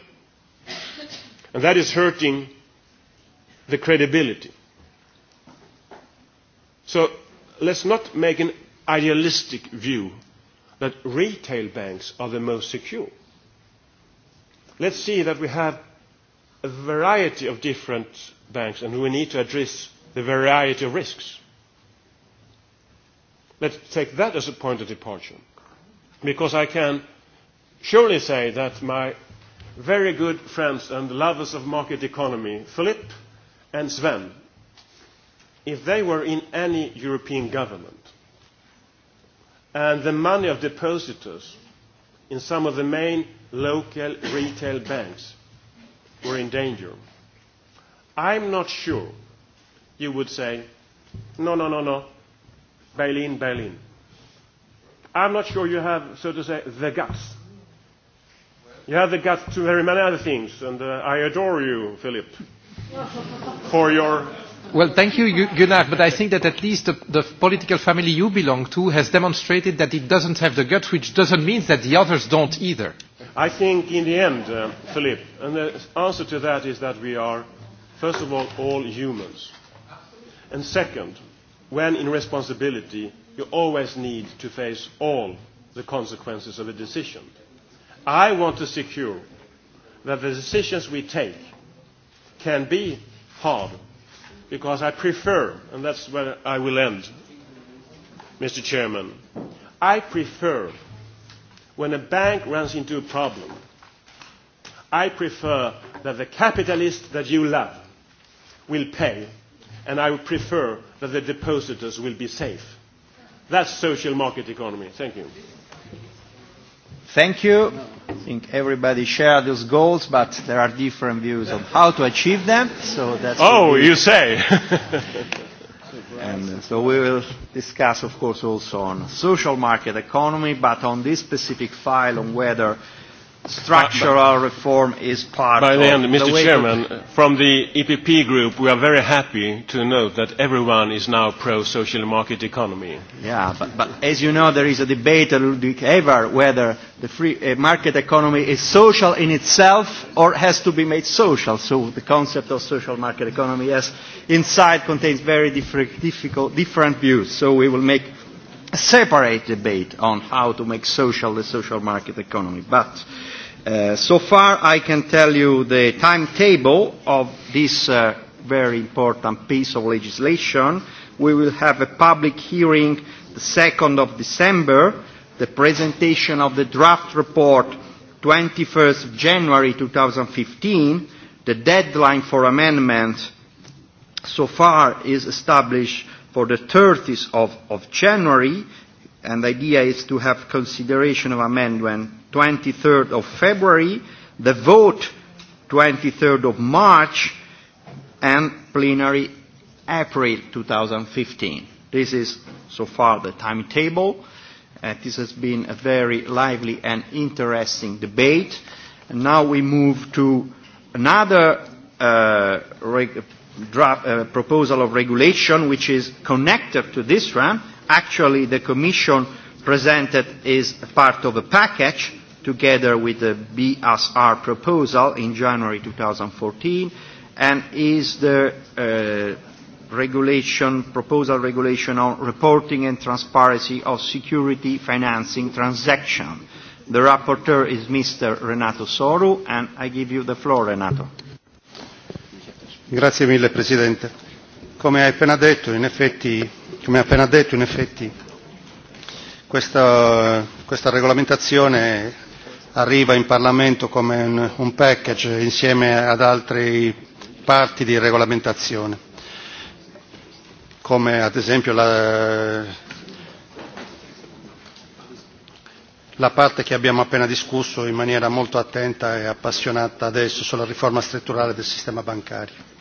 and that is hurting the credibility. So let's not make an idealistic view that retail banks are the most secure. Let's see that we have a variety of different banks and we need to address the variety of risks. Let's take that as a point of departure, because I can surely say that my very good friends and lovers of market economy, Philip and Sven, if they were in any European government, and the money of depositors in some of the main local retail banks were in danger, I'm not sure you would say, no, no, no, no, bail in, bail in. I'm not sure you have, so to say, the guts. You have the guts to very many other things, and uh, I adore you, Philip, for your Well, thank you, Gunnar, but I think that at least the, the political family you belong to has demonstrated that it doesn't have the guts, which doesn't mean that the others don't either. I think in the end, uh, Philip, and the answer to that is that we are, first of all, all humans. And second, when in responsibility, you always need to face all the consequences of a decision. I want to secure that the decisions we take can be hard, because I prefer, and that's where I will end, Mr. Chairman, I prefer when a bank runs into a problem, I prefer that the capitalist that you love will pay and I would prefer that the depositors will be safe. That's social market economy. Thank you. Thank you. I think everybody shares those goals, but there are different views on how to achieve them. So that's oh, you say. and so we will discuss, of course, also on social market economy, but on this specific file on whether Structural reform is part By the end, Mr. The Chairman, to... from the EPP group, we are very happy to note that everyone is now pro-social market economy. Yeah, but, but as you know, there is a debate uh, ever whether the free uh, market economy is social in itself or has to be made social. So the concept of social market economy, yes, inside contains very different, difficult, different views. So we will make a separate debate on how to make social the social market economy. But... Uh, Uh, so far, I can tell you the timetable of this uh, very important piece of legislation. We will have a public hearing the 2nd of December, the presentation of the draft report 21st January 2015. The deadline for amendments so far is established for the 30th of, of January and the idea is to have consideration of amendment 23rd of February, the vote 23rd of March, and plenary April 2015. This is so far the timetable. Uh, this has been a very lively and interesting debate. And now we move to another uh, reg- draft, uh, proposal of regulation which is connected to this one actually the Commission presented is part of a package together with the BSR proposal in January 2014 and is the uh, regulation, proposal regulation on reporting and transparency of security financing transactions. The rapporteur is Mr. Renato Soru and I give you the floor Renato. Grazie mille Presidente. Come hai appena detto, in effetti come appena detto in effetti questa, questa regolamentazione arriva in Parlamento come un, un package insieme ad altre parti di regolamentazione come ad esempio la, la parte che abbiamo appena discusso in maniera molto attenta e appassionata adesso sulla riforma strutturale del sistema bancario.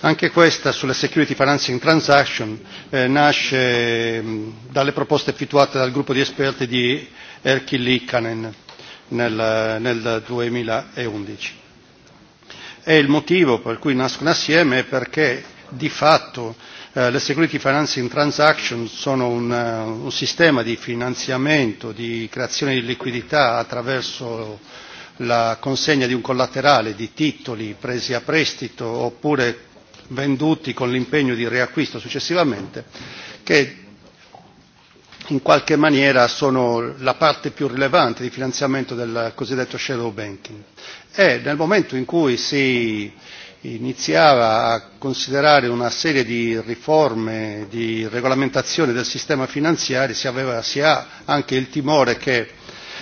Anche questa sulle security financing transaction eh, nasce mh, mm, dalle proposte effettuate dal gruppo di esperti di Erkki Liikkanen nel, nel 2011. E il motivo per cui nascono assieme è perché di fatto eh, le security financing transaction sono un, uh, un sistema di finanziamento, di creazione di liquidità attraverso la consegna di un collaterale di titoli presi a prestito oppure venduti con l'impegno di riacquisto successivamente, che in qualche maniera sono la parte più rilevante di finanziamento del cosiddetto shadow banking. E nel momento in cui si iniziava a considerare una serie di riforme di regolamentazione del sistema finanziario si, aveva, si ha anche il timore che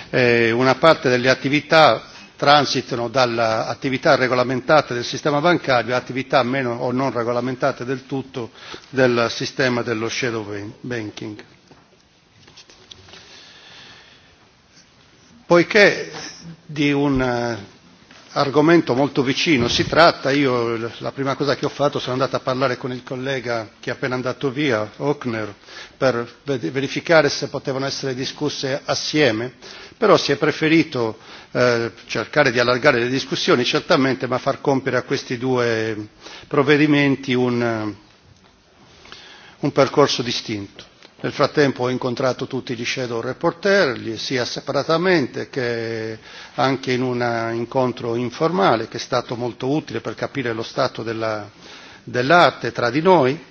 eh, una parte delle attività transitano dall'attività regolamentata del sistema bancario a attività meno o non regolamentate del tutto del sistema dello shadow banking. Poiché di un eh, argomento molto vicino si tratta, io la prima cosa che ho fatto sono andato a parlare con il collega che è appena andato via, Hochner, per verificare se potevano essere discusse assieme, però si è preferito eh, cercare di allargare le discussioni certamente ma far compiere a questi due provvedimenti un, un percorso distinto. Nel frattempo ho incontrato tutti gli shadow reporter, sia separatamente che anche in un incontro informale che è stato molto utile per capire lo stato della, dell'arte tra di noi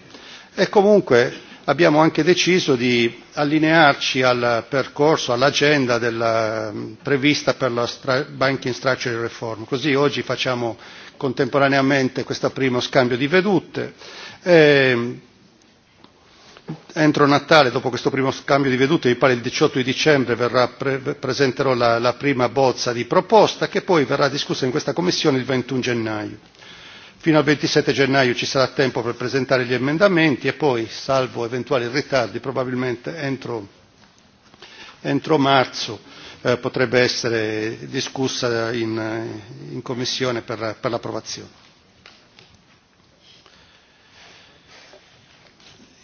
e comunque abbiamo anche deciso di allinearci al percorso, all'agenda della, ehm, prevista per la stra- Banking Structure Reform. Così oggi facciamo contemporaneamente questo primo scambio di vedute. E, entro Natale, dopo questo primo scambio di vedute, mi pare il 18 di dicembre, verrà pre- presenterò la, la prima bozza di proposta che poi verrà discussa in questa Commissione il 21 gennaio fino al ventisette gennaio ci sarà tempo per presentare gli emendamenti e poi salvo eventuali ritardi probabilmente entro, entro marzo eh, potrebbe essere discussa in, in commissione per, per l'approvazione.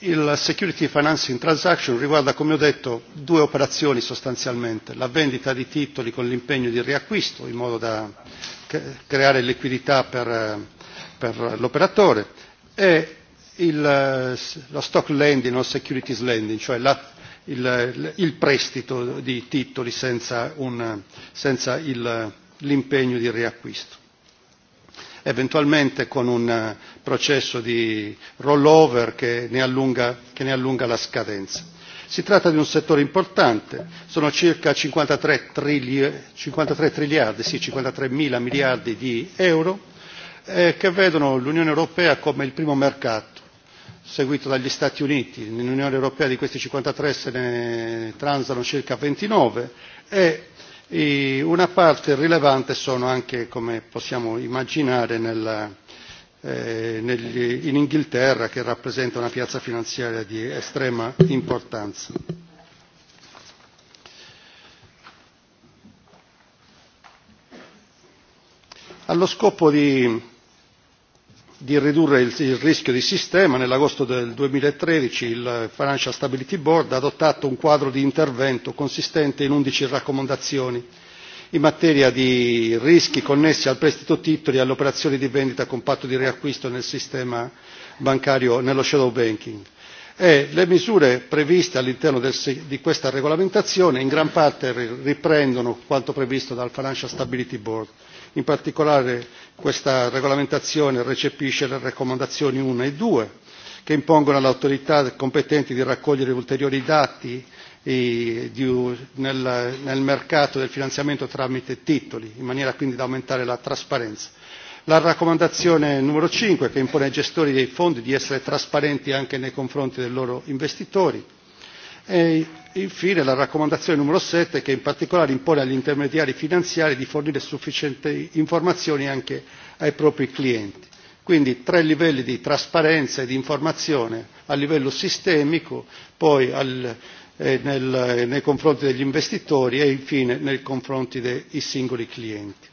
il security financing transaction riguarda come ho detto due operazioni sostanzialmente la vendita di titoli con l'impegno di riacquisto in modo da creare liquidità per per l'operatore e il, lo stock lending o securities lending, cioè la, il, il prestito di titoli senza, un, senza il, l'impegno di riacquisto. Eventualmente con un processo di rollover che ne allunga, che ne allunga la scadenza. Si tratta di un settore importante, sono circa 53, trili, 53 triliardi, sì, 53 mila miliardi di euro eh, che vedono l'unione europea come il primo mercato seguito dagli stati uniti nell'unione europea di questi cinquantatré se ne transano circa ventinove e una parte rilevante sono anche come possiamo immaginare nel, eh, negli, in Inghilterra che rappresenta una piazza finanziaria di estrema importanza. Allo scopo di di ridurre il, il rischio di sistema nell'agosto del duemilatredici il financial stability board ha adottato un quadro di intervento consistente in undici raccomandazioni in materia di rischi connessi al prestito titoli e alle operazioni di vendita con patto di riacquisto nel sistema bancario nello shadow banking e le misure previste all'interno del, di questa regolamentazione in gran parte riprendono quanto previsto dal financial stability board in particolare Questa regolamentazione recepisce le raccomandazioni 1 e 2 che impongono alle autorità competenti di raccogliere ulteriori dati eh, di, nel, nel mercato del finanziamento tramite titoli, in maniera quindi da aumentare la trasparenza. La raccomandazione numero 5 che impone ai gestori dei fondi di essere trasparenti anche nei confronti dei loro investitori e infine la raccomandazione numero sette che in particolare impone agli intermediari finanziari di fornire sufficienti informazioni anche ai propri clienti quindi tre livelli di trasparenza e di informazione a livello sistemico poi al, eh, nel, nei confronti degli investitori e infine nei confronti dei singoli clienti.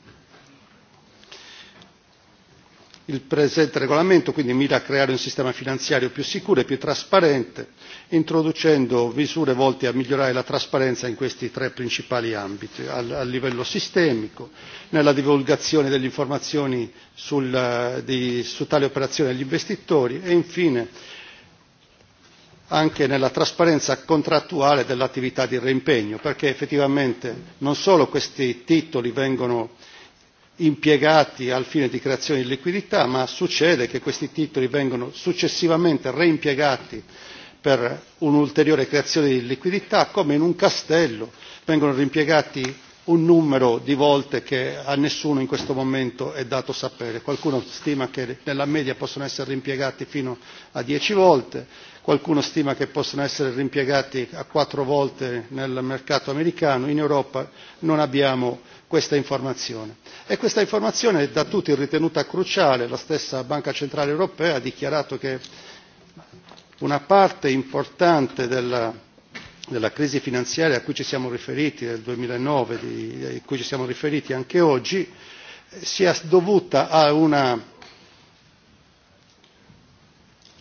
il presente regolamento quindi mira a creare un sistema finanziario più sicuro e più trasparente introducendo misure volte a migliorare la trasparenza in questi tre principali ambiti a livello sistemico nella divulgazione delle informazioni su tali operazioni agli investitori e infine anche nella trasparenza contrattuale dell'attività di reimpegno perché effettivamente non solo questi titoli vengono impiegati al fine di creazione di liquidità ma succede che questi titoli vengono successivamente reimpiegati per un'ulteriore creazione di liquidità come in un castello vengono reimpiegati un numero di volte che a nessuno in questo momento è dato sapere qualcuno stima che nella media possono essere rimpiegati fino a dieci volte qualcuno stima che possano essere rimpiegati a quattro volte nel mercato americano in europa non abbiamo questa informazione e questa informazione è da tutti ritenuta cruciale la stessa banca centrale europea ha dichiarato che una parte importante della della crisi finanziaria a cui ci siamo riferiti nel duemilanove a cui ci siamo riferiti anche oggi sia dovuta a un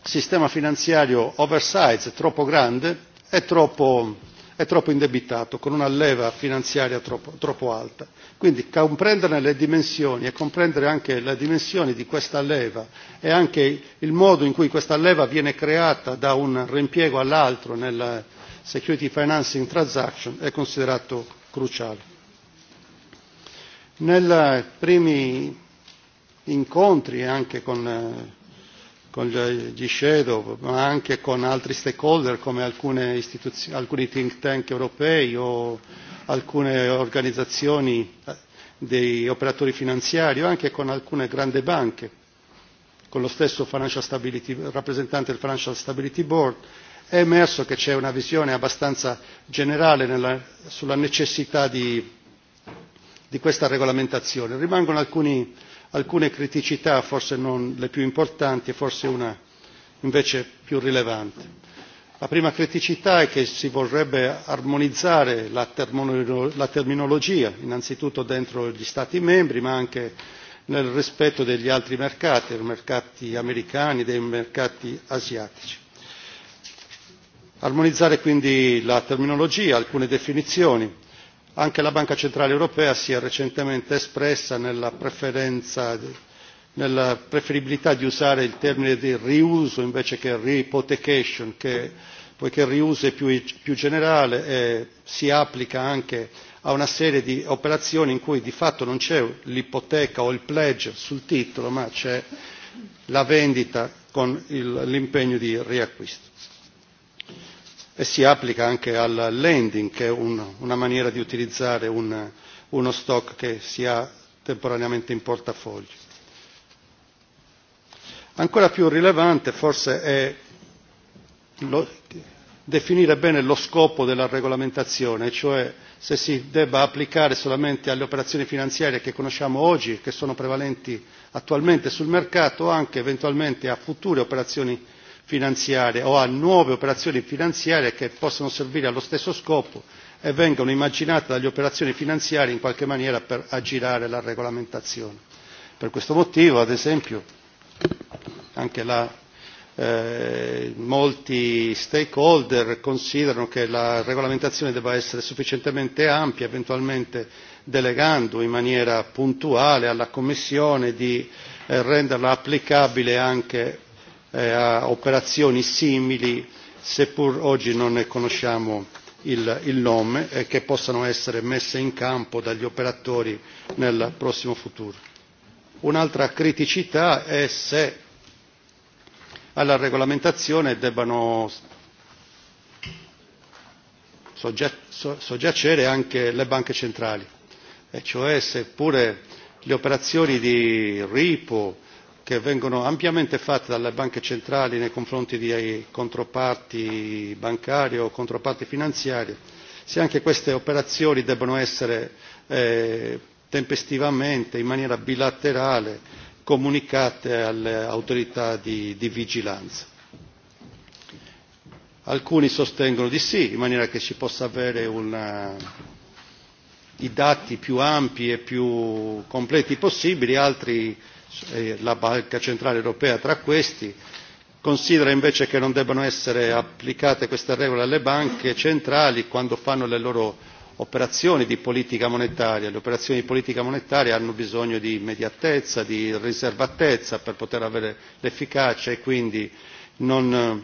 sistema finanziario oversize troppo grande e troppo, e troppo indebitato con una leva finanziaria troppo, troppo alta. quindi comprenderne le dimensioni e comprendere anche le dimensioni di questa leva e anche il modo in cui questa leva viene creata da un reimpiego all'altro nel security financing transaction è considerato cruciale. Nei primi incontri anche con, eh, con gli shadow, ma anche con altri stakeholder come alcune alcuni think tank europei o alcune organizzazioni eh, dei operatori finanziari o anche con alcune grandi banche, con lo stesso Financial Stability, rappresentante del Financial Stability Board, è emerso che c'è una visione abbastanza generale nella, sulla necessità di, di questa regolamentazione. Rimangono alcuni, alcune criticità, forse non le più importanti, e forse una invece più rilevante. La prima criticità è che si vorrebbe armonizzare la, termolo- la terminologia, innanzitutto dentro gli Stati membri, ma anche nel rispetto degli altri mercati, dei mercati americani, dei mercati asiatici armonizzare quindi la terminologia alcune definizioni anche la banca centrale europea si è recentemente espressa nella, nella preferibilità di usare il termine di riuso invece che reipotecation che, poiché il riuso è più, più generale e si applica anche a una serie di operazioni in cui di fatto non c'è l'ipoteca o il pledge sul titolo ma c'è la vendita con l'impegno di riacquisto e si applica anche al lending che è un, una maniera di utilizzare un, uno stock che si ha temporaneamente in portafoglio. Ancora più rilevante forse è lo, definire bene lo scopo della regolamentazione, cioè se si debba applicare solamente alle operazioni finanziarie che conosciamo oggi e che sono prevalenti attualmente sul mercato o anche eventualmente a future operazioni finanziarie o a nuove operazioni finanziarie che possono servire allo stesso scopo e vengono immaginate dalle operazioni finanziarie in qualche maniera per aggirare la regolamentazione. Per questo motivo, ad esempio, anche la, eh, molti stakeholder considerano che la regolamentazione debba essere sufficientemente ampia, eventualmente delegando in maniera puntuale alla Commissione di eh, renderla applicabile anche eh, a operazioni simili, seppur oggi non ne conosciamo il, il nome, eh, che possano essere messe in campo dagli operatori nel prossimo futuro. Un'altra criticità è se alla regolamentazione debbano soggiacere anche le banche centrali, e cioè seppure le operazioni di ripo che vengono ampiamente fatte dalle banche centrali nei confronti di controparti bancarie o controparti finanziarie se anche queste operazioni debbano essere eh, tempestivamente in maniera bilaterale comunicate alle autorità di, di vigilanza. Alcuni sostengono di sì, in maniera che si possa avere una, i dati più ampi e più completi possibili, altri e la Banca Centrale Europea tra questi, considera invece che non debbano essere applicate queste regole alle banche centrali quando fanno le loro operazioni di politica monetaria. Le operazioni di politica monetaria hanno bisogno di immediatezza, di riservatezza per poter avere l'efficacia e quindi non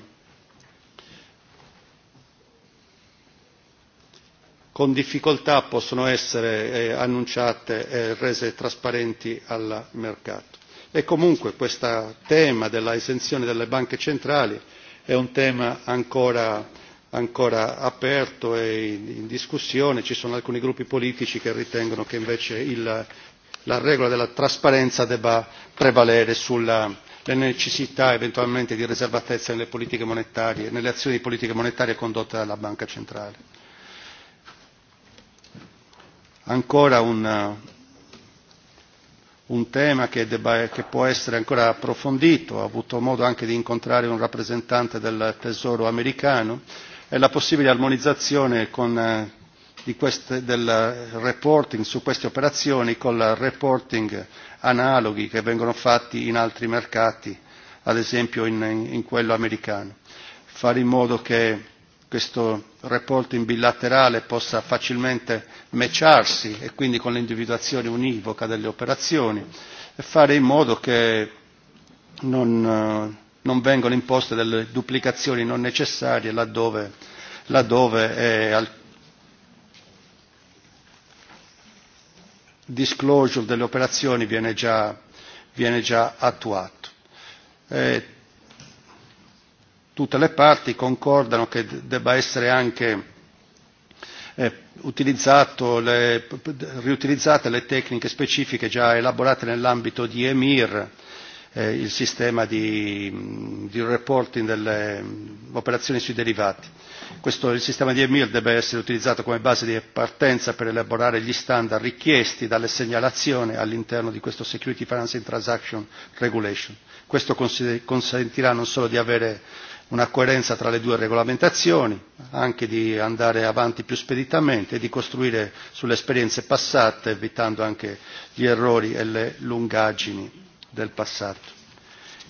con difficoltà possono essere eh, annunciate e rese trasparenti al mercato. E comunque questo tema dell'esenzione delle banche centrali è un tema ancora, ancora aperto e in discussione. Ci sono alcuni gruppi politici che ritengono che invece il, la regola della trasparenza debba prevalere sulla necessità eventualmente di riservatezza nelle politiche monetarie, nelle azioni di politica monetaria condotte dalla Banca centrale ancora un, un tema che, debba, che può essere ancora approfondito. Ho avuto modo anche di incontrare un rappresentante del Tesoro americano e la possibile armonizzazione con, eh, di queste, del reporting su queste operazioni con il reporting analoghi che vengono fatti in altri mercati, ad esempio in, in quello americano. Fare in modo che questo reporting bilaterale possa facilmente matcharsi e quindi con l'individuazione univoca delle operazioni e fare in modo che non, eh, non vengano imposte delle duplicazioni non necessarie laddove, laddove è al disclosure delle operazioni viene già, viene già attuato. Eh, tutte le parti concordano che debba essere anche eh, utilizzato le, riutilizzate le tecniche specifiche già elaborate nell'ambito di EMIR, eh, il sistema di, di reporting delle operazioni sui derivati. Questo, il sistema di EMIR deve essere utilizzato come base di partenza per elaborare gli standard richiesti dalle segnalazioni all'interno di questo Security Financing Transaction Regulation. Questo consentirà non solo di avere una coerenza tra le due regolamentazioni, anche di andare avanti più speditamente e di costruire sulle esperienze passate, evitando anche gli errori e le lungaggini del passato.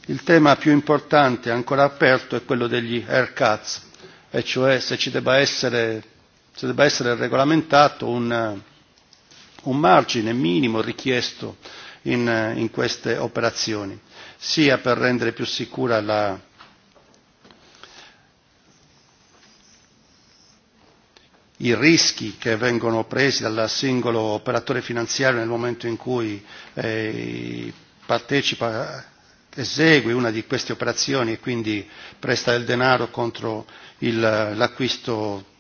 Il tema più importante ancora aperto è quello degli haircuts, e cioè se ci debba essere, se debba essere regolamentato un, un margine minimo richiesto in, in queste operazioni, sia per rendere più sicura la, i rischi che vengono presi dal singolo operatore finanziario nel momento in cui eh, partecipa, esegue una di queste operazioni e quindi presta del denaro contro il, l'acquisto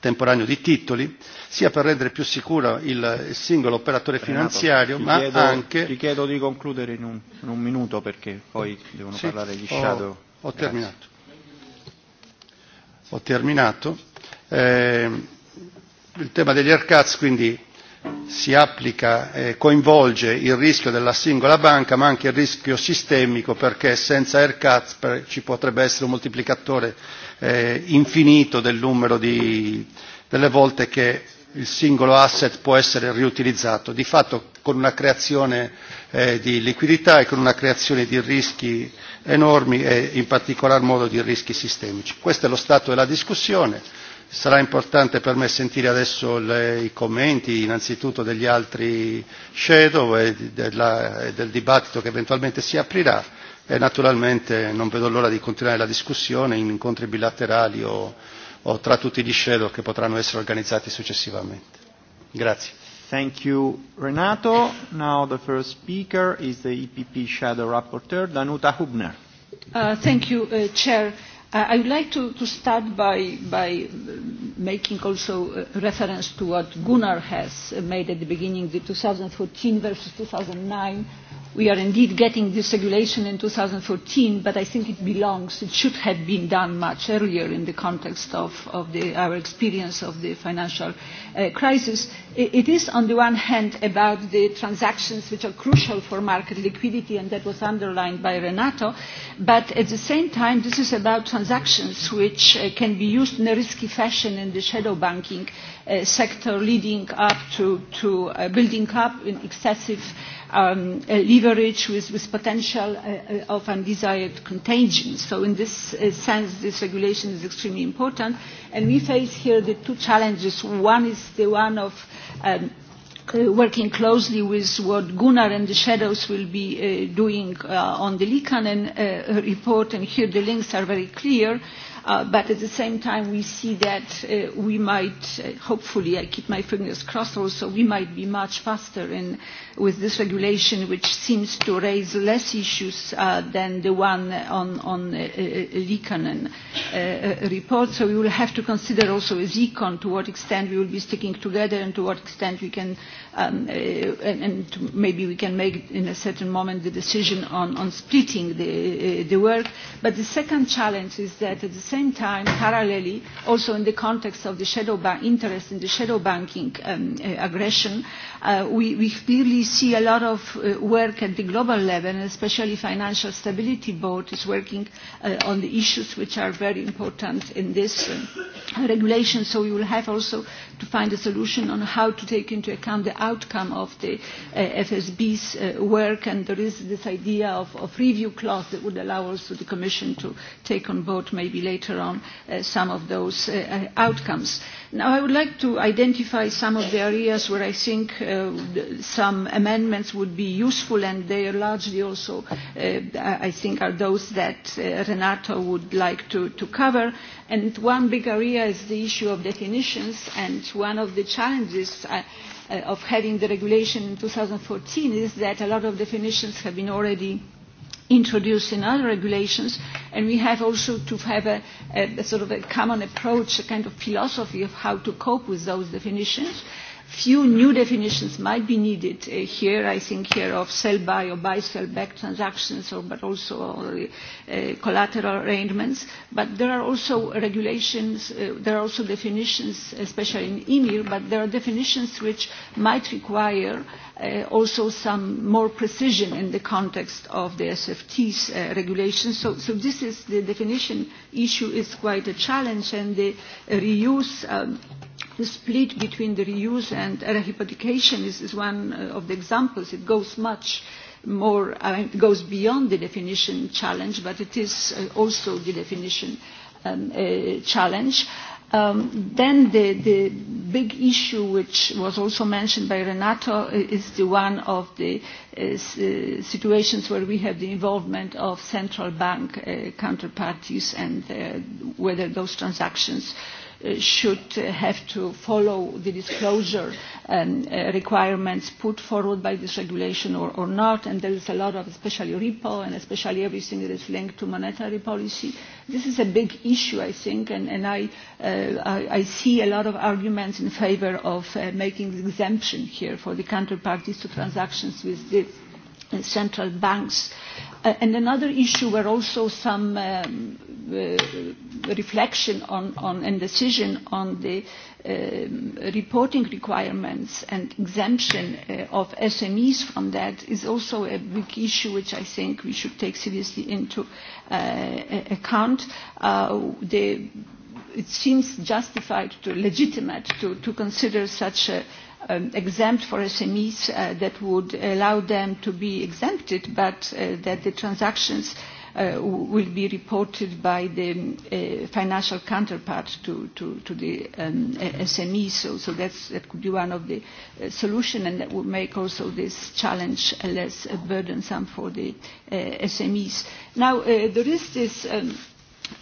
temporaneo di titoli, sia per rendere più sicuro il singolo operatore finanziario, Renato, ma chiedo, anche... Ti chiedo di concludere in un, in un minuto perché poi devono sì, parlare gli ho, shadow. Ho Grazie. terminato. Ho terminato Eh, il tema degli haircuts quindi si applica e eh, coinvolge il rischio della singola banca ma anche il rischio sistemico perché senza haircuts ci potrebbe essere un moltiplicatore eh, infinito del numero di, delle volte che il singolo asset può essere riutilizzato, di fatto con una creazione eh, di liquidità e con una creazione di rischi enormi e in particolar modo di rischi sistemici. Questo è lo stato della discussione Sarà importante per me sentire adesso le, i commenti innanzitutto degli altri shadow e, della, e del dibattito che eventualmente si aprirà e naturalmente non vedo l'ora di continuare la discussione in incontri bilaterali o, o tra tutti gli shadow che potranno essere organizzati successivamente. Grazie. Thank you, Renato. Now the first speaker is the EPP Shadow Rapporteur, Danuta Hubner. Uh, thank you, uh, Chair. Uh, I would like to, to start by, by making also reference to what Gunnar has made at the beginning, the 2014 versus 2009. We are indeed getting this regulation in 2014, but I think it belongs, it should have been done much earlier in the context of, of the, our experience of the financial uh, crisis. It, it is, on the one hand, about the transactions which are crucial for market liquidity, and that was underlined by Renato, but at the same time, this is about transactions which uh, can be used in a risky fashion in the shadow banking uh, sector leading up to, to uh, building up in excessive um, uh, leverage with, with potential uh, uh of undesired contagion. So in this uh, sense, this regulation is extremely important. And we face here the two challenges. One is the one of um, Uh, working closely with what Gunnar and the shadows will be uh, doing uh, on the Likanen uh, report, and here the links are very clear. Uh, but at the same time, we see that uh, we might, uh, hopefully, I keep my fingers crossed also, we might be much faster in with this regulation, which seems to raise less issues uh, than the one on, on uh, uh Liikanen uh, uh, report. So we will have to consider also as ECON to what extent we will be sticking together and to what extent we can, um, uh, and, and maybe we can make in a certain moment the decision on, on splitting the, uh, the work. But the second challenge is that at the same time, parallelly, also in the context of the shadow ban- interest in the shadow banking um, uh, aggression, uh, we, we clearly see a lot of uh, work at the global level, and especially Financial Stability Board is working uh, on the issues which are very important in this uh, regulation. So we will have also to find a solution on how to take into account the outcome of the uh, FSB's uh, work, and there is this idea of, of review clause that would allow also the Commission to take on board maybe later on uh, some of those uh, outcomes. Uh, Now, I would like to identify some of the areas where I think uh, some amendments would be useful, and they are largely also, uh, I think, are those that uh, Renato would like to, to cover. And one big area is the issue of definitions, and one of the challenges uh, uh of having the regulation in 2014 is that a lot of definitions have been already uh, introduced in other regulations, and we have also to have a, a, a sort of a common approach, a kind of philosophy of how to cope with those definitions. Uh, few new definitions might be needed uh, here. I think here of sell-by or buy-sell-back transactions, or, but also uh, collateral arrangements. But there are also regulations, uh, there are also definitions, especially in EMIR, but there are definitions which might require uh, also some more precision in the context of the SFT's uh, regulations. So, so this is the definition issue is quite a challenge, and the reuse um, the split between the reuse and rehypothecation is, is one uh, of the examples. It goes much more, I mean, it goes beyond the definition challenge, but it is uh, also the definition um, uh, challenge. Um, then the, the big issue, which was also mentioned by Renato, uh, is the one of the uh, situations where we have the involvement of central bank uh, counterparties and uh, whether those transactions uh, should have to follow the disclosure um, uh, requirements put forward by this regulation or, or not. And there is a lot of, especially repo and especially everything that is linked to monetary policy. This is a big issue, I think, and, and I, uh, I, I see a lot of arguments in favor of uh, making the exemption here for the counterparties to transactions with the uh, central banks. Uh, and another issue where also some um, uh, reflection on, on and decision on the uh, reporting requirements and exemption uh, of SMEs from that is also a big issue which I think we should take seriously into uh, account. Uh, the, it seems justified to legitimate to, to consider such a um, exempt for SMEs uh, that would allow them to be exempted, but uh, that the transactions uh, uh, will be reported by the um, uh, financial counterpart to, to, to the um, SME. So, so that's, that could be one of the uh, solutions, and that would make also this challenge less uh, burdensome for the uh, SMEs. Now, uh, there is this um,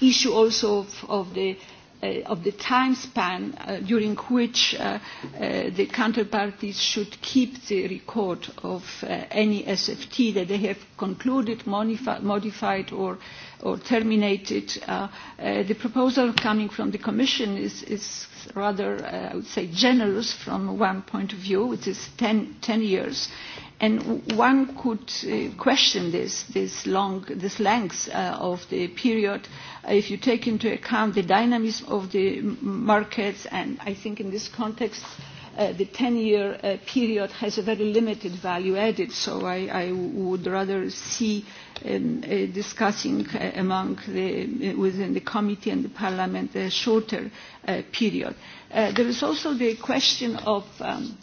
issue also of, of the uh, uh, of the time span uh, during which uh, uh, the counterparties should keep the record of uh, any SFT that they have concluded, modifi modified or, or terminated. Uh, uh, the proposal coming from the Commission is, is rather, uh, I would say, generous from one point of view, which is 10, 10 years. Uh, And one could uh, question this, this, long, this length uh, of the period uh, if you take into account the dynamism of the markets and I think in this context uh, uh, the 10-year uh, period has a very limited value added, so I, I would rather see um, uh, discussing uh, among the, uh, within the committee and the parliament a shorter uh, period. Uh, there is also the question of, um,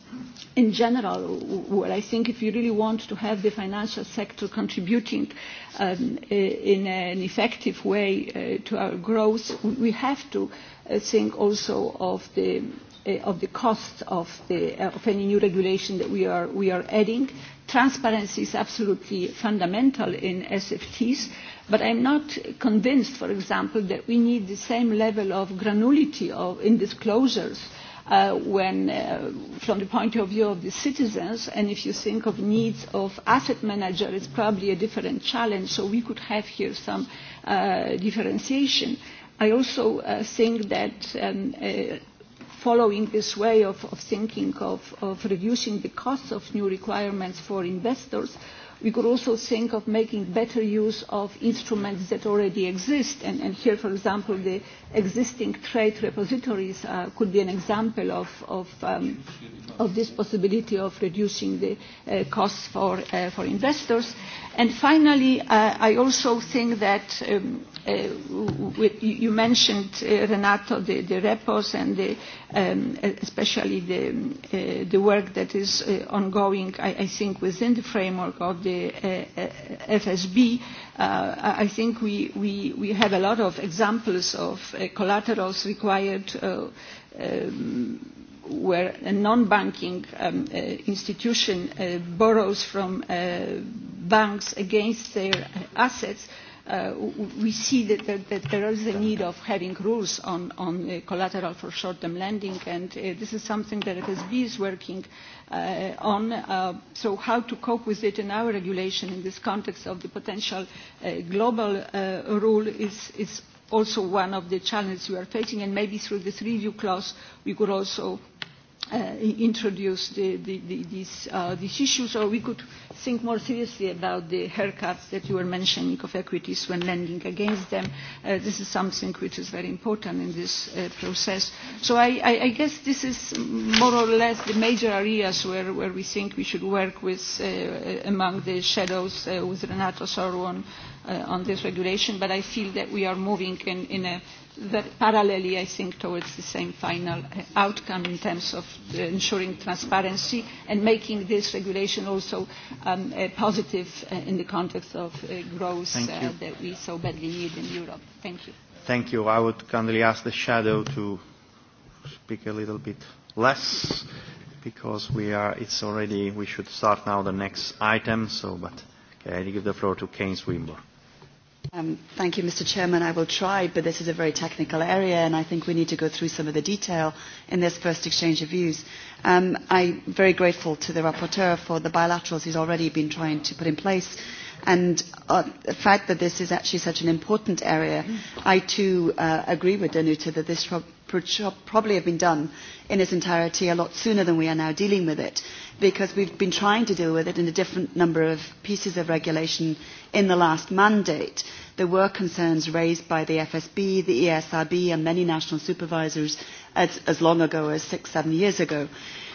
in general, well, I think if you really want to have the financial sector contributing um, uh, in an effective way uh, to our growth, we have to uh, think also of the Uh, of the costs of, the, uh, of any new regulation that we are, we are adding. Transparency is absolutely fundamental in SFTs, but I'm not convinced, for example, that we need the same level of granularity of, in disclosures uh, when, uh, from the point of view of the citizens, and if you think of needs of asset managers, it's probably a different challenge, so we could have here some uh, differentiation. I also uh, think that um, uh, following this way of, of thinking of, of reducing the costs of new requirements for investors, we could also think of making better use of instruments that already exist. And, and here, for example, the existing trade repositories uh, could be an example of, of, um, of this possibility of reducing the uh, costs for, uh, for investors. And finally, uh, I also think that um, uh, with, you mentioned, uh, Renato, the, the repos and the, um, especially the, uh, the work that is uh, ongoing, I, I think, within the framework of the uh, FSB. Uh, I think we, we, we have a lot of examples of uh, Uh, collaterals required uh, um, where a non-banking um, uh, institution uh, borrows from uh, banks against their assets, uh, we see that, that, that there is a need of having rules on, on uh, collateral for short-term lending, and uh, this is something that FSB is working uh, on. Uh, so how to cope with it in our regulation in this context of the potential uh, global uh, rule is, is also one of the challenges we are facing, and maybe through this review clause we could also uh, introduce the, the, the, these, uh, these issues, or we could think more seriously about the haircuts that you were mentioning of equities when lending against them. Uh, this is something which is very important in this uh, process. So I, I, I guess this is more or less the major areas where, where we think we should work with uh, among the shadows uh, with Renato Sorwon, uh, on this regulation, but I feel that we are moving in, in a very parallelly, I think, towards the same final uh, outcome in terms of ensuring transparency and making this regulation also um, uh, positive uh, in the context of uh, growth uh, that we so badly need in Europe. Thank you. Thank you. I would kindly ask the shadow to speak a little bit less because we are, it's already, we should start now the next item, so, but okay, I give the floor to Keynes Wimborne. Um, thank you, Mr. Chairman. I will try, but this is a very technical area, and I think we need to go through some of the detail in this first exchange of views. Um, I'm very grateful to the rapporteur for the bilaterals he's already been trying to put in place. And uh, the fact that this is actually such an important area, I too uh, agree with Danuta that this could probably have been done in its entirety a lot sooner than we are now dealing with it, because we've been trying to deal with it in a different number of pieces of regulation in the last mandate. There were concerns raised by the FSB, the ESRB, and many national supervisors as, as long ago as six, seven years ago.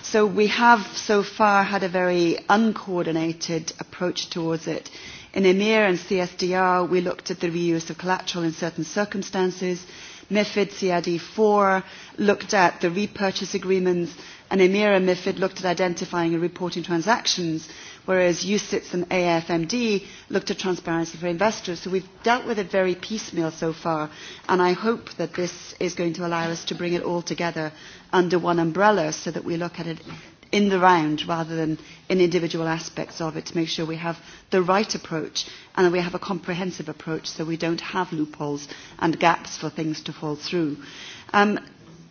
So we have so far had a very uncoordinated approach towards it. In EMIR and CSDR, we looked at the reuse of collateral in certain circumstances. MIFID CRD4 looked at the repurchase agreements, and EMIR and MIFID looked at identifying and reporting transactions, whereas USITS and AFMD looked at transparency for investors. So we've dealt with it very piecemeal so far, and I hope that this is going to allow us to bring it all together under one umbrella so that we look at it in the round rather than in individual aspects of it to make sure we have the right approach and that we have a comprehensive approach so we don't have loopholes and gaps for things to fall through. Um,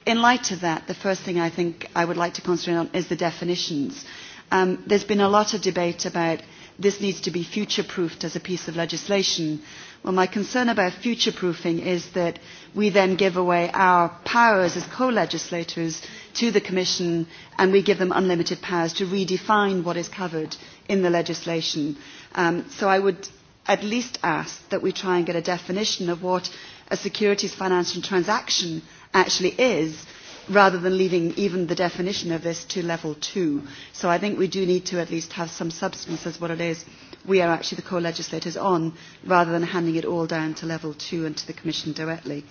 in light of that, the first thing I think I would like to concentrate on is the definitions. Um, there's been a lot of debate about this needs to be future-proofed as a piece of legislation Well, my concern about future proofing is that we then give away our powers as co legislators to the Commission and we give them unlimited powers to redefine what is covered in the legislation. Um, so I would at least ask that we try and get a definition of what a securities financial transaction actually is rather than leaving even the definition of this to level two. So I think we do need to at least have some substance as what it is we are actually the co-legislators on, rather than handing it all down to level two and to the Commission directly.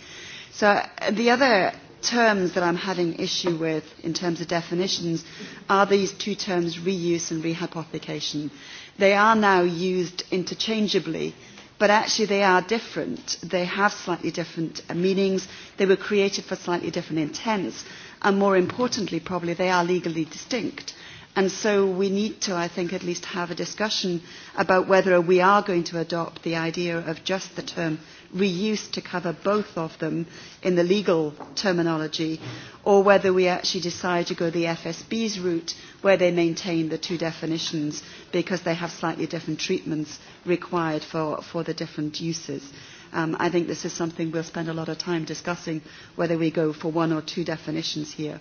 So uh, the other terms that I'm having issue with in terms of definitions are these two terms reuse and rehypothecation. They are now used interchangeably but actually they are different. They have slightly different uh, meanings. They were created for slightly different intents. And more importantly, probably, they are legally distinct. And so we need to, I think, at least have a discussion about whether we are going to adopt the idea of just the term we used to cover both of them in the legal terminology, or whether we actually decide to go the FSB's route where they maintain the two definitions because they have slightly different treatments required for, for the different uses. Um, I think this is something we'll spend a lot of time discussing, whether we go for one or two definitions here.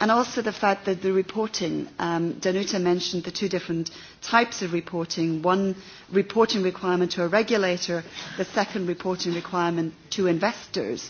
And also the fact that the reporting, um, Danuta mentioned the two different types of reporting, one reporting requirement to a regulator, the second reporting requirement to investors.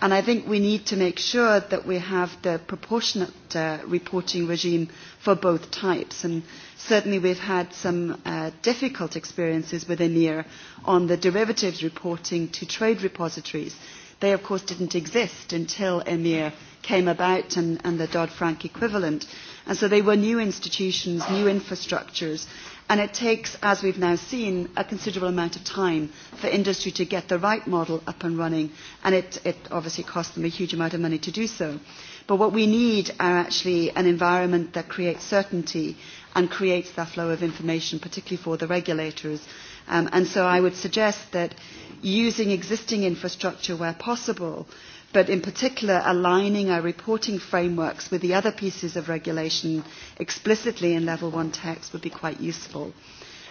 And I think we need to make sure that we have the proportionate uh, reporting regime for both types. And certainly we've had some uh, difficult experiences within EAR on the derivatives reporting to trade repositories. They, of course, didn't exist until EMIR came about and, and the Dodd-Frank equivalent. And so they were new institutions, new infrastructures, and it takes, as we've now seen, a considerable amount of time for industry to get the right model up and running, and it, it obviously costs them a huge amount of money to do so. But what we need are actually an environment that creates certainty and creates that flow of information, particularly for the regulators. Um, and so I would suggest that using existing infrastructure where possible, but in particular aligning our reporting frameworks with the other pieces of regulation explicitly in level one text would be quite useful.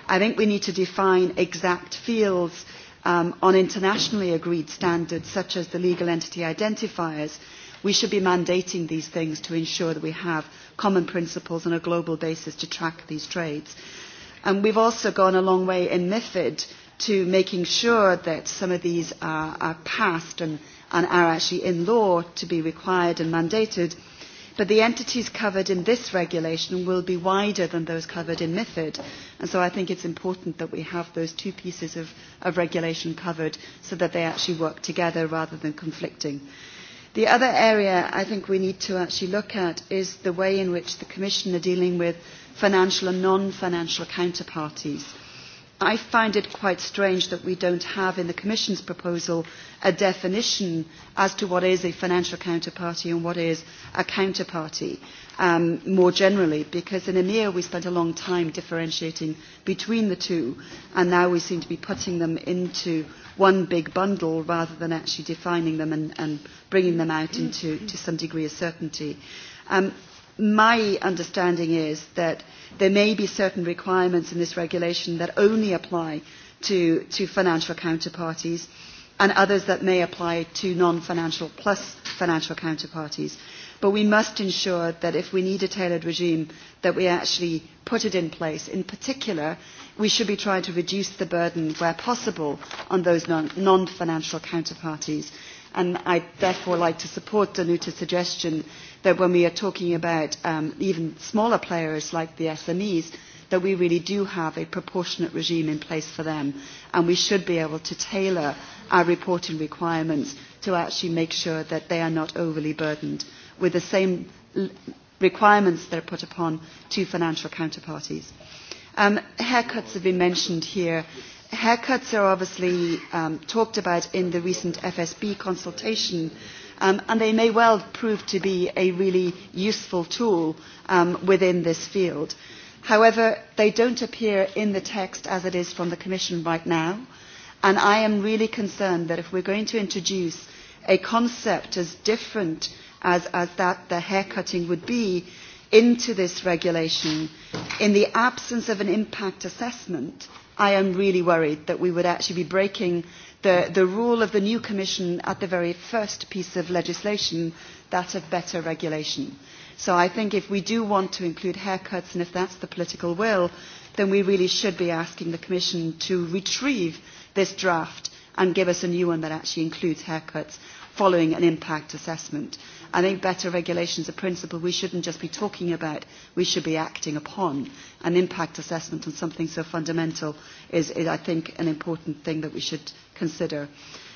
I think we need to define exact fields um, on internationally agreed standards such as the legal entity identifiers. We should be mandating these things to ensure that we have common principles on a global basis to track these trades. And we've also gone a long way in MIFID to making sure that some of these are, are passed and and are actually in law to be required and mandated. But the entities covered in this regulation will be wider than those covered in MIFID. And so I think it's important that we have those two pieces of, of regulation covered so that they actually work together rather than conflicting. The other area I think we need to actually look at is the way in which the Commission are dealing with financial and non-financial counterparties I find it quite strange that we don't have in the Commission's proposal a definition as to what is a financial counterparty and what is a counterparty um, more generally, because in EMEA we spent a long time differentiating between the two, and now we seem to be putting them into one big bundle rather than actually defining them and, and bringing them out into to some degree of certainty. Um, my understanding is that there may be certain requirements in this regulation that only apply to, to financial counterparties and others that may apply to non-financial plus financial counterparties. But we must ensure that if we need a tailored regime, that we actually put it in place. In particular, we should be trying to reduce the burden where possible on those non-financial counterparties. Uh, And I'd therefore like to support Danuta's suggestion that when we are talking about um, even smaller players like the SMEs, that we really do have a proportionate regime in place for them. And we should be able to tailor our reporting requirements to actually make sure that they are not overly burdened with the same requirements that are put upon to financial counterparties. Um, haircuts have been mentioned here haircuts are obviously um, talked about in the recent FSB consultation, um, and they may well prove to be a really useful tool um, within this field. However, they don't appear in the text as it is from the Commission right now, and I am really concerned that if we're going to introduce a concept as different as, as that the haircutting would be into this regulation, in the absence of an impact assessment, I am really worried that we would actually be breaking the, the rule of the new Commission at the very first piece of legislation, that of better regulation. So I think if we do want to include haircuts, and if that's the political will, then we really should be asking the Commission to retrieve this draft and give us a new one that actually includes haircuts following an impact assessment. I think better regulation is a principle we shouldn't just be talking about, we should be acting upon an impact assessment on something so fundamental is, is I think, an important thing that we should consider.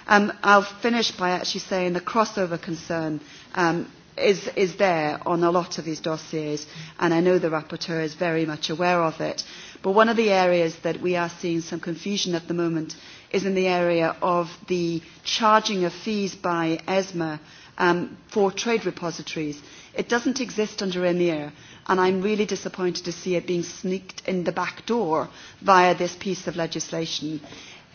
Um, I'll finish by actually saying the crossover concern um, is, is there on a lot of these dossiers, and I know the rapporteur is very much aware of it. But one of the areas that we are seeing some confusion at the moment is in the area of the charging of fees by ESMA um, for trade repositories. It doesn't exist under EMIR, and I'm really disappointed to see it being sneaked in the back door via this piece of legislation.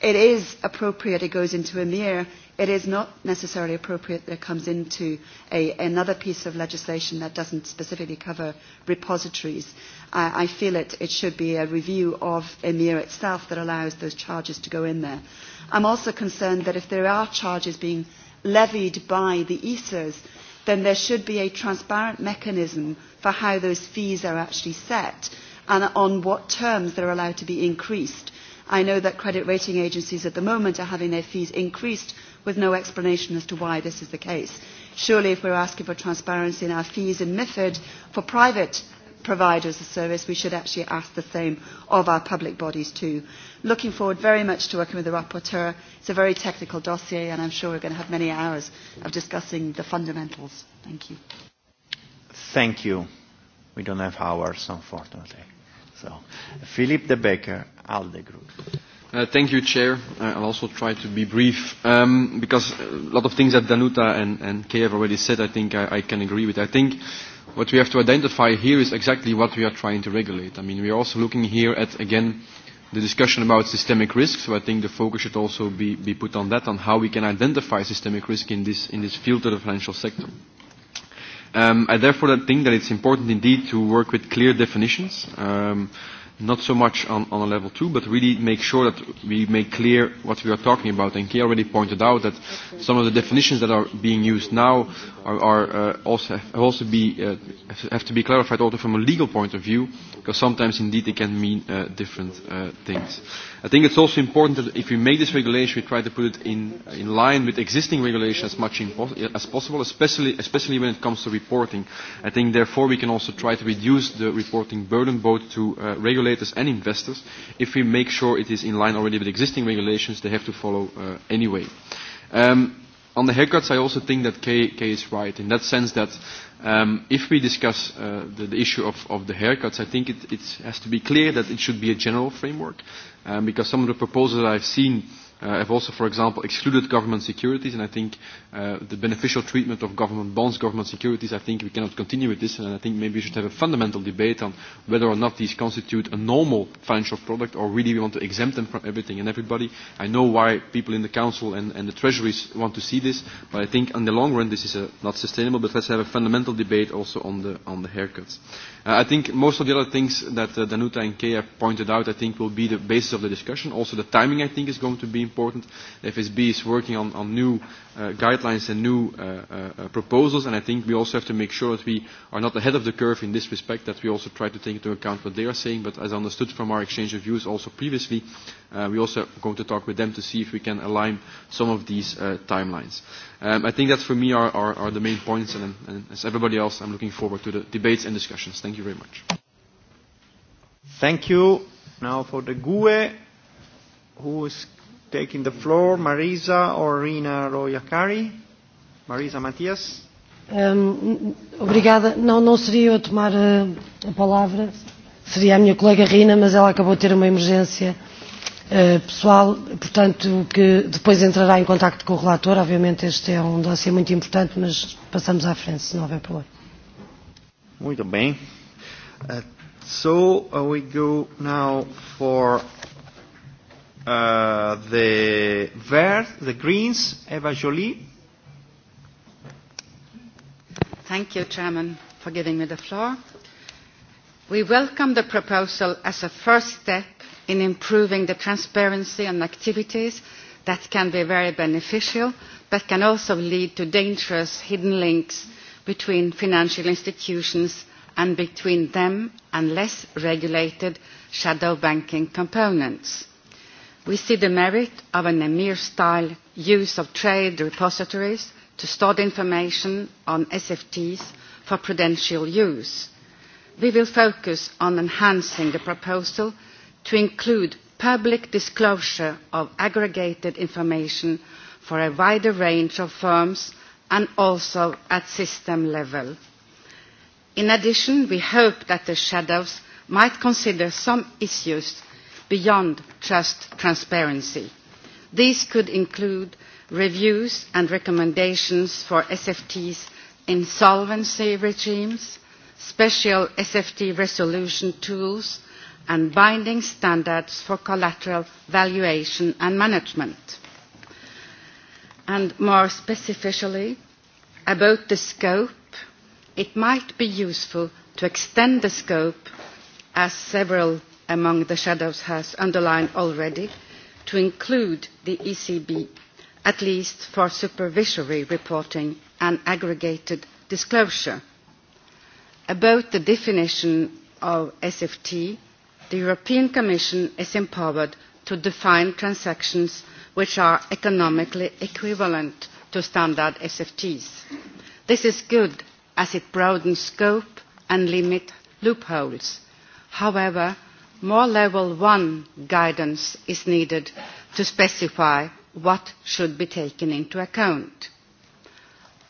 It is appropriate it goes into EMIR. It is not necessarily appropriate that it comes into a, another piece of legislation that doesn't specifically cover repositories. I, I feel it, it should be a review of EMIR itself that allows those charges to go in there. I'm also concerned that if there are charges being levied by the ESAs, then there should be a transparent mechanism for how those fees are actually set and on what terms they're allowed to be increased. I know that credit rating agencies at the moment are having their fees increased with no explanation as to why this is the case. Surely if we're asking for transparency in our fees in MIFID for private providers of service, we should actually ask the same of our public bodies too. Looking forward very much to working with the rapporteur. It's a very technical dossier and I'm sure we're going to have many hours of discussing the fundamentals. Thank you. Thank you. We don't have hours, unfortunately. So, Philippe de Becker, ALDE Group. Uh, thank you, Chair. Uh, I'll also try to be brief um, because a lot of things that Danuta and, and Kay have already said, I think I, I can agree with. I think uh, what we have to identify here is exactly what we are trying to regulate. I mean, we are also looking here at, again, the discussion about systemic risk, so I think the focus should also be, be put on that, on how we can identify systemic risk in this, in this field of the financial sector. Um, I therefore think that it's important indeed to work with clear definitions. Um, not so much on, on a level two, but really make sure that we make clear what we are talking about. And Kay already pointed out that okay. some of the definitions that are being used now are, are uh, also, have, also be, uh, have to be clarified also from a legal point of view, because sometimes indeed they can mean uh, different uh, things. Uh, I think it's also important that if we make this regulation, we try to put it in, in line with existing regulation as much impo- as possible, especially, especially when it comes to reporting. I think, therefore, we can also try to reduce the reporting burden both to uh, regulators and investors if we make sure it is in line already with existing regulations they have to follow uh, anyway. Um, on the haircuts, I also think that Kay, Kay is right in that sense that um, if we discuss uh, the, the issue of, of the haircuts, I think it, it has to be clear that it should be a general framework um, because some of the proposals I've seen uh, have also, for example, excluded government securities, and I think uh, the beneficial treatment of government bonds, government securities, I think we cannot continue with this, and I think maybe we should have a fundamental debate on whether or not these constitute a normal financial product, or really we want to exempt them from everything and everybody. I know why people in the Council and, and the Treasuries want to see this, but I think in the long run this is a, not sustainable, but let's have a fundamental debate also on the, on the haircuts. Uh, I think most of the other things that uh, Danuta and Kay have pointed out, I think will be the basis of the discussion. Also the timing, I think, is going to be important. The FSB is working on, on new uh, guidelines and new uh, uh, proposals, and I think we also have to make sure that we are not ahead of the curve in this respect, that we also try to take into account what they are saying, but as understood from our exchange of views also previously, uh, we also are going to talk with them to see if we can align some of these uh, timelines. Um, I think that for me are, are, are the main points, and, and as everybody else, I'm looking forward to the debates and discussions. Thank you very much. Thank you. Now for the GUE, who is taking the floor, Marisa or Rina Royakari? Marisa Matias. Um, obrigada. Não, não seria eu tomar uh, a palavra, seria a minha colega Rina, mas ela acabou de ter uma emergência uh, pessoal, portanto, que depois entrará em contato com o relator. Obviamente este é um dossiê muito importante, mas passamos à frente, se não houver problema. Muito bem. Uh, so uh, we go now for uh, the Verts, the Greens, Eva Jolie. Thank you, Chairman, for giving me the floor. We welcome the proposal as a first step in improving the transparency on activities that can be very beneficial but can also lead to dangerous hidden links between financial institutions and between them and less regulated shadow banking components we see the merit of an emir-style use of trade repositories to store information on SFTs for prudential use. We will focus on enhancing the proposal to include public disclosure of aggregated information for a wider range of firms and also at system level. In addition, we hope that the shadows might consider some issues beyond just transparency. These could include reviews and recommendations for SFT's insolvency regimes, special SFT resolution tools, and binding standards for collateral valuation and management. And more specifically, about the scope, it might be useful to extend the scope, as several among the shadows has underlined already to include the ECB, at least for supervisory reporting and aggregated disclosure. About the definition of SFT, the European Commission is empowered to define transactions which are economically equivalent to standard SFTs. This is good as it broadens scope and limits loopholes. However, more level one guidance is needed to specify what should be taken into account.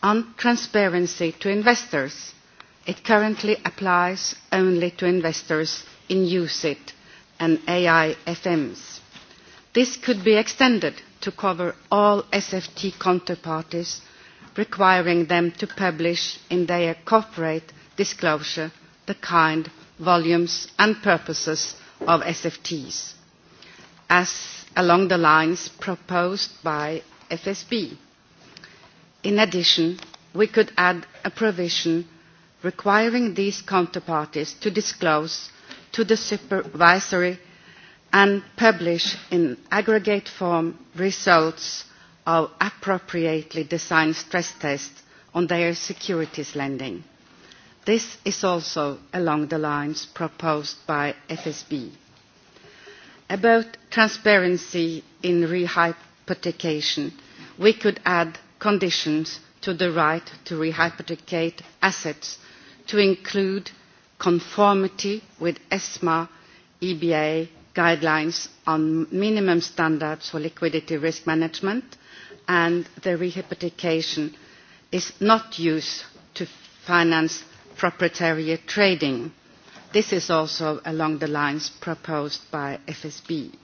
On transparency to investors, it currently applies only to investors in UCIT and AIFMs. This could be extended to cover all SFT counterparties, requiring them to publish in their corporate disclosure the kind, volumes and purposes of SFTs, as along the lines proposed by FSB. In addition, we could add a provision requiring these counterparties to disclose to the supervisory and publish in aggregate form results of appropriately designed stress tests on their securities lending. This is also along the lines proposed by FSB. About transparency in rehypothecation, we could add conditions to the right to rehypothecate assets to include conformity with ESMA EBA guidelines on minimum standards for liquidity risk management and the rehypothecation is not used to finance proprietary trading. This is also along the lines proposed by FSB.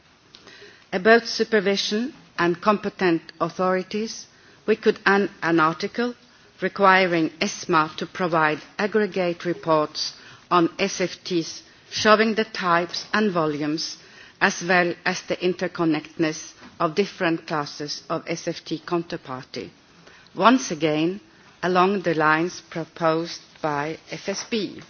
About supervision and competent authorities, we could add an article requiring ESMA to provide aggregate reports on SFTs showing the types and volumes as well as the interconnectedness of different classes of SFT counterparty, once again along the lines proposed by FSB.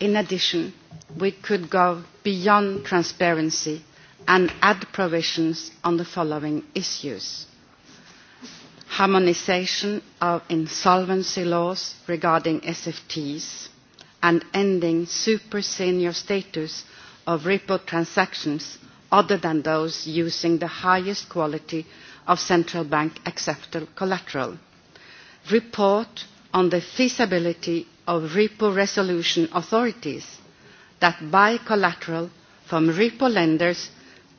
In addition, we could go beyond transparency and add provisions on the following issues. Harmonization of insolvency laws regarding SFTs and ending super senior status of repo transactions other than those using the highest quality of central bank acceptable collateral. Report on the feasibility of repo resolution authorities that buy collateral from repo lenders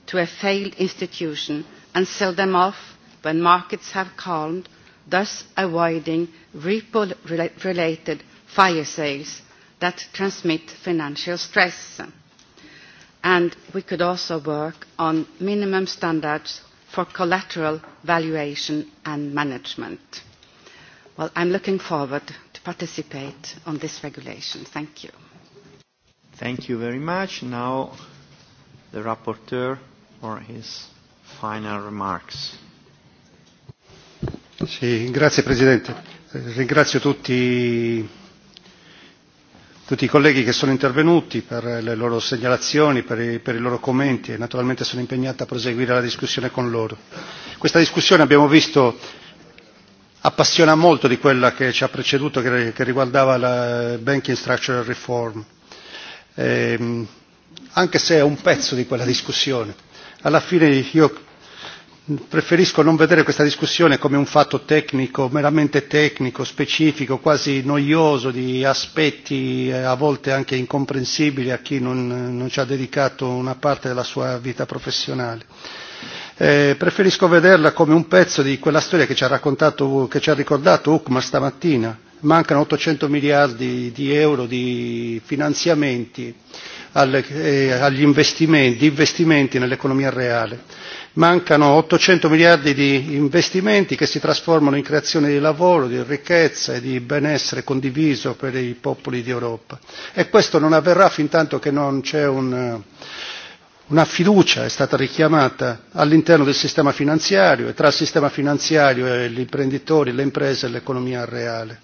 to a failed institution and sell them off when markets have calmed, thus avoiding repo-related fire sales that transmit financial stress. And we could also work on minimum standards for collateral valuation and management. Well, I'm looking forward to participate on this regulation. Thank you. Thank you very much. Now the rapporteur for his final remarks. Sì, grazie Presidente. Ringrazio tutti, tutti i colleghi che sono intervenuti per le loro segnalazioni, per i, per i loro commenti e naturalmente sono impegnato a proseguire la discussione con loro. Questa discussione abbiamo visto appassiona molto di quella che ci ha preceduto che, che riguardava la banking structural reform, ehm, anche se è un pezzo di quella discussione. Alla fine io preferisco non vedere questa discussione come un fatto tecnico, meramente tecnico, specifico, quasi noioso di aspetti eh, a volte anche incomprensibili a chi non, non ci ha dedicato una parte della sua vita professionale Eh, preferisco vederla come un pezzo di quella storia che ci ha raccontato, che ci ha ricordato Ucma stamattina. Mancano 800 miliardi di euro di finanziamenti al, eh, agli investimenti, investimenti nell'economia reale. Mancano 800 miliardi di investimenti che si trasformano in creazione di lavoro, di ricchezza e di benessere condiviso per i popoli d'Europa. E questo non avverrà fin tanto che non c'è un, una fiducia è stata richiamata all'interno del sistema finanziario e tra il sistema finanziario e gli imprenditori, le imprese e l'economia reale.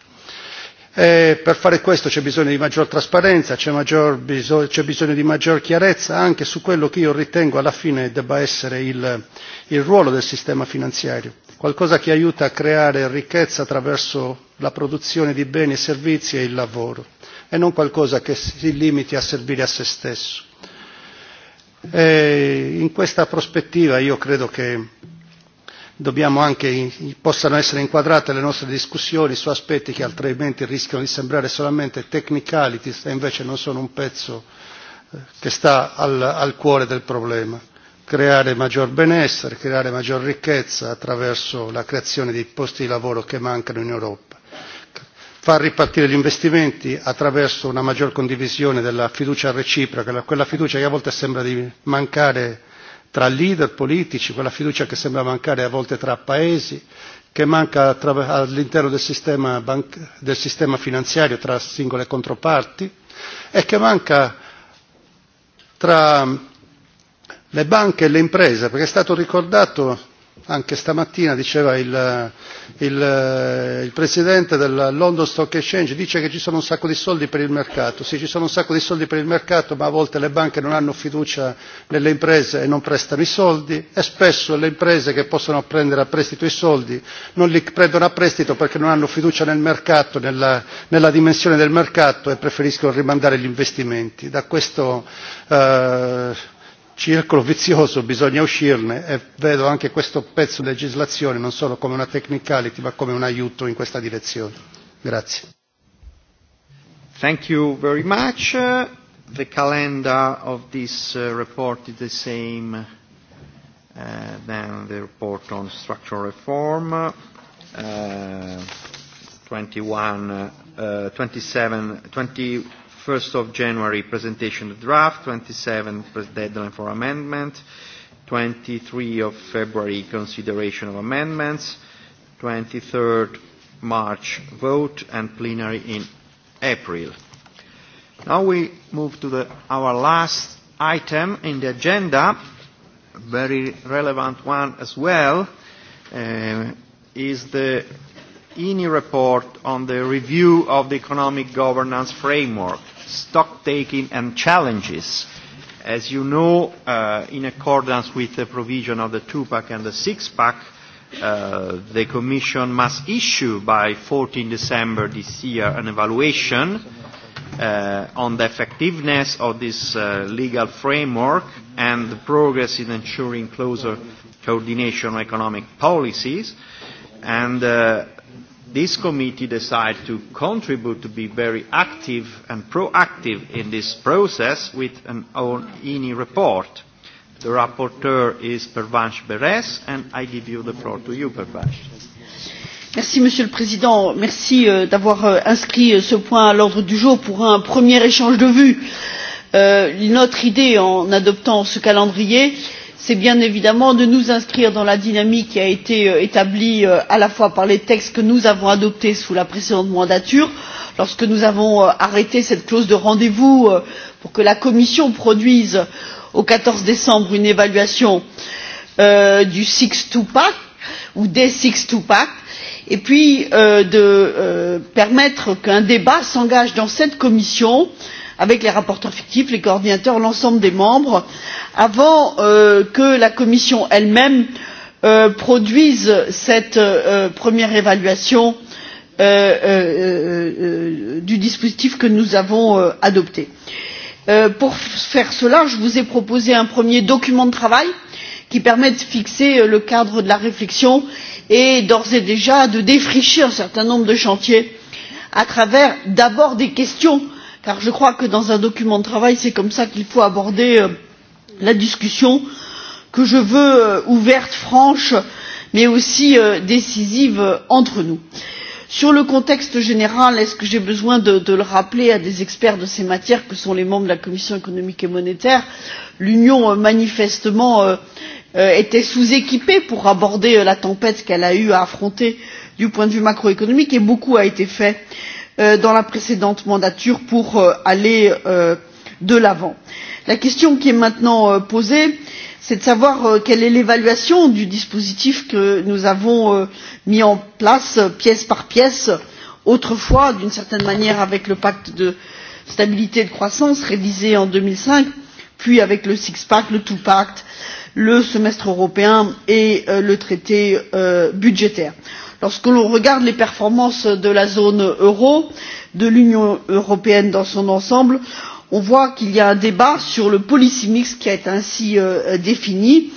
E per fare questo c'è bisogno di maggior trasparenza, c'è, maggior bisog- c'è bisogno di maggior chiarezza anche su quello che io ritengo alla fine debba essere il, il ruolo del sistema finanziario, qualcosa che aiuta a creare ricchezza attraverso la produzione di beni e servizi e il lavoro e non qualcosa che si limiti a servire a se stesso Eh, in questa prospettiva io credo che dobbiamo anche possano essere inquadrate le nostre discussioni su aspetti che altrimenti rischiano di sembrare solamente technicalities e invece non sono un pezzo eh, che sta al, al cuore del problema. Creare maggior benessere, creare maggior ricchezza attraverso la creazione di posti di lavoro che mancano in Europa far ripartire gli investimenti attraverso una maggior condivisione della fiducia reciproca quella fiducia che a volte sembra di mancare tra leader politici quella fiducia che sembra mancare a volte tra paesi che manca all'interno del sistema, del sistema finanziario tra singole controparti e che manca tra le banche e le imprese perché è stato ricordato anche stamattina diceva il, il, il presidente del London Stock Exchange, dice che ci sono un sacco di soldi per il mercato. Sì, ci sono un sacco di soldi per il mercato, ma a volte le banche non hanno fiducia nelle imprese e non prestano i soldi e spesso le imprese che possono prendere a prestito i soldi non li prendono a prestito perché non hanno fiducia nel mercato, nella, nella dimensione del mercato e preferiscono rimandare gli investimenti. Da questo eh, circolo vizioso bisogna uscirne e vedo anche questo pezzo di legislazione non solo come una technicality ma come un aiuto in questa direzione. Grazie. Thank you very much. The calendar of this uh, report is the same uh, than the report on structural reform. Uh, 21, uh, 27, 20, 1st of January presentation of draft, 27th deadline for amendment, 23 of February consideration of amendments, 23rd March vote and plenary in April. Now we move to the, our last item in the agenda, very relevant one as well, uh, is the INI e report on the review of the economic governance framework stock-taking and challenges. As you know, uh, in accordance with the provision of the two-pack and the six-pack, uh, the Commission must issue by 14 December this year an evaluation uh, on the effectiveness of this uh, legal framework and the progress in ensuring closer coordination of economic policies. And uh, this committee decide to contribute to be very active and proactive in this process with an own INI e report. The rapporteur is Pervanche Beres and I give you the floor to you, Pervanche. Merci Monsieur le Président, merci euh, d'avoir euh, inscrit euh, ce point à l'ordre du jour pour un premier échange de vues. Euh, notre idée en adoptant ce calendrier euh, c'est bien évidemment de nous inscrire dans la dynamique qui a été euh, établie euh, à la fois par les textes que nous avons adoptés sous la précédente mandature lorsque nous avons euh, arrêté cette clause de rendez vous pour que la commission produise au quatorze décembre une évaluation du six two pack ou des six two pack et puis de permettre qu'un débat s'engage dans cette commission sur avec les rapporteurs fictifs les coordinateurs l'ensemble des membres avant euh, que la commission elle même euh, produise cette euh, première évaluation euh, euh, euh, du dispositif que nous avons adopté. pour faire cela je vous ai proposé un premier document de travail qui permet de fixer le cadre de la réflexion et d'ores et déjà de défricher un certain nombre de chantiers à travers d'abord des questions car je crois que dans un document de travail c'est comme cela qu'il faut aborder euh, la discussion que je veux euh, ouverte franche mais aussi euh, décisive entre nous. sur le contexte général ai je besoin de, de le rappeler à des experts de ces matières que sont les membres de la commission économique et monétaire? l'union manifestement était sous équipée pour aborder la tempête qu'elle a eu à affronter du point de vue macroéconomique et beaucoup a été fait et Euh, dans la précédente mandature pour euh, aller euh, de l'avant. la question qui est maintenant posée c'est de savoir quelle est l'évaluation du dispositif que nous avons mis en place pièce par pièce autrefois d'une certaine manière avec le pacte de stabilité et de croissance révisé en deux mille cinq puis avec le six pack le two pack le semestre européen et le traité budgétaire lorsque l'on regarde les performances de la zone euro de l'union européenne dans son ensemble on voit qu'il y a un débat sur le policy mix qui est ainsi euh, défini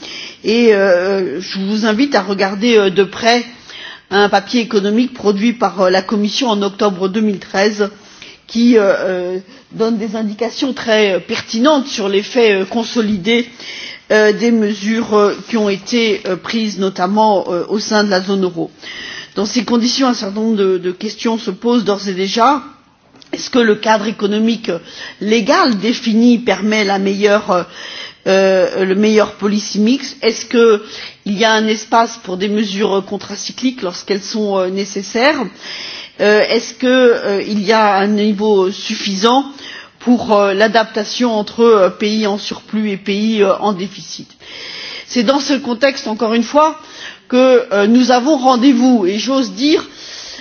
et euh, je vous invite à regarder euh, de près un papier économique produit par la commission en octobre deux mille treize qui donne des indications très pertinentes sur l'effet consolidé Euh, des mesures euh, qui ont été euh, prises notamment au sein de la zone euro. dans ces conditions un certain nombre de, de questions se posent d'ores et déjà est ce que le cadre économique légal défini permet la meilleure euh, le meilleur policy mix est ce qu'il y a un espace pour des mesures contracycliques lorsqu'elles sont euh, nécessaires? Euh, est ce qu'il y a un niveau suffisant de pour euh, l'adaptation entre euh, pays en surplus et pays euh, en déficit. c'est dans ce contexte encore une fois que nous avons rendez vous et j'ose dire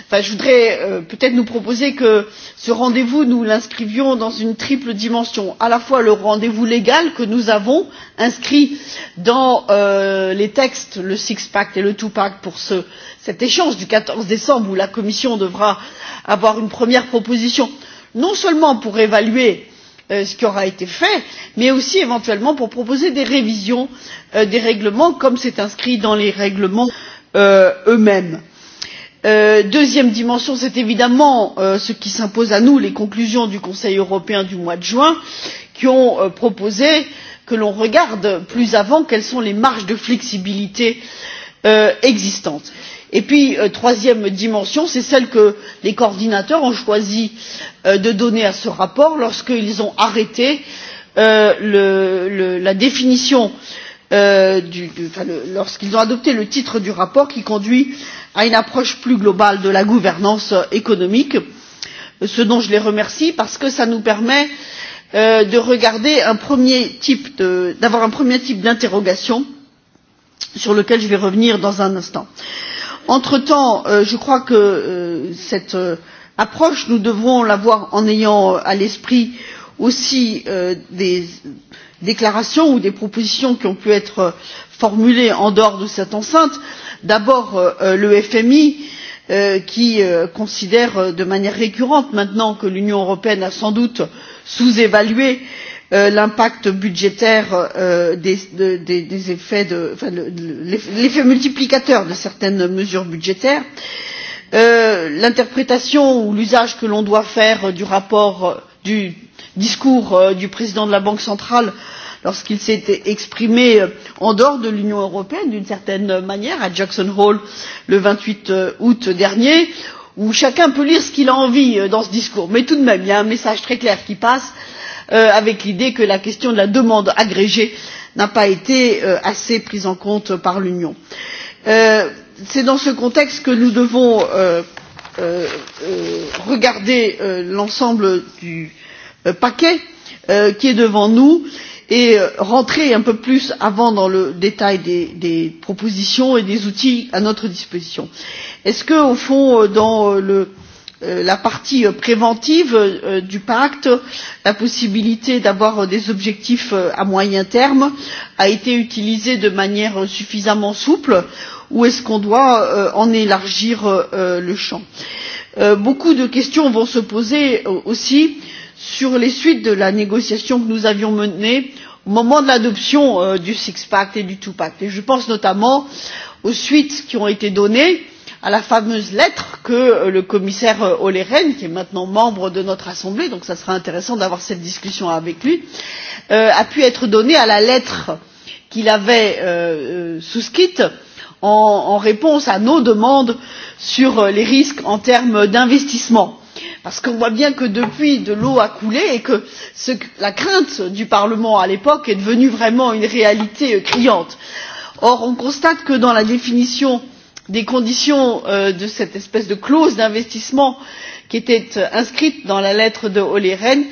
enfin je voudrais peut être nous proposer que ce rendez vous nous l'inscrivions dans une triple dimension à la fois le rendez vous légal que nous avons inscrit dans euh, les textes le six pack et le two pack pour ce, cet échange du quatorze décembre où la commission devra avoir une première proposition sur non seulement pour évaluer euh, ce qui aura été fait mais aussi éventuellement pour proposer des révisions euh, des règlements comme c'est inscrit dans les règlements euh, eux mêmes. deuxième dimension c'est évidemment ce qui s'impose à nous les conclusions du conseil européen du mois de juin qui ont proposé que l'on regarde plus avant quelles sont les marges de flexibilité existantes et puis euh, troisième dimension c'est celle que les coordinateurs ont choisi euh, de donner à ce rapport lorsqu'ils ont arrêté euh, le, le, la définition euh, du, du, enfin, lorsqu'ils ont adopté le titre du rapport qui conduit à une approche plus globale de la gouvernance économique ce dont je les remercie parce que ça nous permet euh, de regarder un premier type d'avoir un premier type d'interrogation sur lequel je vais revenir dans un instant. Euh, entre temps euh, je crois que euh, cette euh, approche nous devrons l'avoir en ayant à l'esprit aussi des déclarations ou des propositions qui ont pu être formulées en dehors de cette enceinte d'abord le fmi qui considère de manière récurrente maintenant que l'union européenne a sans doute sous évalué les Euh, l'impact budgétaire euh, des, des, des effets de, enfin, l'effet multiplicateur de certaines mesures budgétaires. Euh, l'interprétation ou l'usage que l'on doit faire du rapport du discours du président de la banque centrale lorsqu'il s'est exprimé en dehors de l'union européenne d'une certaine manière à jackson hole le vingt huit août dernier où chacun peut lire ce qu'il a envie dans ce discours mais tout de même il y a un message très clair qui passe à savoir Euh, avec l'idée que la question de la demande agrégée n'a pas été euh, assez prise en compte par l'union. Euh, c'est dans ce contexte que nous devons regarder l'ensemble du paquet qui est devant nous et rentrer un peu plus avant dans le détail des, des propositions et des outils à notre disposition. est ce que au fond dans le Euh, la partie euh, préventive euh, du pacte la possibilité d'avoir des objectifs à moyen terme a été utilisée de manière suffisamment souple ou est ce qu'on doit en élargir le champ? beaucoup de questions vont se poser aussi sur les suites de la négociation que nous avions menée au moment de l'adoption du six pack et du two pack et je pense notamment aux suites qui ont été données à à la fameuse lettre que euh, le commissaire euh, olli rehn qui est maintenant membre de notre assemblée donc ce sera intéressant d'avoir cette discussion avec lui euh, a pu être donnée à la lettre qu'il avait souscrite en, en réponse à nos demandes sur les risques en termes d'investissement parce qu'on voit bien que depuis de l'eau a coulé et que ce, la crainte du parlement à l'époque est devenue vraiment une réalité criante. or on constate que dans la définition euh, des conditions euh, de cette espèce de clause d'investissement qui était euh, inscrite dans la lettre de olli rehn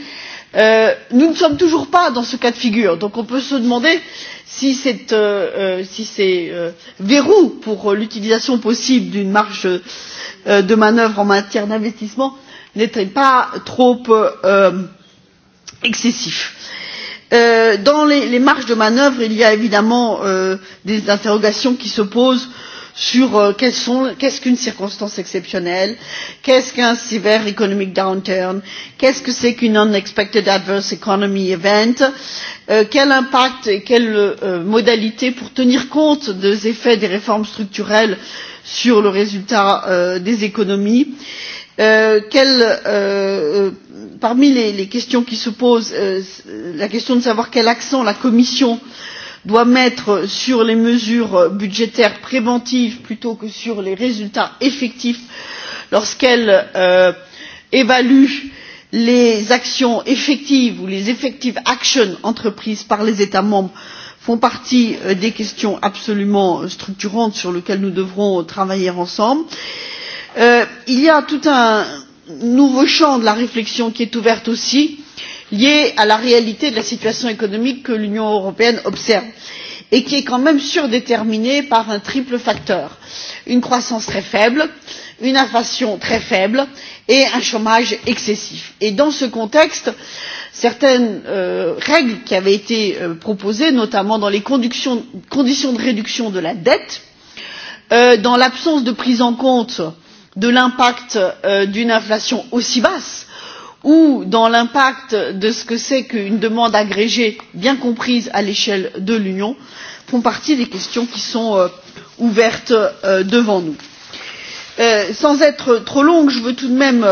euh, nous ne sommes toujours pas dans ce cas de figure donc on peut se demander si ces verrous pour l'utilisation possible d'une marge de manœuvre en matière d'investissement n'étaient pas trop excessifs. dans les marges de manœuvre il y a évidemment des interrogations qui se posent sur sur euh, qu'est-ce qu'une circonstance exceptionnelle, qu'est-ce qu'un severe economic downturn, qu'est-ce que c'est qu'une unexpected adverse economy event, euh, quel impact et quelles euh, modalités pour tenir compte des effets des réformes structurelles sur le résultat euh, des économies. Euh, quelle, euh, euh, parmi les, les questions qui se posent, euh, la question de savoir quel accent la Commission euh, doit mettre sur les mesures budgétaires préventives plutôt que sur les résultats effectifs lorsqu'elle euh, évalue les actions effectives ou les effective actions entreprises par les états membres font partie euh, des questions absolument structurantes sur lesquelles nous devrons travailler ensemble. Euh, il y a tout un nouveau champ de la réflexion qui est ouvert aussi liée à la réalité de la situation économique que l'union européenne observe et qui est quand même surdéterminée par un triple facteur une croissance très faible une inflation très faible et un chômage excessif. dans ce contexte certaines euh, règles qui avaient été euh, proposées notamment dans les conditions de réduction de la dette euh, dans l'absence de prise en compte de l'impact euh, d'une inflation aussi basse ou dans l'impact de ce que c'est qu'une demande agrégée bien comprise à l'échelle de l'union font partie des questions qui sont euh, ouvertes euh, devant nous. Euh, sans être trop longue je veux tout de même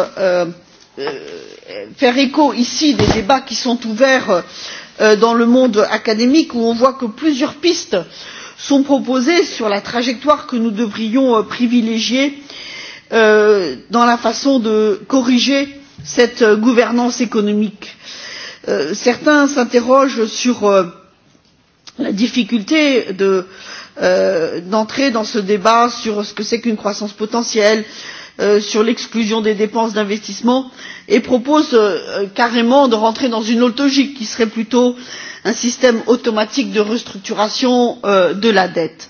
faire écho ici des débats qui sont ouverts dans le monde académique où on voit que plusieurs pistes sont proposées sur la trajectoire que nous devrions privilégier dans la façon de corriger cette euh, gouvernance économique. Euh, certains s'interrogent sur euh, la difficulté d'entrer de, euh, dans ce débat sur ce que c'est qu'une croissance potentielle euh, sur l'exclusion des dépenses d'investissement et proposent euh, carrément de rentrer dans une autre logique qui serait plutôt un système automatique de restructuration de la dette.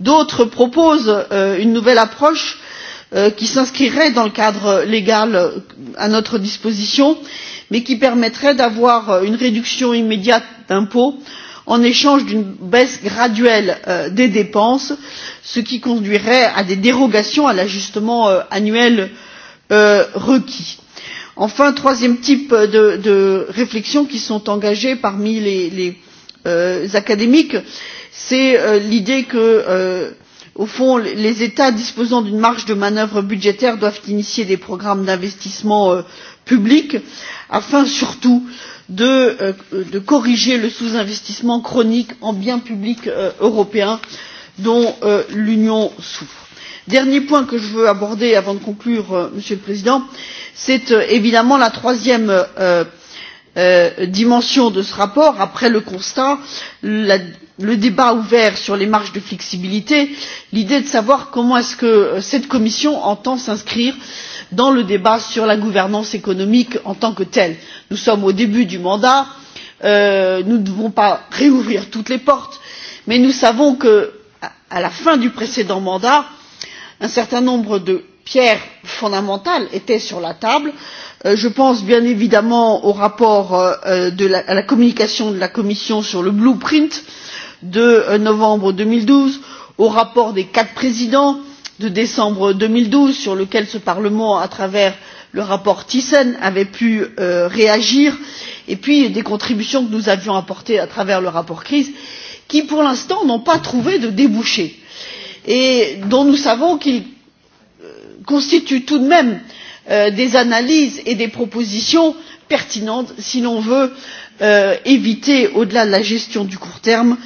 d'autres proposent une nouvelle approche Euh, qui s'inscrirait dans le cadre légal euh, à notre disposition mais qui permettrait d'avoir euh, une réduction immédiate d'impôts en échange d'une baisse graduelle des dépenses ce qui conduirait à des dérogations à l'ajustement annuel requis. enfin troisième type de, de réflexions qui sont engagées parmi les, les euh, académiques c'est euh, l'idée que euh, au fond les états disposant d'une marge de manœuvre budgétaire doivent initier des programmes d'investissement euh, publics afin surtout de, euh, de corriger le sous investissement chronique en biens publics euh, européens dont euh, l'union souffre. dernier point que je veux aborder avant de conclure euh, monsieur le président c'est euh, évidemment la troisième priorité euh, dimension de ce rapport après le constat la, le débat ouvert sur les marges de flexibilité l'idée de savoir comment est ce que euh, cette commission entend s'inscrire dans le débat sur la gouvernance économique en tant que telle. nous sommes au début du mandat euh, nous ne devons pas rouvrir toutes les portes mais nous savons que à la fin du précédent mandat un certain nombre de pierre fondamentale était sur la table. Euh, je pense bien évidemment au rapport euh, euh, la, à la communication de la commission sur le blueprint de novembre deux mille douze au rapport des quatre présidents de décembre deux mille douze sur lequel ce parlement à travers le rapport thyssen avait pu euh, réagir et puis des contributions que nous avions apportées à travers le rapport crise qui pour l'instant n'ont pas trouvé de débouchés et dont nous savons qu'ils constituent tout de même euh, des analyses et des propositions pertinentes si l'on veut euh, éviter au delà de la gestion du court terme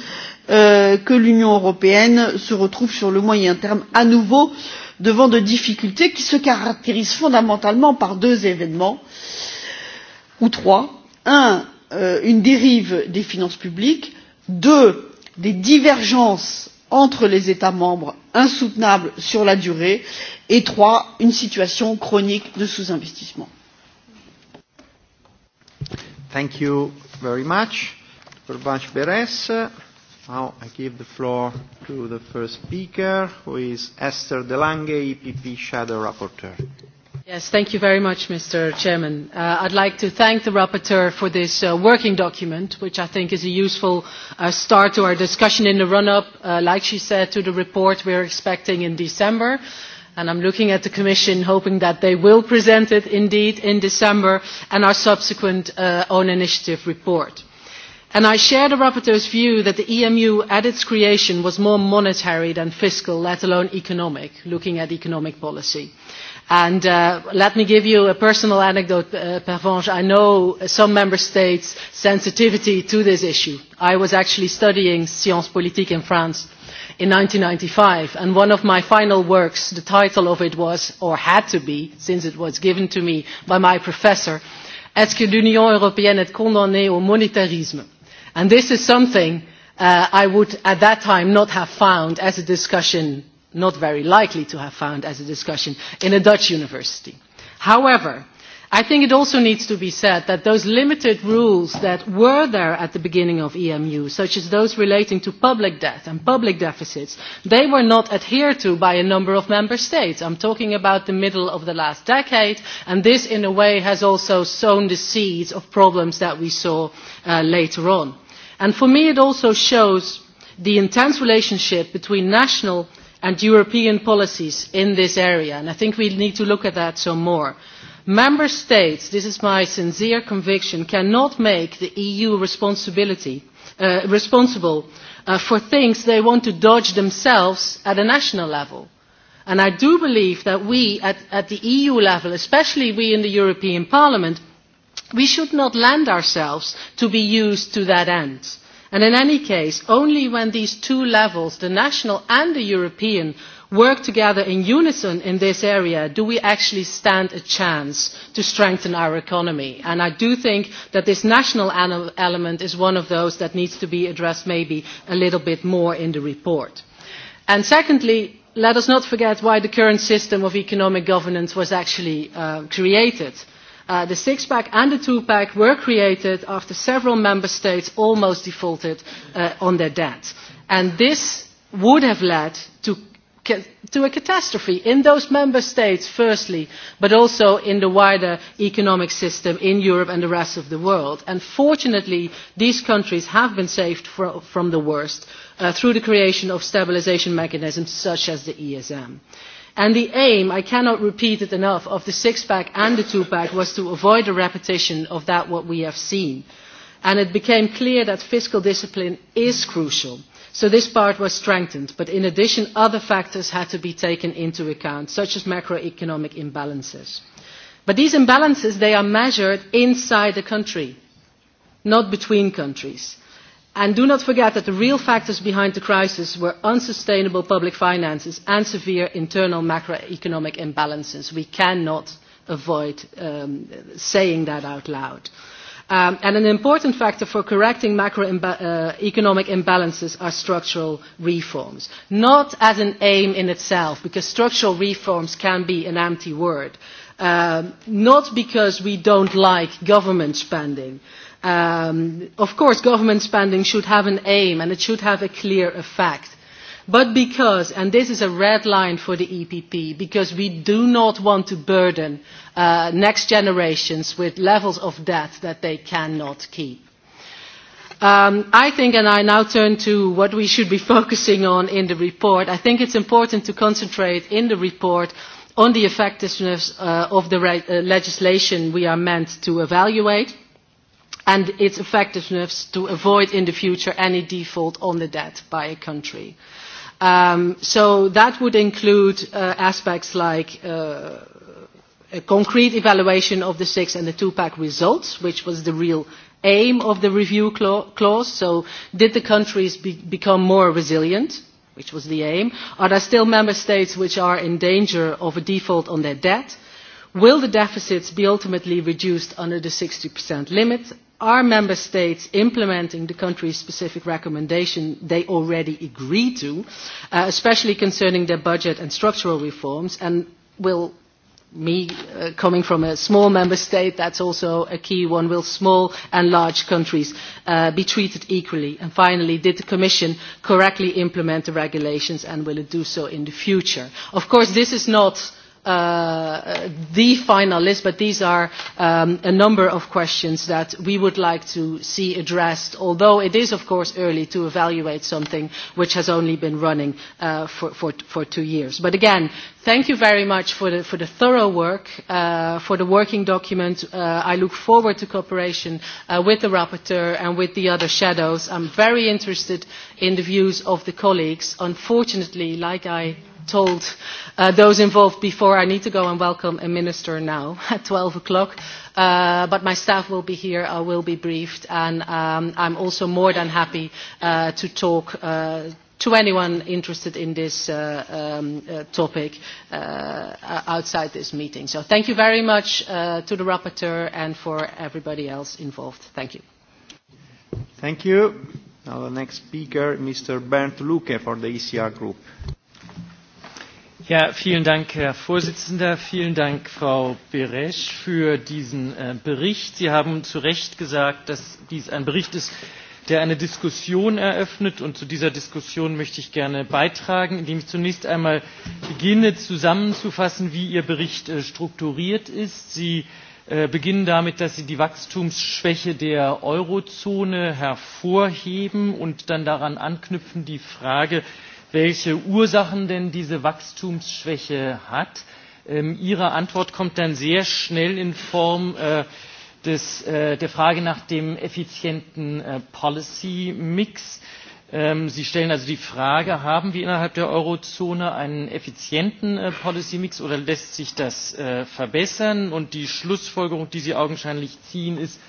euh, que l'union européenne se retrouve sur le moyen terme à nouveau devant des difficultés qui se caractérisent fondamentalement par deux événements ou trois un euh, une dérive des finances publiques deux des divergences entre les états membres insoutenables sur la durée et et troisièmement une situation chronique de sous investissement. Thank you very much, Pervash Beres. Now I give the floor to the first speaker, who is Esther De Lange, EPP Shadow Rapporteur. Yes, thank you very much, Mr. Chairman. Uh, I'd like to thank the rapporteur for this uh, working document, which I think is a useful uh, start to our discussion in the run-up, uh, like she said, to the report we're expecting in December. Uh, and I'm looking at the Commission hoping that they will present it indeed in December and our subsequent uh, own initiative report. And I share the Rapporteur's view that the EMU at its creation was more monetary than fiscal, let alone economic, looking at economic policy. And uh, let me give you a personal anecdote, uh, Pervenche. I know some member states' sensitivity to this issue. I was actually studying sciences politiques in France in 1995. And one of my final works, the title of it was, or had to be, since it was given to me by my professor, Est-ce que l'Union européenne est condamnée au monétarisme? And this is something uh, I would at that time not have found as a discussion, not very likely to have found as a discussion, in a Dutch university. However, I think it also needs to be said that those limited rules that were there at the beginning of EMU, such as those relating to public debt and public deficits, they were not adhered to by a number of member states. I'm talking about the middle of the last decade, and this in a way has also sown the seeds of problems that we saw uh, later on. And for me it also shows the intense relationship between national and European policies in this area, and I think we need to look at that some more member states this is my sincere conviction cannot make the eu uh, responsible uh, for things they want to dodge themselves at a national level and i do believe that we at, at the eu level especially we in the european parliament we should not lend ourselves to be used to that end and in any case only when these two levels the national and the european work together in unison in this area, do we actually stand a chance to strengthen our economy? And I do think that this national element is one of those that needs to be addressed maybe a little bit more in the report. And secondly, let us not forget why the current system of economic governance was actually uh, created. Uh, the six pack and the two pack were created after several member states almost defaulted uh, on their debt. And this would have led to to a catastrophe in those member states firstly but also in the wider economic system in Europe and the rest of the world and fortunately these countries have been saved fro from the worst uh, through the creation of stabilization mechanisms such as the ESM and the aim i cannot repeat it enough of the six pack and the two pack was to avoid a repetition of that what we have seen and it became clear that fiscal discipline is crucial uh, So this part was strengthened, but in addition, other factors had to be taken into account, such as macroeconomic imbalances. But these imbalances, they are measured inside the country, not between countries. And do not forget that the real factors behind the crisis were unsustainable public finances and severe internal macroeconomic imbalances. We cannot avoid um, saying that out loud. Uh, Um, and an important factor for correcting macroeconomic imba uh, imbalances are structural reforms, not as an aim in itself, because structural reforms can be an empty word, um, not because we don't like government spending. Um, of course, government spending should have an aim and it should have a clear effect but because, and this is a red line for the EPP, because we do not want to burden uh, next generations with levels of debt that they cannot keep. Um, I think, and I now turn to what we should be focusing on in the report, I think it's important to concentrate in the report on the effectiveness uh, of the re- uh, legislation we are meant to evaluate and its effectiveness to avoid in the future any default on the debt by a country. Um, so that would include uh, aspects like uh, a concrete evaluation of the six and the two-pack results, which was the real aim of the review clause. So did the countries be become more resilient, which was the aim? Are there still member states which are in danger of a default on their debt? Will the deficits be ultimately reduced under the 60% limit? are member states implementing the country specific recommendation they already agreed to, uh, especially concerning their budget and structural reforms? And will me uh, coming from a small member state, that's also a key one, will small and large countries uh, be treated equally? And finally, did the Commission correctly implement the regulations and will it do so in the future? Of course, this is not uh, uh, the final list, but these are um, a number of questions that we would like to see addressed, although it is, of course, early to evaluate something which has only been running uh, for, for, for two years. But again, thank you very much for the, for the thorough work, uh, for the working document. Uh, I look forward to cooperation uh, with the rapporteur and with the other shadows. I'm very interested in the views of the colleagues. Unfortunately, like I told uh, those involved before I need to go and welcome a minister now at 12 o'clock. Uh, but my staff will be here, I will be briefed, and um, I'm also more than happy uh, to talk uh, to anyone interested in this uh, um, uh, topic uh, outside this meeting. So thank you very much uh, to the rapporteur and for everybody else involved. Thank you. Thank you. Now the next speaker, Mr. Bernd Luke for the ECR group. Ja, vielen Dank, Herr Vorsitzender. Vielen Dank, Frau Beresch, für diesen äh, Bericht. Sie haben zu Recht gesagt, dass dies ein Bericht ist, der eine Diskussion eröffnet. Und zu dieser Diskussion möchte ich gerne beitragen, indem ich zunächst einmal beginne, zusammenzufassen, wie Ihr Bericht äh, strukturiert ist. Sie äh, beginnen damit, dass Sie die Wachstumsschwäche der Eurozone hervorheben und dann daran anknüpfen die Frage, welche Ursachen denn diese Wachstumsschwäche hat. Ähm, Ihre Antwort kommt dann sehr schnell in Form äh, des, äh, der Frage nach dem effizienten äh, Policy-Mix. Ähm, Sie stellen also die Frage, haben wir innerhalb der Eurozone einen effizienten äh, Policy-Mix oder lässt sich das äh, verbessern? Und die Schlussfolgerung, die Sie augenscheinlich ziehen, ist,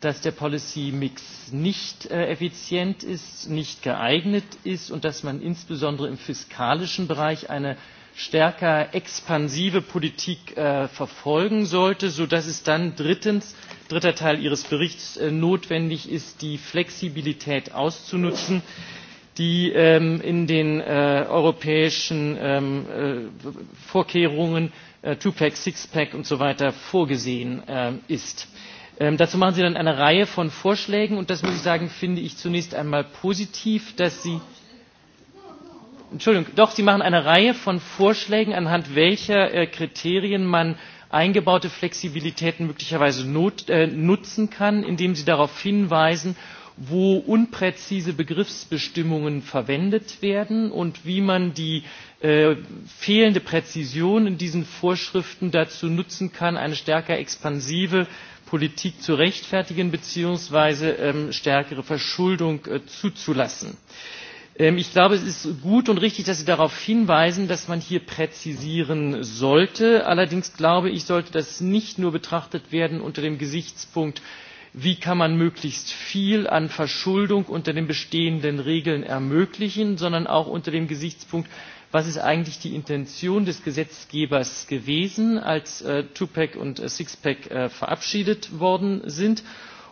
dass der Policy Mix nicht äh, effizient ist, nicht geeignet ist und dass man insbesondere im fiskalischen Bereich eine stärker expansive Politik äh, verfolgen sollte, sodass es dann drittens, dritter Teil Ihres Berichts, äh, notwendig ist, die Flexibilität auszunutzen, die ähm, in den äh, europäischen ähm, äh, Vorkehrungen äh, Two-Pack, Six-Pack und so weiter vorgesehen äh, ist. Äh, Ähm, dazu machen Sie dann eine Reihe von Vorschlägen und das muss ich sagen, finde ich zunächst einmal positiv, dass Sie Entschuldigung, doch, Sie machen eine Reihe von Vorschlägen, anhand welcher äh, Kriterien man eingebaute Flexibilitäten möglicherweise not, äh, nutzen kann, indem Sie darauf hinweisen, wo unpräzise Begriffsbestimmungen verwendet werden und wie man die äh, fehlende Präzision in diesen Vorschriften dazu nutzen kann, eine stärker expansive Politik zu rechtfertigen bzw. Ähm, stärkere Verschuldung äh, zuzulassen. Ähm, ich glaube, es ist gut und richtig, dass Sie darauf hinweisen, dass man hier präzisieren sollte. Allerdings glaube ich, sollte das nicht nur betrachtet werden unter dem Gesichtspunkt, wie kann man möglichst viel an Verschuldung unter den bestehenden Regeln ermöglichen, sondern auch unter dem Gesichtspunkt, was ist eigentlich die intention des gesetzgebers gewesen als äh, twopack und äh, sixpack äh, verabschiedet worden sind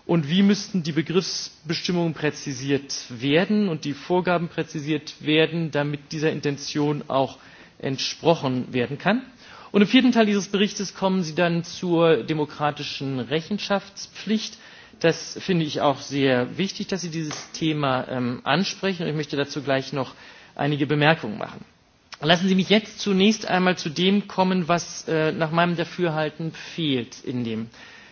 und wie müssten die begriffsbestimmungen präzisiert werden und die vorgaben präzisiert werden damit dieser intention auch entsprochen werden kann? Und im vierten Teil dieses Berichtes kommen Sie dann zur demokratischen Rechenschaftspflicht. Das finde ich auch sehr wichtig, dass Sie dieses Thema ähm, ansprechen. Und ich möchte dazu gleich noch einige Bemerkungen machen. Lassen Sie mich jetzt zunächst einmal zu dem kommen, was äh, nach meinem Dafürhalten fehlt in dem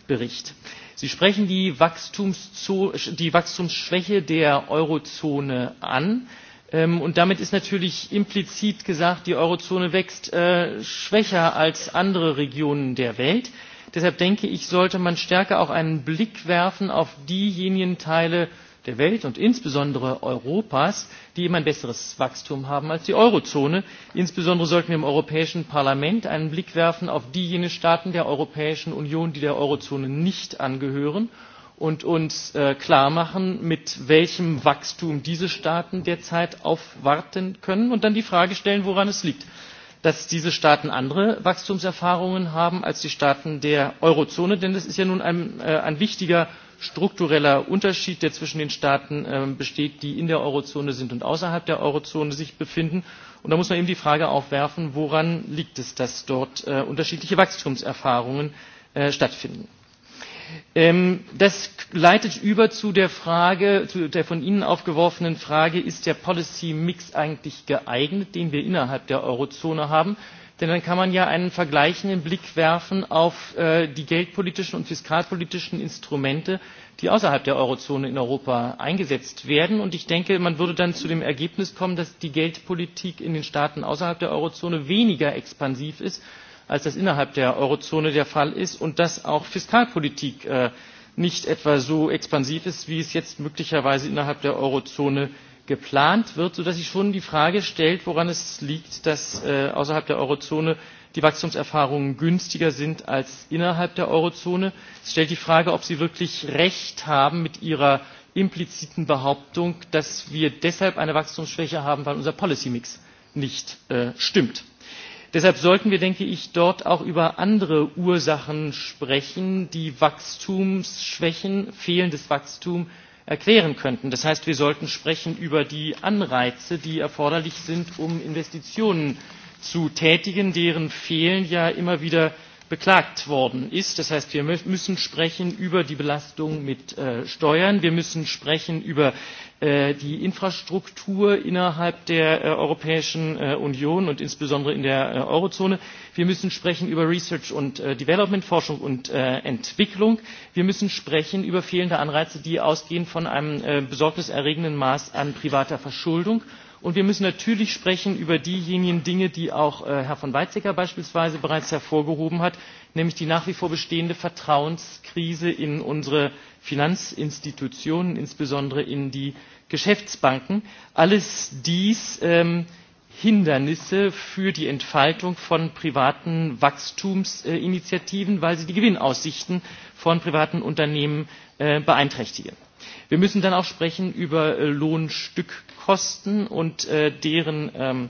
Bericht. Sie sprechen die, Wachstumszo die Wachstumsschwäche der Eurozone an. Ähm, und damit ist natürlich implizit gesagt, die Eurozone wächst äh, schwächer als andere Regionen der Welt. Deshalb denke ich, sollte man stärker auch einen Blick werfen auf diejenigen Teile der Welt und insbesondere Europas, die immer ein besseres Wachstum haben als die Eurozone. Insbesondere sollten wir im Europäischen Parlament einen Blick werfen auf diejenigen Staaten der Europäischen Union, die der Eurozone nicht angehören und uns äh, klarmachen, mit welchem Wachstum diese Staaten derzeit aufwarten können und dann die Frage stellen, woran es liegt dass diese Staaten andere Wachstumserfahrungen haben als die Staaten der Eurozone, denn es ist ja nun ein, äh, ein wichtiger struktureller unterschied der zwischen den staaten ähm, besteht die in der eurozone sind und außerhalb der eurozone sich befinden. und da muss man eben die frage aufwerfen woran liegt es dass dort äh, unterschiedliche wachstumserfahrungen äh, stattfinden? Ähm, das leitet über zu der frage zu der von ihnen aufgeworfenen frage ist der policy mix eigentlich geeignet den wir innerhalb der eurozone haben? denn dann kann man ja einen vergleichenden blick werfen auf äh, die geldpolitischen und fiskalpolitischen Instrumente, die außerhalb der Eurozone in Europa eingesetzt werden. Und ich denke, man würde dann zu dem Ergebnis kommen, dass die Geldpolitik in den Staaten außerhalb der Eurozone weniger expansiv ist, als das innerhalb der Eurozone der Fall ist und dass auch Fiskalpolitik äh, nicht etwa so expansiv ist, wie es jetzt möglicherweise innerhalb der Eurozone geplant wird, sodass sich schon die Frage stellt, woran es liegt, dass äh, außerhalb der Eurozone die Wachstumserfahrungen günstiger sind als innerhalb der Eurozone. Es stellt die Frage, ob Sie wirklich recht haben mit Ihrer impliziten Behauptung, dass wir deshalb eine Wachstumsschwäche haben, weil unser Policy-Mix nicht äh, stimmt. Deshalb sollten wir, denke ich, dort auch über andere Ursachen sprechen, die Wachstumsschwächen, fehlendes Wachstum erklären könnten. Das heißt, wir sollten sprechen über die Anreize, die erforderlich sind, um Investitionen zu tätigen, deren Fehlen ja immer wieder beklagt worden ist. Das heißt, wir müssen sprechen über die Belastung mit äh, Steuern, wir müssen sprechen über Äh, die infrastruktur innerhalb der äh, europäischen äh, union und insbesondere in der eurozone wir müssen sprechen über research und development forschung und entwicklung wir müssen sprechen über fehlende anreize die ausgehen von einem besorgniserregenden maß an privater verschuldung und wir müssen natürlich sprechen über diejenigen dinge die auch äh, herr von weizsäcker beispielsweise bereits hervorgehoben hat nämlich die nach wie vor bestehende vertrauenskrise in unsere finanzinstitutionen insbesondere in die geschäftsbanken alles dies ähm, hindernisse für die entfaltung von privaten wachstumsinitiativen weil sie die gewinnaussichten von privaten unternehmen äh, beeinträchtigen. Wir müssen dann auch sprechen über äh, Lohnstückkosten und äh, deren ähm,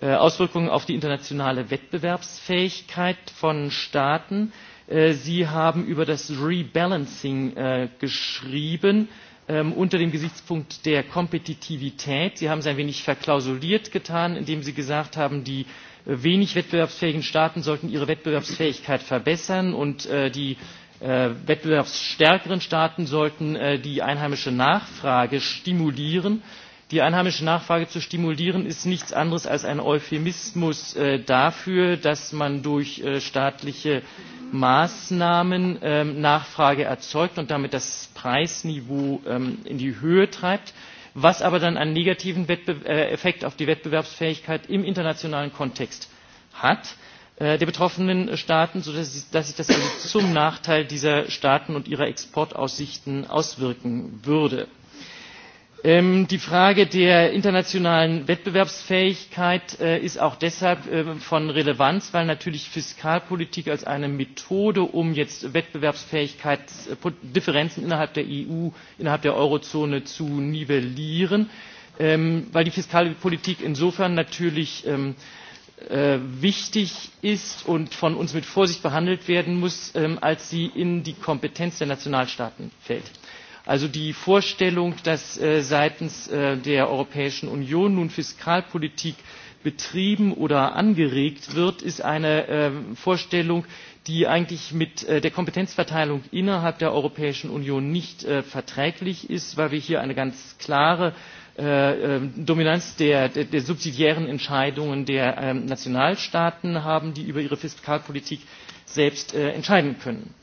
äh, Auswirkungen auf die internationale Wettbewerbsfähigkeit von Staaten. Sie haben über das Rebalancing geschrieben ähm, unter dem Gesichtspunkt der Kompetitivität. Sie haben es ein wenig verklausuliert getan, indem Sie gesagt haben, die wenig wettbewerbsfähigen Staaten sollten ihre Wettbewerbsfähigkeit verbessern und die äh, wettbewerbsstärkeren Staaten sollten äh, die einheimische Nachfrage stimulieren. Die einheimische Nachfrage zu stimulieren ist nichts anderes als ein Euphemismus äh, dafür, dass man durch äh, staatliche Maßnahmen äh, Nachfrage erzeugt und damit das Preisniveau äh, in die Höhe treibt was aber dann einen negativen Wettbe äh, Effekt auf die Wettbewerbsfähigkeit im internationalen Kontext hat. Äh, der betroffenen staaten sodass sich das also zum nachteil dieser staaten und ihrer exportaussichten auswirken würde. Ähm, die frage der internationalen wettbewerbsfähigkeit äh, ist auch deshalb äh, von relevanz weil natürlich fiskalpolitik als eine methode um jetzt wettbewerbsfähigkeitsdifferenzen innerhalb der eu innerhalb der eurozone zu nivellieren ähm, weil die fiskalpolitik insofern natürlich ähm, Äh, wichtig ist und von uns mit Vorsicht behandelt werden muss, ähm, als sie in die Kompetenz der Nationalstaaten fällt. Also die Vorstellung, dass äh, seitens äh, der Europäischen Union nun Fiskalpolitik betrieben oder angeregt wird, ist eine Vorstellung, die eigentlich mit der Kompetenzverteilung innerhalb der Europäischen Union nicht verträglich ist, weil wir hier eine ganz klare äh, ähm, Dominanz der, der, der subsidiären Entscheidungen der äh, Nationalstaaten haben, die über ihre Fiskalpolitik selbst äh, entscheiden können.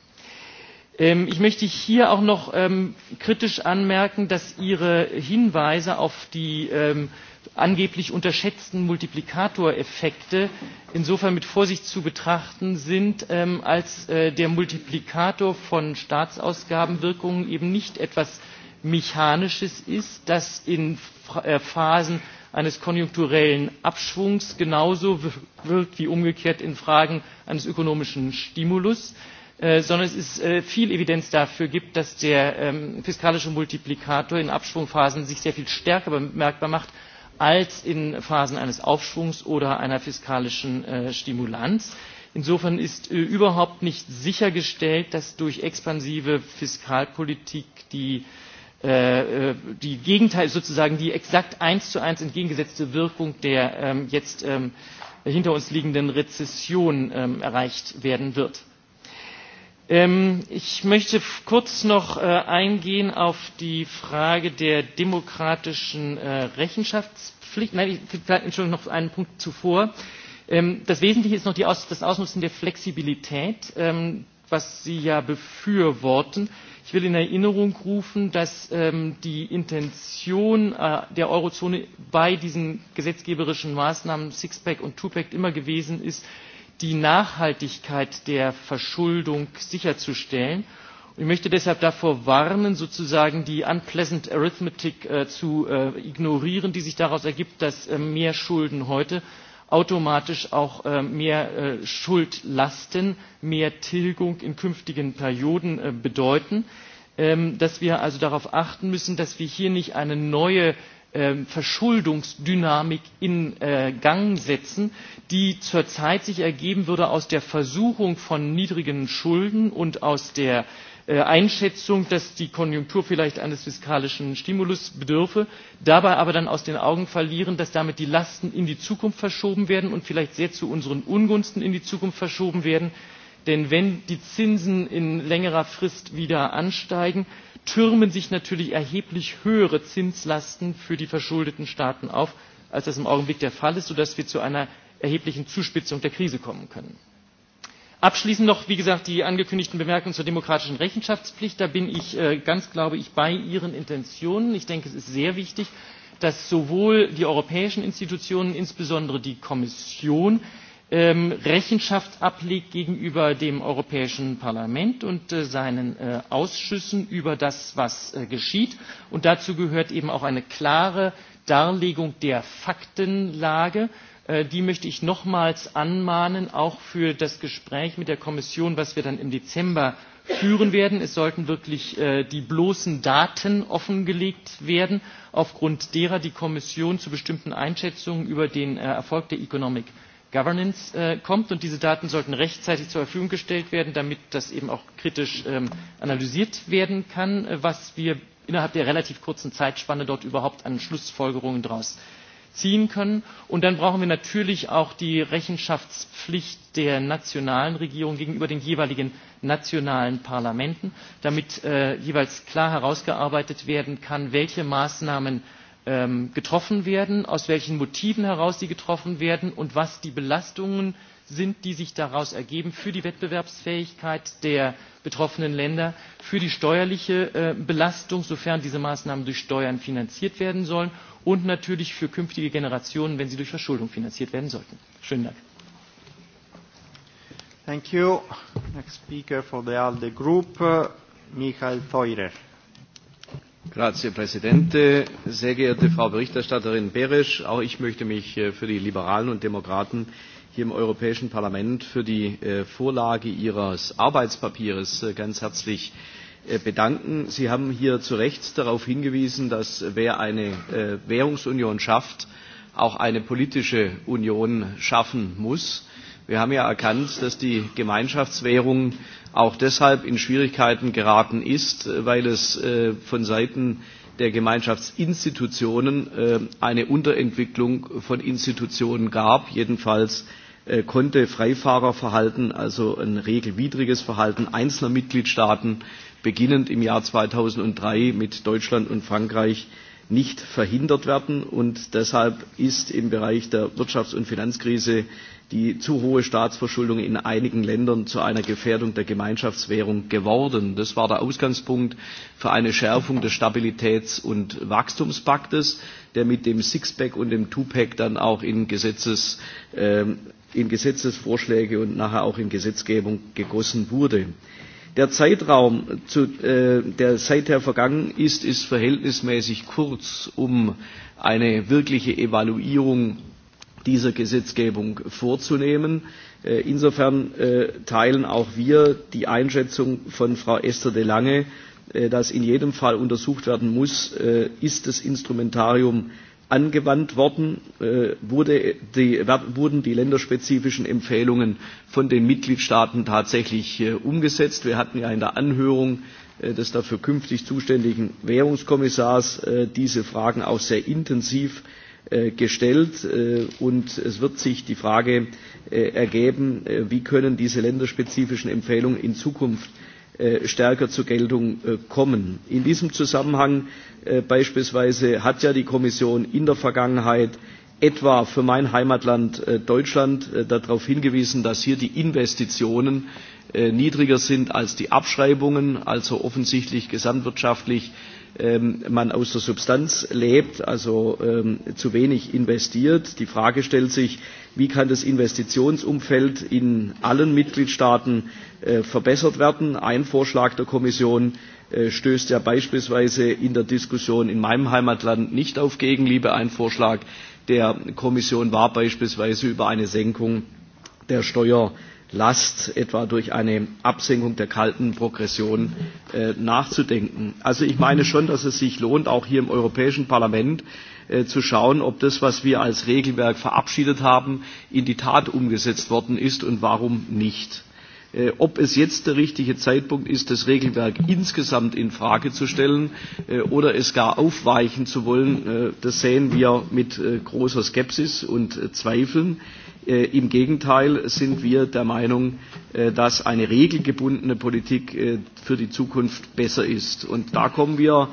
Ähm, ich möchte hier auch noch ähm, kritisch anmerken, dass Ihre Hinweise auf die ähm, angeblich unterschätzten Multiplikatoreffekte insofern mit Vorsicht zu betrachten sind, ähm, als äh, der Multiplikator von Staatsausgabenwirkungen eben nicht etwas mechanisches ist, das in äh, Phasen eines konjunkturellen Abschwungs genauso wirkt wie umgekehrt in Fragen eines ökonomischen Stimulus, äh, sondern es ist äh, viel Evidenz dafür gibt, dass der ähm, fiskalische Multiplikator in Abschwungphasen sich sehr viel stärker bemerkbar macht als in Phasen eines Aufschwungs oder einer fiskalischen äh, Stimulanz. Insofern ist äh, überhaupt nicht sichergestellt, dass durch expansive Fiskalpolitik die äh, Äh, äh, die Gegenteil, sozusagen die exakt eins zu eins entgegengesetzte Wirkung der ähm, jetzt ähm, hinter uns liegenden Rezession ähm, erreicht werden wird. Ähm, ich möchte kurz noch äh, eingehen auf die Frage der demokratischen äh, Rechenschaftspflicht. Nein, ich, Entschuldigung, noch einen Punkt zuvor. Ähm, das Wesentliche ist noch die Aus das Ausnutzen der Flexibilität, ähm, was Sie ja befürworten. Äh, Ich will in Erinnerung rufen, dass ähm, die Intention äh, der Eurozone bei diesen gesetzgeberischen Maßnahmen Sixpack und Twopack immer gewesen ist, die Nachhaltigkeit der Verschuldung sicherzustellen. Ich möchte deshalb davor warnen, sozusagen die unpleasant arithmetic äh, zu äh, ignorieren, die sich daraus ergibt, dass äh, mehr Schulden heute automatisch auch äh, mehr äh, Schuldlasten, mehr Tilgung in künftigen Perioden äh, bedeuten, ähm, dass wir also darauf achten müssen, dass wir hier nicht eine neue ähm, Verschuldungsdynamik in Gang setzen, die zurzeit sich ergeben würde aus der Versuchung von niedrigen Schulden und aus der Äh, einschätzung dass die konjunktur vielleicht eines fiskalischen stimulus bedürfe dabei aber dann aus den augen verlieren dass damit die lasten in die zukunft verschoben werden und vielleicht sehr zu unseren ungunsten in die zukunft verschoben werden. denn wenn die zinsen in längerer frist wieder ansteigen türmen sich natürlich erheblich höhere zinslasten für die verschuldeten staaten auf als das im augenblick der fall ist sodass wir zu einer erheblichen zuspitzung der krise kommen können abschließend noch wie gesagt die angekündigten bemerkungen zur demokratischen rechenschaftspflicht da bin ich äh, ganz glaube ich bei ihren intentionen. ich denke es ist sehr wichtig dass sowohl die europäischen institutionen insbesondere die kommission ähm, rechenschaft ablegt gegenüber dem europäischen parlament und äh, seinen äh, ausschüssen über das was geschieht und dazu gehört eben auch eine klare darlegung der faktenlage Äh, die möchte ich nochmals anmahnen, auch für das Gespräch mit der Kommission, was wir dann im Dezember führen werden. Es sollten wirklich äh, die bloßen Daten offengelegt werden, aufgrund derer die Kommission zu bestimmten Einschätzungen über den äh, Erfolg der Economic Governance äh, kommt. Und diese Daten sollten rechtzeitig zur Verfügung gestellt werden, damit das eben auch kritisch ähm, analysiert werden kann, äh, was wir innerhalb der relativ kurzen Zeitspanne dort überhaupt an Schlussfolgerungen daraus äh, ziehen können. Und dann brauchen wir natürlich auch die Rechenschaftspflicht der nationalen Regierung gegenüber den jeweiligen nationalen Parlamenten, damit äh, jeweils klar herausgearbeitet werden kann, welche Maßnahmen ähm, getroffen werden, aus welchen Motiven heraus sie getroffen werden und was die Belastungen sind, die sich daraus ergeben für die Wettbewerbsfähigkeit der betroffenen Länder, für die steuerliche äh, Belastung, sofern diese Maßnahmen durch Steuern finanziert werden sollen und natürlich für künftige Generationen, wenn sie durch Verschuldung finanziert werden sollten. Schönen Dank. Thank you. Next speaker for the ALDE Group, uh, Michael Theurer. Grazie, Präsidente. Sehr geehrte Frau Berichterstatterin Beresch, auch ich möchte mich äh, für die Liberalen und Demokraten hier im Europäischen Parlament für die äh, Vorlage Ihres Arbeitspapiers äh, ganz herzlich bedanken Äh, bedanken. Sie haben hier zu Recht darauf hingewiesen, dass wer eine äh, Währungsunion schafft, auch eine politische Union schaffen muss. Wir haben ja erkannt, dass die Gemeinschaftswährung auch deshalb in Schwierigkeiten geraten ist, weil es äh, von Seiten der Gemeinschaftsinstitutionen eine Unterentwicklung von Institutionen gab. Jedenfalls konnte Freifahrerverhalten, also ein regelwidriges Verhalten einzelner Mitgliedstaaten beginnend im Jahr 2003 mit Deutschland und Frankreich nicht verhindert werden. Und deshalb ist im Bereich der Wirtschafts- und Finanzkrise die zu hohe Staatsverschuldung in einigen Ländern zu einer Gefährdung der Gemeinschaftswährung geworden. Das war der Ausgangspunkt für eine Schärfung des Stabilitäts- und Wachstumspaktes, der mit dem Sixpack und dem Twopack dann auch in, Gesetzes, äh, in Gesetzesvorschläge und nachher auch in Gesetzgebung gegossen wurde. Der Zeitraum, zu, äh, der seither vergangen ist, ist verhältnismäßig kurz, um eine wirkliche Evaluierung dieser Gesetzgebung vorzunehmen. Äh, insofern äh, teilen auch wir die Einschätzung von Frau Esther de Lange, äh, dass in jedem Fall untersucht werden muss, äh, ist das Instrumentarium angewandt worden, äh, wurde die, wurden die länderspezifischen Empfehlungen von den Mitgliedstaaten tatsächlich äh, umgesetzt. Wir hatten ja in der Anhörung äh, des dafür künftig zuständigen Währungskommissars äh, diese Fragen auch sehr intensiv äh, gestellt äh, und es wird sich die Frage äh, ergeben, äh, wie können diese länderspezifischen Empfehlungen in Zukunft äh, stärker zur Geltung äh, kommen. In diesem Zusammenhang äh, beispielsweise hat ja die Kommission in der Vergangenheit etwa für mein Heimatland äh, Deutschland äh, darauf hingewiesen, dass hier die Investitionen äh, niedriger sind als die Abschreibungen, also offensichtlich gesamtwirtschaftlich ähm, man aus der Substanz lebt, also ähm, zu wenig investiert. Die Frage stellt sich, wie kann das Investitionsumfeld in allen Mitgliedstaaten äh, verbessert werden? Ein Vorschlag der Kommission Äh, stößt ja beispielsweise in der Diskussion in meinem Heimatland nicht auf Gegenliebe. Ein Vorschlag der Kommission war beispielsweise über eine Senkung der Steuerlast etwa durch eine Absenkung der kalten Progression äh, nachzudenken. Also ich meine schon, dass es sich lohnt, auch hier im Europäischen Parlament äh, zu schauen, ob das, was wir als Regelwerk verabschiedet haben, in die Tat umgesetzt worden ist und warum nicht. Äh, ob es jetzt der richtige Zeitpunkt ist, das Regelwerk insgesamt in Frage zu stellen äh, oder es gar aufweichen zu wollen, äh, das sehen wir mit großer Skepsis und Zweifeln. Im Gegenteil sind wir der Meinung, dass eine regelgebundene Politik für die Zukunft besser ist. Und da kommen wir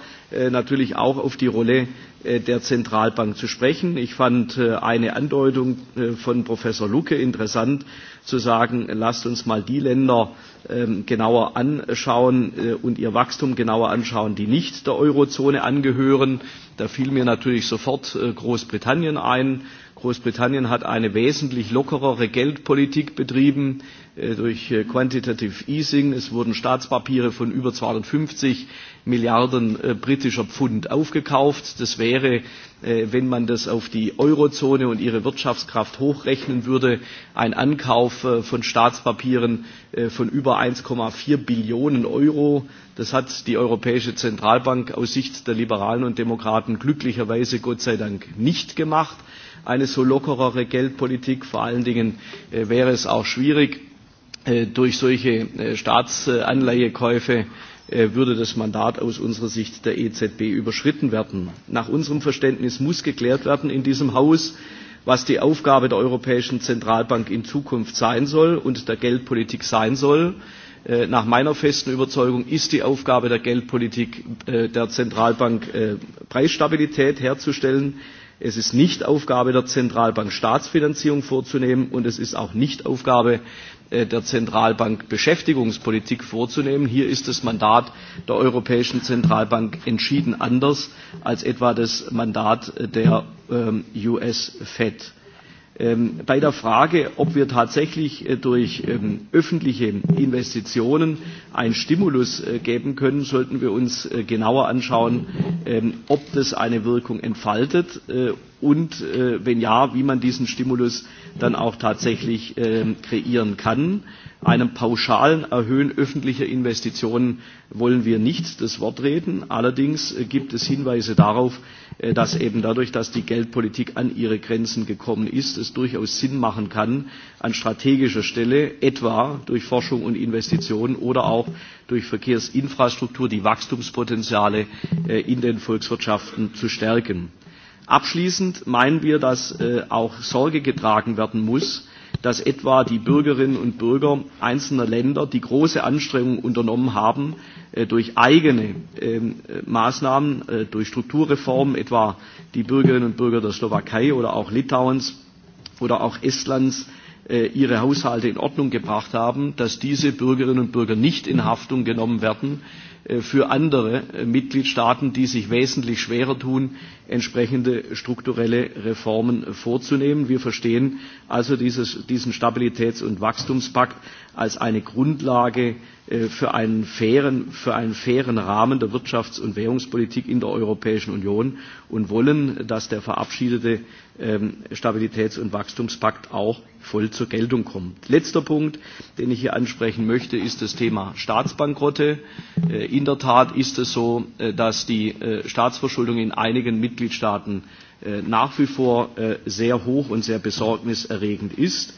natürlich auch auf die Rolle der Zentralbank zu sprechen. Ich fand eine Andeutung von Professor Lucke interessant, zu sagen, lasst uns mal die Länder ähm, genauer anschauen äh, und ihr Wachstum genauer anschauen, die nicht der Eurozone angehören. Da fiel mir natürlich sofort äh, Großbritannien ein. Großbritannien hat eine wesentlich lockerere Geldpolitik betrieben äh, durch äh, Quantitative Easing. Es wurden Staatspapiere von über 250 Milliarden äh, britischer Pfund aufgekauft. Das wäre, äh, wenn man das auf die Eurozone und ihre Wirtschaftskraft hochrechnen würde, ein Ankauf äh, von Staatspapieren äh, von über 1,4 Billionen Euro. Das hat die Europäische Zentralbank aus Sicht der Liberalen und Demokraten glücklicherweise Gott sei Dank nicht gemacht. Eine so lockerere Geldpolitik, vor allen Dingen äh, wäre es auch schwierig, äh, durch solche äh, Staatsanleihekäufe Äh, würde das Mandat aus unserer Sicht der EZB überschritten werden. Nach unserem Verständnis muss geklärt werden in diesem Haus, was die Aufgabe der Europäischen Zentralbank in Zukunft sein soll und der Geldpolitik sein soll. Äh, nach meiner festen Überzeugung ist die Aufgabe der Geldpolitik äh, der Zentralbank Preisstabilität herzustellen. Es ist nicht Aufgabe der Zentralbank, Staatsfinanzierung vorzunehmen und es ist auch nicht Aufgabe Äh, der Zentralbank Beschäftigungspolitik vorzunehmen. Hier ist das Mandat der Europäischen Zentralbank entschieden anders als etwa das Mandat der ähm, US-Fed. Ähm, bei der Frage, ob wir tatsächlich äh, durch ähm, öffentliche Investitionen einen Stimulus äh, geben können, sollten wir uns äh, genauer anschauen, ähm, ob das eine Wirkung entfaltet äh, und äh, wenn ja, wie man diesen Stimulus dann auch tatsächlich äh, kreieren kann. Einem pauschalen Erhöhen öffentlicher Investitionen wollen wir nicht das Wort reden. Allerdings äh, gibt es Hinweise darauf, Äh, dass eben dadurch, dass die Geldpolitik an ihre Grenzen gekommen ist, es durchaus Sinn machen kann, an strategischer Stelle, etwa durch Forschung und Investitionen oder auch durch Verkehrsinfrastruktur, die Wachstumspotenziale äh, in den Volkswirtschaften zu stärken. Abschließend meinen wir, dass äh, auch Sorge getragen werden muss, dass etwa die Bürgerinnen und Bürger einzelner Länder, die große Anstrengungen unternommen haben, Äh, durch eigene ähm, Maßnahmen, äh, durch Strukturreformen, etwa die Bürgerinnen und Bürger der Slowakei oder auch Litauens oder auch Estlands äh, ihre Haushalte in Ordnung gebracht haben, dass diese Bürgerinnen und Bürger nicht in Haftung genommen werden für andere Mitgliedstaaten, die sich wesentlich schwerer tun, entsprechende strukturelle Reformen vorzunehmen. Wir verstehen also dieses, diesen Stabilitäts- und Wachstumspakt als eine Grundlage äh, für einen fairen, für einen fairen Rahmen der Wirtschafts- und Währungspolitik in der Europäischen Union und wollen, dass der verabschiedete ähm, Stabilitäts- und Wachstumspakt auch voll zur Geltung kommt. Letzter Punkt, den ich hier ansprechen möchte, ist das Thema Staatsbankrotte. Äh, in der Tat ist es so, äh, dass die Staatsverschuldung in einigen Mitgliedstaaten nach wie vor sehr hoch und sehr besorgniserregend ist.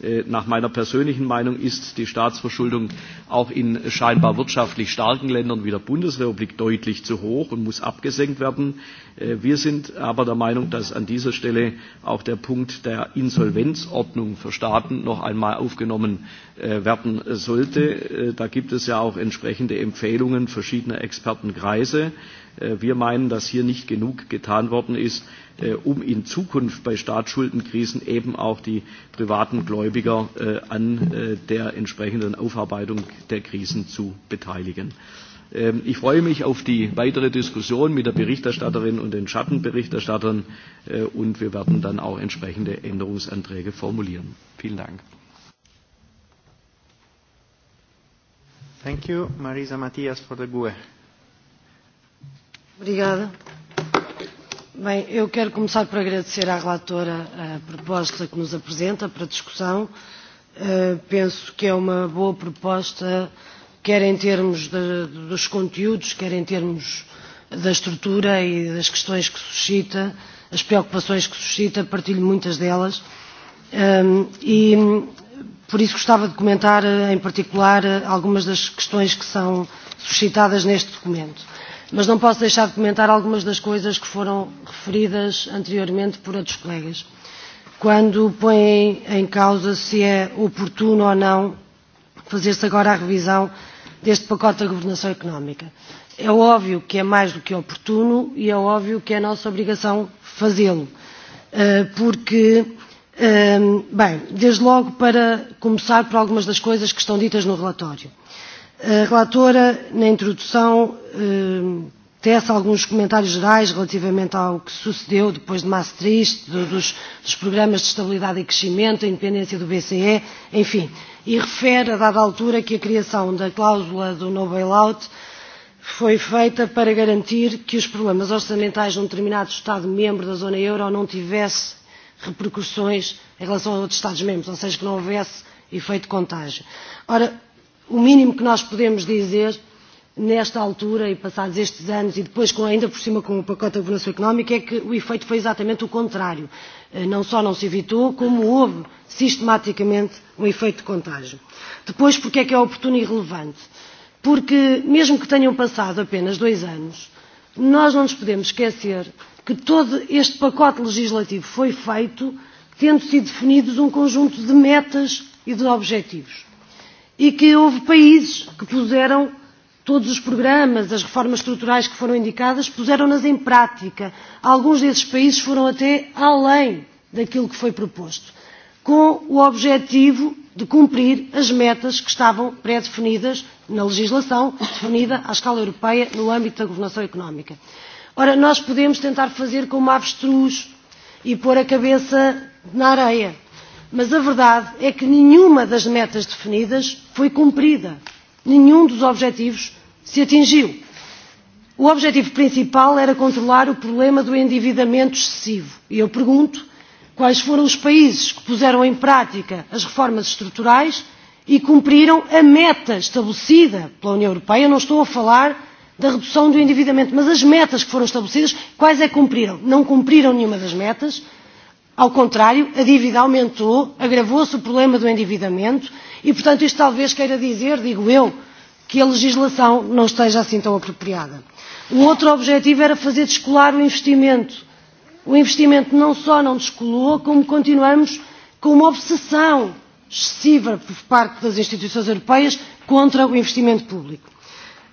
Äh, nach meiner persönlichen Meinung ist die Staatsverschuldung auch in scheinbar wirtschaftlich starken Ländern wie der Bundesrepublik deutlich zu hoch und muss abgesenkt werden. Äh, wir sind aber der Meinung, dass an dieser Stelle auch der Punkt der Insolvenzordnung für Staaten noch einmal aufgenommen äh, werden sollte. Da gibt es ja auch entsprechende Empfehlungen verschiedener Expertenkreise. Wir meinen, dass hier nicht genug getan worden ist, äh, um in Zukunft bei Staatsschuldenkrisen eben auch die privaten Gläubiger äh, an äh, der entsprechenden Aufarbeitung der Krisen zu beteiligen. Ähm, ich freue mich auf die weitere Diskussion mit der Berichterstatterin und den Schattenberichterstattern äh, und wir werden dann auch entsprechende Änderungsanträge formulieren. Vielen Dank. Thank you, Marisa Matias, for the GUE. Obrigada. Bem, eu quero começar por agradecer à relatora a proposta que nos apresenta para discussão. Uh, penso que é uma boa proposta, quer em termos de, dos conteúdos, quer em termos da estrutura e das questões que suscita, as preocupações que suscita, partilho muitas delas. Um, e por isso gostava de comentar, eh, em particular, eh, algumas das questões que são suscitadas neste documento mas não posso deixar de comentar algumas das coisas que foram referidas anteriormente por outros colegas. Quando põem em causa se é oportuno ou não fazer-se agora a revisão deste pacote da governação económica. É óbvio que é mais do que oportuno e é óbvio que é nossa obrigação fazê-lo, eh, porque, eh, bem, desde logo para começar por algumas das coisas que estão ditas no relatório. A relatora, na introdução, tece ehm, alguns comentários gerais relativamente ao que sucedeu depois de Maastricht, do, dos, dos programas de estabilidade e crescimento, a independência do BCE, enfim, e refere, a dada altura, que a criação da cláusula do no bailout foi feita para garantir que os problemas orçamentais de um determinado Estado-membro da zona euro não tivesse repercussões em relação a outros Estados-membros, ou seja, que não houvesse efeito contágio. Ora, o mínimo que nós podemos dizer nesta altura e passados estes anos e depois com, ainda por cima com o pacote da governação económica é que o efeito foi exatamente o contrário. Eh, não só não se evitou, como houve sistematicamente um efeito de contágio. Depois, porque é que é oportuno e relevante? Porque, mesmo que tenham passado apenas dois anos, nós não nos podemos esquecer que todo este pacote legislativo foi feito tendo sido definidos um conjunto de metas e de objetivos e que houve países que puseram todos os programas, as reformas estruturais que foram indicadas, puseram-nas em prática. Alguns desses países foram até além daquilo que foi proposto, com o objetivo de cumprir as metas que estavam pré-definidas na legislação definida à escala europeia no âmbito da governação económica. Ora, nós podemos tentar fazer como avestruz e pôr a cabeça na areia, Mas a verdade é que nenhuma das metas definidas foi cumprida. Nenhum dos objetivos se atingiu. O objetivo principal era controlar o problema do endividamento excessivo. E eu pergunto quais foram os países que puseram em prática as reformas estruturais e cumpriram a meta estabelecida pela União Europeia. Eu não estou a falar da redução do endividamento, mas as metas que foram estabelecidas, quais é que cumpriram? Não cumpriram nenhuma das metas Ao contrário, a dívida aumentou, agravou-se o problema do endividamento e, portanto, isto talvez queira dizer, digo eu, que a legislação não esteja assim tão apropriada. O outro objetivo era fazer descolar o investimento. O investimento não só não descolou, como continuamos com uma obsessão excessiva por parte das instituições europeias contra o investimento público.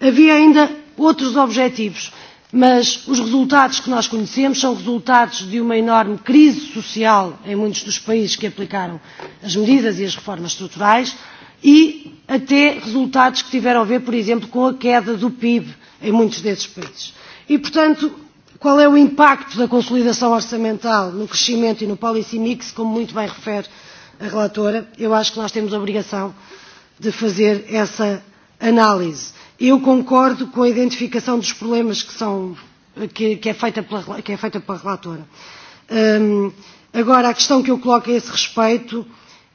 Havia ainda outros objetivos mas os resultados que nós conhecemos são resultados de uma enorme crise social em muitos dos países que aplicaram as medidas e as reformas estruturais e até resultados que tiveram a ver, por exemplo, com a queda do PIB em muitos desses países. E, portanto, qual é o impacto da consolidação orçamental no crescimento e no policy mix, como muito bem refere a relatora? Eu acho que nós temos a obrigação de fazer essa análise Eu concordo com a identificação dos problemas que, são, que, que, é, feita pela, que é feita pela relatora. Um, agora, a questão que eu coloco a esse respeito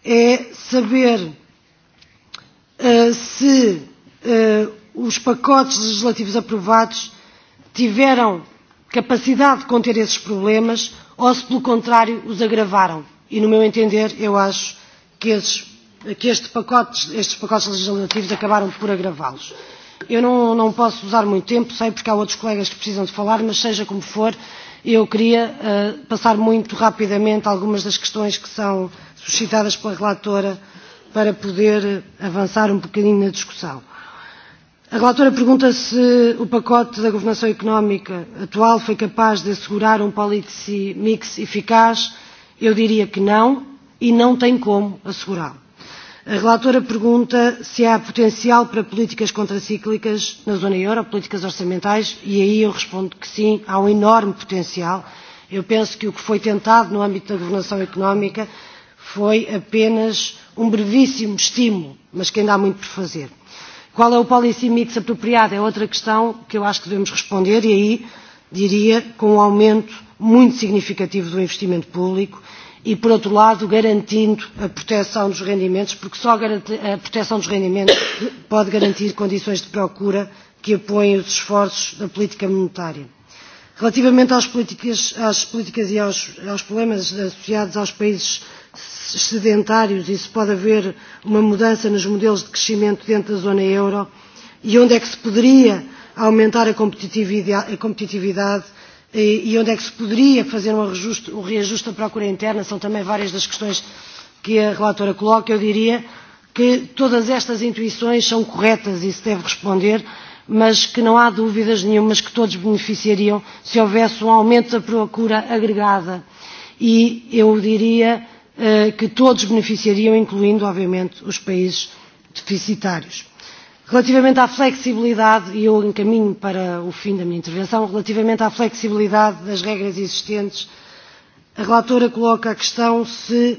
é saber uh, se uh, os pacotes legislativos aprovados tiveram capacidade de conter esses problemas ou se, pelo contrário, os agravaram. E, no meu entender, eu acho que esses que este pacote, estes pacotes legislativos acabaram por agravá-los. Eu não, não posso usar muito tempo, sei porque há outros colegas que precisam de falar, mas seja como for, eu queria uh, passar muito rapidamente algumas das questões que são suscitadas pela relatora para poder avançar um bocadinho na discussão. A relatora pergunta se o pacote da governação económica atual foi capaz de assegurar um policy mix eficaz. Eu diria que não e não tem como assegurá-lo. A relatora pergunta se há potencial para políticas contracíclicas na zona euro, políticas orçamentais, e aí eu respondo que sim, há um enorme potencial. Eu penso que o que foi tentado no âmbito da governação económica foi apenas um brevíssimo estímulo, mas que ainda há muito por fazer. Qual é o policy mix apropriado? É outra questão que eu acho que devemos responder, e aí diria com um aumento muito significativo do investimento público e, por outro lado, garantindo a proteção dos rendimentos, porque só a proteção dos rendimentos pode garantir condições de procura que apoiem os esforços da política monetária. Relativamente às políticas, às políticas e aos, aos problemas associados aos países sedentários e se pode haver uma mudança nos modelos de crescimento dentro da zona euro e onde é que se poderia aumentar a competitividade, a competitividade E, e onde é que se poderia fazer um, reajuste, um reajuste da procura interna, são também várias das questões que a relatora coloca, eu diria que todas estas intuições são corretas e se deve responder, mas que não há dúvidas nenhumas que todos beneficiariam se houvesse um aumento da procura agregada. E eu diria eh, que todos beneficiariam, incluindo, obviamente, os países deficitários. Relativamente à flexibilidade, e eu encaminho para o fim da minha intervenção, relativamente à flexibilidade das regras existentes, a relatora coloca a questão se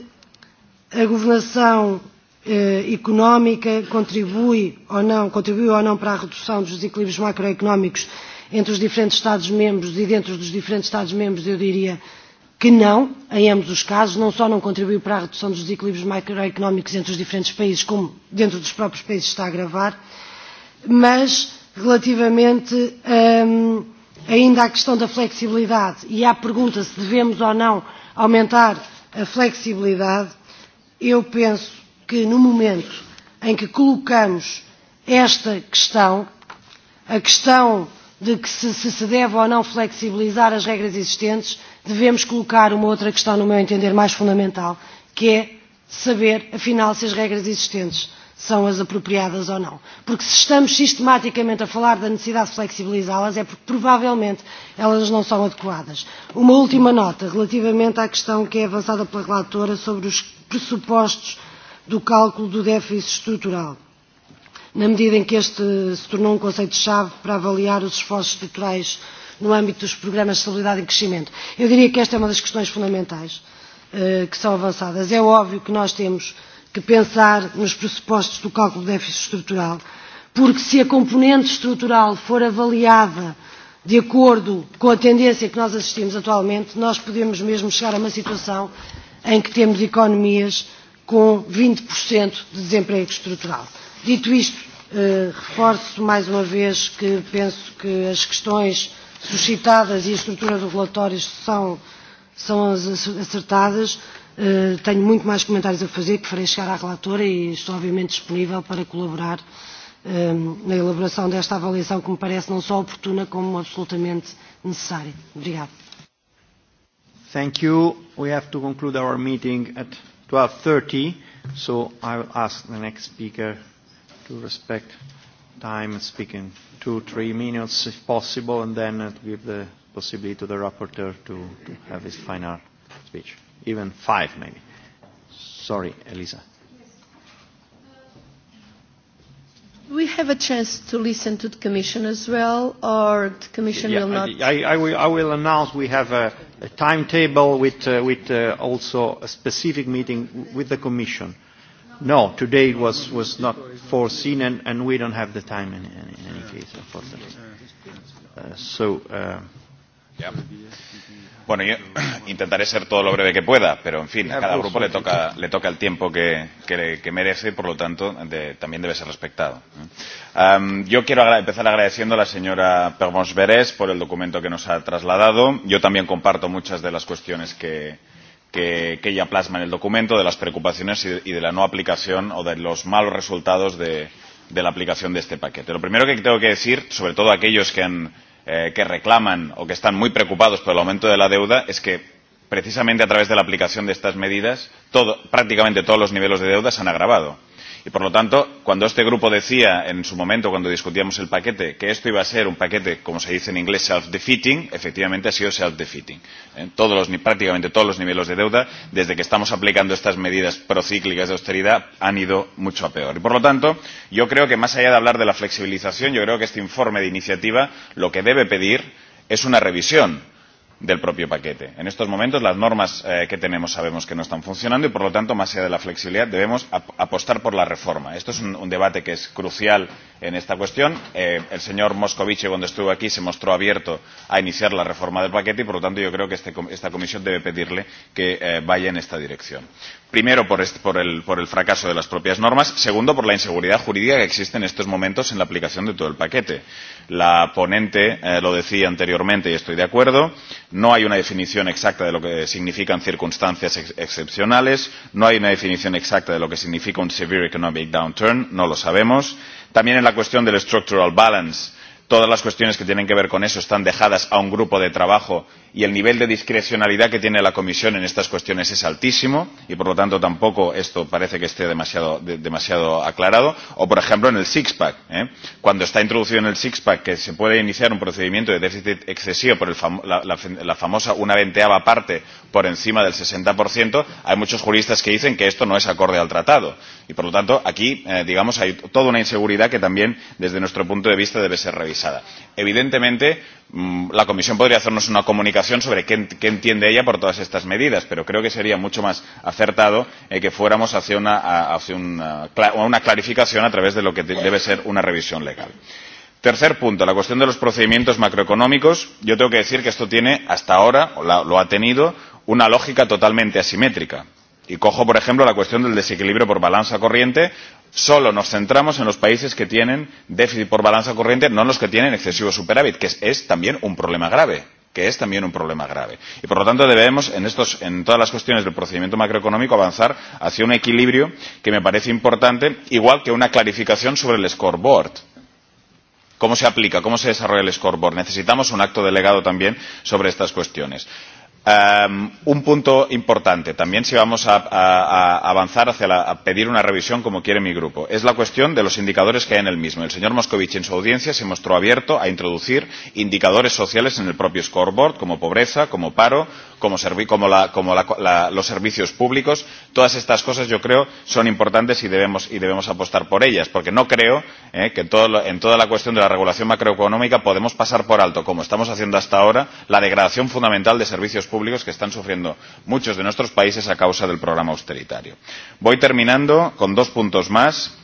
a governação eh, económica contribui ou não, contribuiu ou não para a redução dos desequilíbrios macroeconómicos entre os diferentes Estados-membros e dentro dos diferentes Estados-membros, eu diria, que não, em ambos os casos, não só não contribuiu para a redução dos desequilíbrios macroeconómicos entre os diferentes países, como dentro dos próprios países está a agravar, mas relativamente um, ainda à questão da flexibilidade e à pergunta se devemos ou não aumentar a flexibilidade, eu penso que no momento em que colocamos esta questão, a questão de que se, se deve ou não flexibilizar as regras existentes, devemos colocar uma outra questão, no meu entender, mais fundamental, que é saber, afinal, se as regras existentes são as apropriadas ou não. Porque se estamos sistematicamente a falar da necessidade de flexibilizá-las, é porque provavelmente elas não são adequadas. Uma última nota relativamente à questão que é avançada pela relatora sobre os pressupostos do cálculo do déficit estrutural, na medida em que este se tornou um conceito-chave para avaliar os esforços estruturais uh, no âmbito dos programas de estabilidade e crescimento. Eu diria que esta é uma das questões fundamentais eh, que são avançadas. É óbvio que nós temos que pensar nos pressupostos do cálculo do déficit estrutural, porque se a componente estrutural for avaliada de acordo com a tendência que nós assistimos atualmente, nós podemos mesmo chegar a uma situação em que temos economias com 20% de desemprego estrutural. Dito isto, eh, reforço mais uma vez que penso que as questões suscitadas e a estrutura do relatório são, são acertadas. Uh, tenho muito mais comentários a fazer que farei chegar à relatora e estou obviamente disponível para colaborar uh, na elaboração desta avaliação que me parece não só oportuna como absolutamente necessária. Obrigado. Thank you. We have to conclude our meeting at 12:30, so I will ask the next speaker to respect time speaking two, three minutes if possible, and then uh, give the possibility to the rapporteur to, to have his final speech. Even five, maybe. Sorry, Elisa. we have a chance to listen to the Commission as well, or the Commission yeah, will not? I, I, will, I will announce we have a, a timetable with, uh, with uh, also a specific meeting with the Commission. No, today was, was not foreseen, and, and we don't have the time in, in, in any case, unfortunately. Uh, so. Uh, Ya. Bueno, yo intentaré ser todo lo breve que pueda, pero en fin, a cada grupo le toca, le toca el tiempo que, que, que merece y por lo tanto de, también debe ser respetado. Um, yo quiero agra empezar agradeciendo a la señora Permos Berés por el documento que nos ha trasladado. Yo también comparto muchas de las cuestiones que, que, que ella plasma en el documento de las preocupaciones y de, y de la no aplicación o de los malos resultados de, de la aplicación de este paquete. Lo primero que tengo que decir, sobre todo aquellos que, han, eh, que reclaman o que están muy preocupados por el aumento de la deuda, es que precisamente a través de la aplicación de estas medidas todo, prácticamente todos los niveles de deuda se han agravado Y por lo tanto, cuando este grupo decía en su momento, cuando discutíamos el paquete, que esto iba a ser un paquete, como se dice en inglés, self-defeating, efectivamente ha sido self-defeating. En ¿eh? todos los, prácticamente todos los niveles de deuda, desde que estamos aplicando estas medidas procíclicas de austeridad, han ido mucho a peor. Y por lo tanto, yo creo que más allá de hablar de la flexibilización, yo creo que este informe de iniciativa lo que debe pedir es una revisión del propio paquete. En estos momentos las normas eh, que tenemos sabemos que no están funcionando y, por lo tanto, más allá de la flexibilidad, debemos ap apostar por la reforma. Esto es un, un debate que es crucial en esta cuestión. Eh, el señor Moscovici, cuando estuvo aquí, se mostró abierto a iniciar la reforma del paquete y, por lo tanto, yo creo que este, esta comisión debe pedirle que eh, vaya en esta dirección primero por, este, por, el, por el fracaso de las propias normas, segundo por la inseguridad jurídica que existe en estos momentos en la aplicación de todo el paquete. La ponente eh, lo decía anteriormente y estoy de acuerdo, no hay una definición exacta de lo que significan circunstancias ex excepcionales, no hay una definición exacta de lo que significa un severe economic downturn, no lo sabemos. También en la cuestión del structural balance, todas las cuestiones que tienen que ver con eso están dejadas a un grupo de trabajo y el nivel de discrecionalidad que tiene la Comisión en estas cuestiones es altísimo y, por lo tanto, tampoco esto parece que esté demasiado, de, demasiado aclarado. O, por ejemplo, en el six-pack. ¿eh? Cuando está introducido en el six-pack que se puede iniciar un procedimiento de déficit excesivo por el fam la, la, la famosa una venteava parte por encima del 60%, hay muchos juristas que dicen que esto no es acorde al tratado. Y, por lo tanto, aquí, eh, digamos, hay toda una inseguridad que también, desde nuestro punto de vista, debe ser revisada. Evidentemente, mmm, la Comisión podría hacernos una comunicación explicación sobre qué, qué entiende ella por todas estas medidas, pero creo que sería mucho más acertado eh, que fuéramos hacia, una, hacia una, una clarificación a través de lo que debe ser una revisión legal. Tercer punto, la cuestión de los procedimientos macroeconómicos. Yo tengo que decir que esto tiene, hasta ahora, la, lo ha tenido, una lógica totalmente asimétrica. Y cojo, por ejemplo, la cuestión del desequilibrio por balanza corriente. Solo nos centramos en los países que tienen déficit por balanza corriente, no en los que tienen excesivo superávit, que es, es también un problema grave que es también un problema grave. Y por lo tanto debemos, en, estos, en todas las cuestiones del procedimiento macroeconómico, avanzar hacia un equilibrio que me parece importante, igual que una clarificación sobre el scoreboard. ¿Cómo se aplica? ¿Cómo se desarrolla el scoreboard? Necesitamos un acto delegado también sobre estas cuestiones. Um, un punto importante también si vamos a, a, a avanzar hacia la, a pedir una revisión como quiere mi grupo es la cuestión de los indicadores que hay en el mismo. El señor Moscovici en su audiencia se mostró abierto a introducir indicadores sociales en el propio scoreboard como pobreza, como paro, como, servi como, la, como la, la, los servicios públicos. Todas estas cosas, yo creo, son importantes y debemos, y debemos apostar por ellas, porque no creo eh, que en, todo, en toda la cuestión de la regulación macroeconómica podemos pasar por alto, como estamos haciendo hasta ahora, la degradación fundamental de servicios públicos que están sufriendo muchos de nuestros países a causa del programa austeritario. Voy terminando con dos puntos más.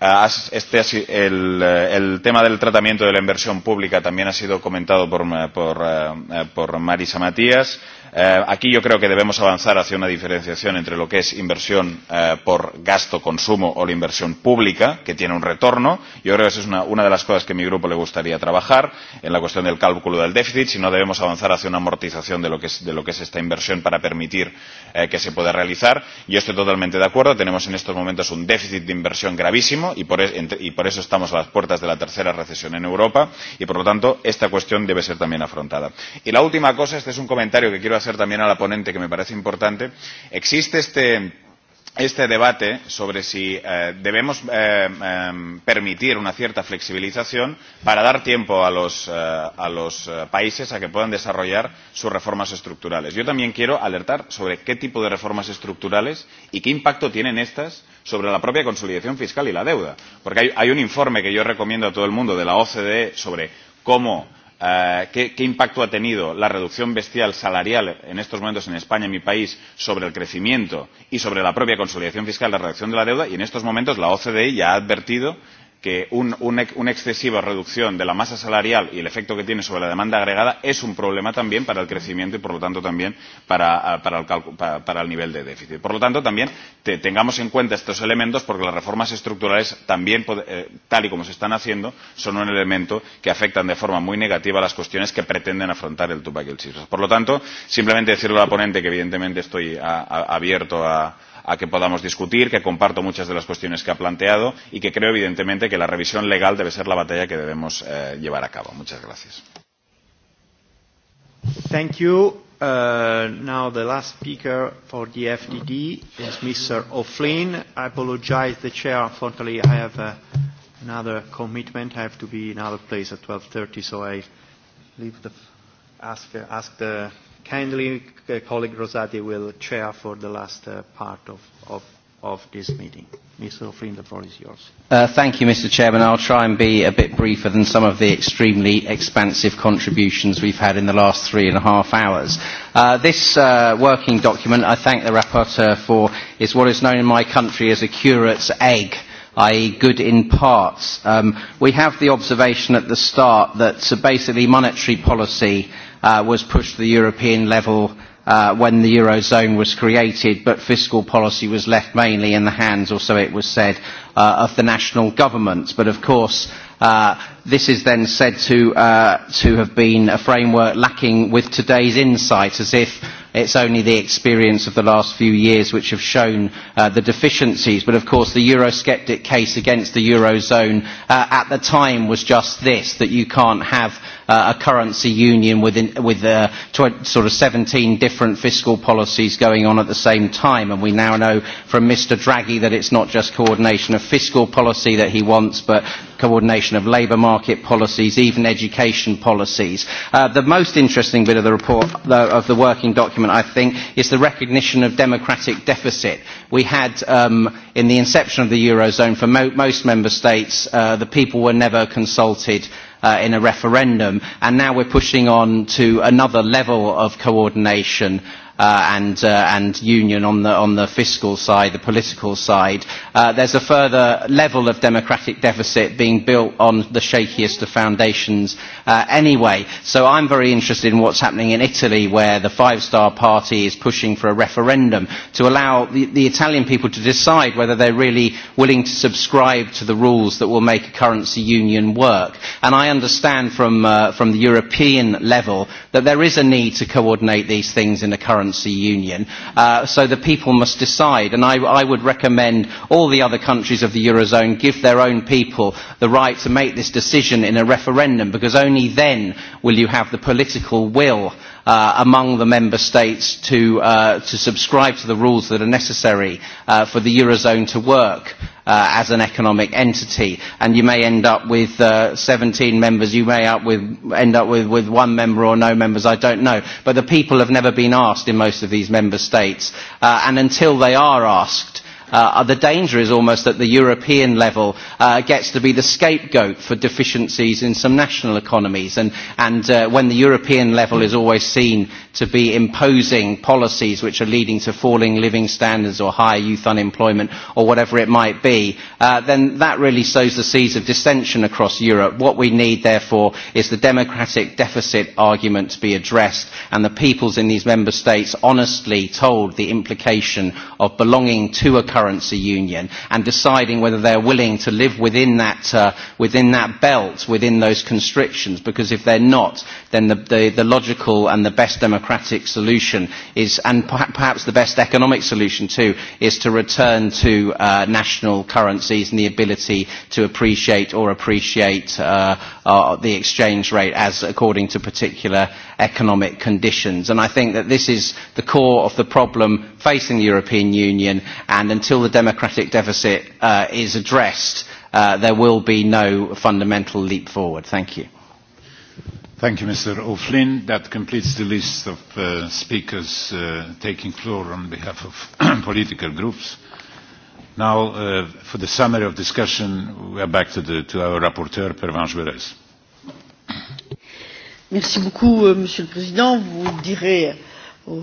Ah, este, el, el tema del tratamiento de la inversión pública también ha sido comentado por, por, eh, por Marisa Matías. Eh, aquí yo creo que debemos avanzar hacia una diferenciación entre lo que es inversión eh, por gasto, consumo o la inversión pública, que tiene un retorno. Yo creo que esa es una, una de las cosas que a mi grupo le gustaría trabajar en la cuestión del cálculo del déficit, si no debemos avanzar hacia una amortización de lo que es, de lo que es esta inversión para permitir eh, que se pueda realizar. Yo estoy totalmente de acuerdo. Tenemos en estos momentos un déficit de inversión gravísimo y por, es, entre, y por eso estamos a las puertas de la tercera recesión en Europa y, por lo tanto, esta cuestión debe ser también afrontada. Y la última cosa, este es un comentario que quiero hacer también a la ponente, que me parece importante. Existe este, este debate sobre si eh, debemos eh, eh, permitir una cierta flexibilización para dar tiempo a los, eh, a los eh, países a que puedan desarrollar sus reformas estructurales. Yo también quiero alertar sobre qué tipo de reformas estructurales y qué impacto tienen estas sobre la propia consolidación fiscal y la deuda. Porque hay, hay un informe que yo recomiendo a todo el mundo de la OCDE sobre cómo Uh, ¿qué, ¿Qué impacto ha tenido la reducción bestial salarial en estos momentos en España, en mi país, sobre el crecimiento y sobre la propia consolidación fiscal, la reducción de la deuda? Y en estos momentos la OCDE ya ha advertido que un, un, una excesiva reducción de la masa salarial y el efecto que tiene sobre la demanda agregada es un problema también para el crecimiento y, por lo tanto, también para, para, el, para, para el nivel de déficit. Por lo tanto, también te, tengamos en cuenta estos elementos porque las reformas estructurales también, eh, tal y como se están haciendo, son un elemento que afectan de forma muy negativa a las cuestiones que pretenden afrontar el Tupac y el Chispas. Por lo tanto, simplemente decirle a la ponente que, evidentemente, estoy a, a, abierto a a que podamos discutir, que comparto muchas de las cuestiones que ha planteado y que creo, evidentemente, que la revisión legal debe ser la batalla que debemos eh, llevar a cabo. Muchas gracias. Thank you. Uh, now the last speaker for the FDD is Mr. O'Flynn. I apologize, the chair. Unfortunately, I have uh, another commitment. I have to be in another place at 12:30, so I leave the ask ask the Kindly, uh, colleague Rosati will chair for the last uh, part of, of, of this meeting. Mr. O'Flynn, the floor is yours. Uh, thank you, Mr. Chairman. I'll try and be a bit briefer than some of the extremely expansive contributions we've had in the last three and a half hours. Uh, this uh, working document, I thank the rapporteur for, is what is known in my country as a curate's egg i.e. good in parts. Um, we have the observation at the start that so uh, basically monetary policy uh, was pushed to the European level uh, when the Eurozone was created, but fiscal policy was left mainly in the hands, or so it was said, uh, of the national governments. But of course, uh, this is then said to, uh, to have been a framework lacking with today's insight, as if it's only the experience of the last few years which have shown uh, the deficiencies. But of course, the Eurosceptic case against the Eurozone uh, at the time was just this, that you can't have uh, a currency union within, with uh, tw- sort of 17 different fiscal policies going on at the same time. And we now know from Mr Draghi that it's not just coordination of fiscal policy that he wants, but coordination of labour markets market policies, even education policies. Uh, the most interesting bit of the report, though, of the working document, I think, is the recognition of democratic deficit. We had, um, in the inception of the Eurozone, for mo- most member states, uh, the people were never consulted uh, in a referendum, and now we're pushing on to another level of coordination uh, and, uh, and union on the, on the fiscal side, the political side. Uh, there's a further level of democratic deficit being built on the shakiest of foundations uh, anyway. So I'm very interested in what's happening in Italy where the Five Star Party is pushing for a referendum to allow the, the Italian people to decide whether they're really willing to subscribe to the rules that will make a currency union work. And I understand from, uh, from the European level that there is a need to coordinate these things in a currency currency union. Uh, so the people must decide. And I, I would recommend all the other countries of the Eurozone give their own people the right to make this decision in a referendum because only then will you have the political will uh, among the member states to, uh, to subscribe to the rules that are necessary uh, for the Eurozone to work uh, as an economic entity. And you may end up with uh, 17 members, you may up with, end up with, with one member or no members, I don't know. But the people have never been asked in most of these member states. Uh, and until they are asked, Uh, the danger is almost that the European level uh, gets to be the scapegoat for deficiencies in some national economies, and, and uh, when the European level is always seen to be imposing policies which are leading to falling living standards or higher youth unemployment or whatever it might be, uh, then that really sows the seeds of dissension across Europe. What we need, therefore, is the democratic deficit argument to be addressed and the peoples in these member states honestly told the implication of belonging to a currency union and deciding whether they're willing to live within that, uh, within that belt, within those constrictions, because if they're not, then the, the, the logical and the best democratic solution is, and per- perhaps the best economic solution too, is to return to uh, national currencies and the ability to appreciate or appreciate uh, uh, the exchange rate as according to particular economic conditions. And I think that this is the core of the problem facing the European Union, and until the democratic deficit uh, is addressed, uh, there will be no fundamental leap forward. Thank you. Thank you, Mr. O'Flynn. That completes the list of uh, speakers uh, taking floor on behalf of political groups. Now, uh, for the summary of discussion, we are back to, the, to our rapporteur, Pervenche Beres. Merci beaucoup, euh, Monsieur le Président. Vous direz au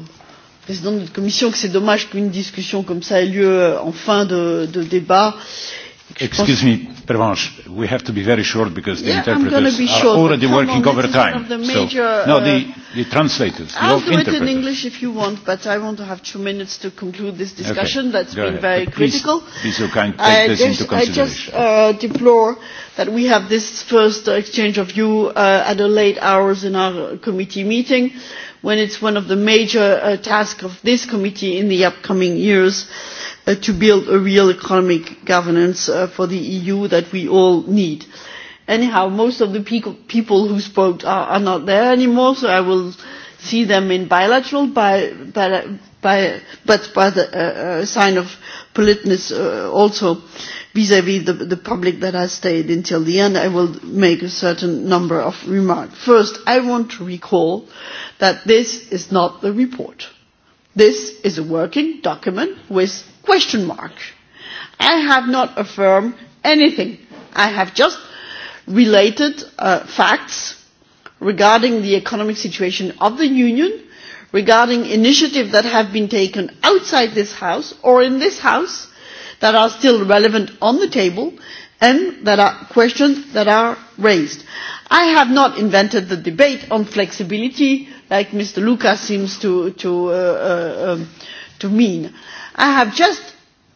président de notre commission que c'est dommage qu'une discussion comme ça ait lieu euh, en fin de, de débat. Euh, Excuse me, Pervenche, we have to be very short because the yeah, interpreters be are short, already working on, overtime. Major, so, no, the, uh, the translators. I'll the do interpreters. it in English if you want, but I want to have two minutes to conclude this discussion. Okay, That's been ahead. very but critical. Please, please so kind, take I this just, into consideration. I just uh, deplore that we have this first exchange of view uh, at a late hours in our committee meeting, when it's one of the major uh, tasks of this committee in the upcoming years. Uh, uh, to build a real economic governance uh, for the EU that we all need. Anyhow, most of the pe- people who spoke are, are not there anymore, so I will see them in bilateral, by, by, by, but by the uh, uh, sign of politeness uh, also vis-à-vis -vis the, the public that has stayed until the end, I will make a certain number of remarks. First, I want to recall that this is not the report. This is a working document with Question mark. I have not affirmed anything. I have just related uh, facts regarding the economic situation of the Union, regarding initiatives that have been taken outside this House or in this House that are still relevant on the table and that are questions that are raised. I have not invented the debate on flexibility like Mr. Lucas seems to, to, uh, uh, um, to mean. Uh, I have just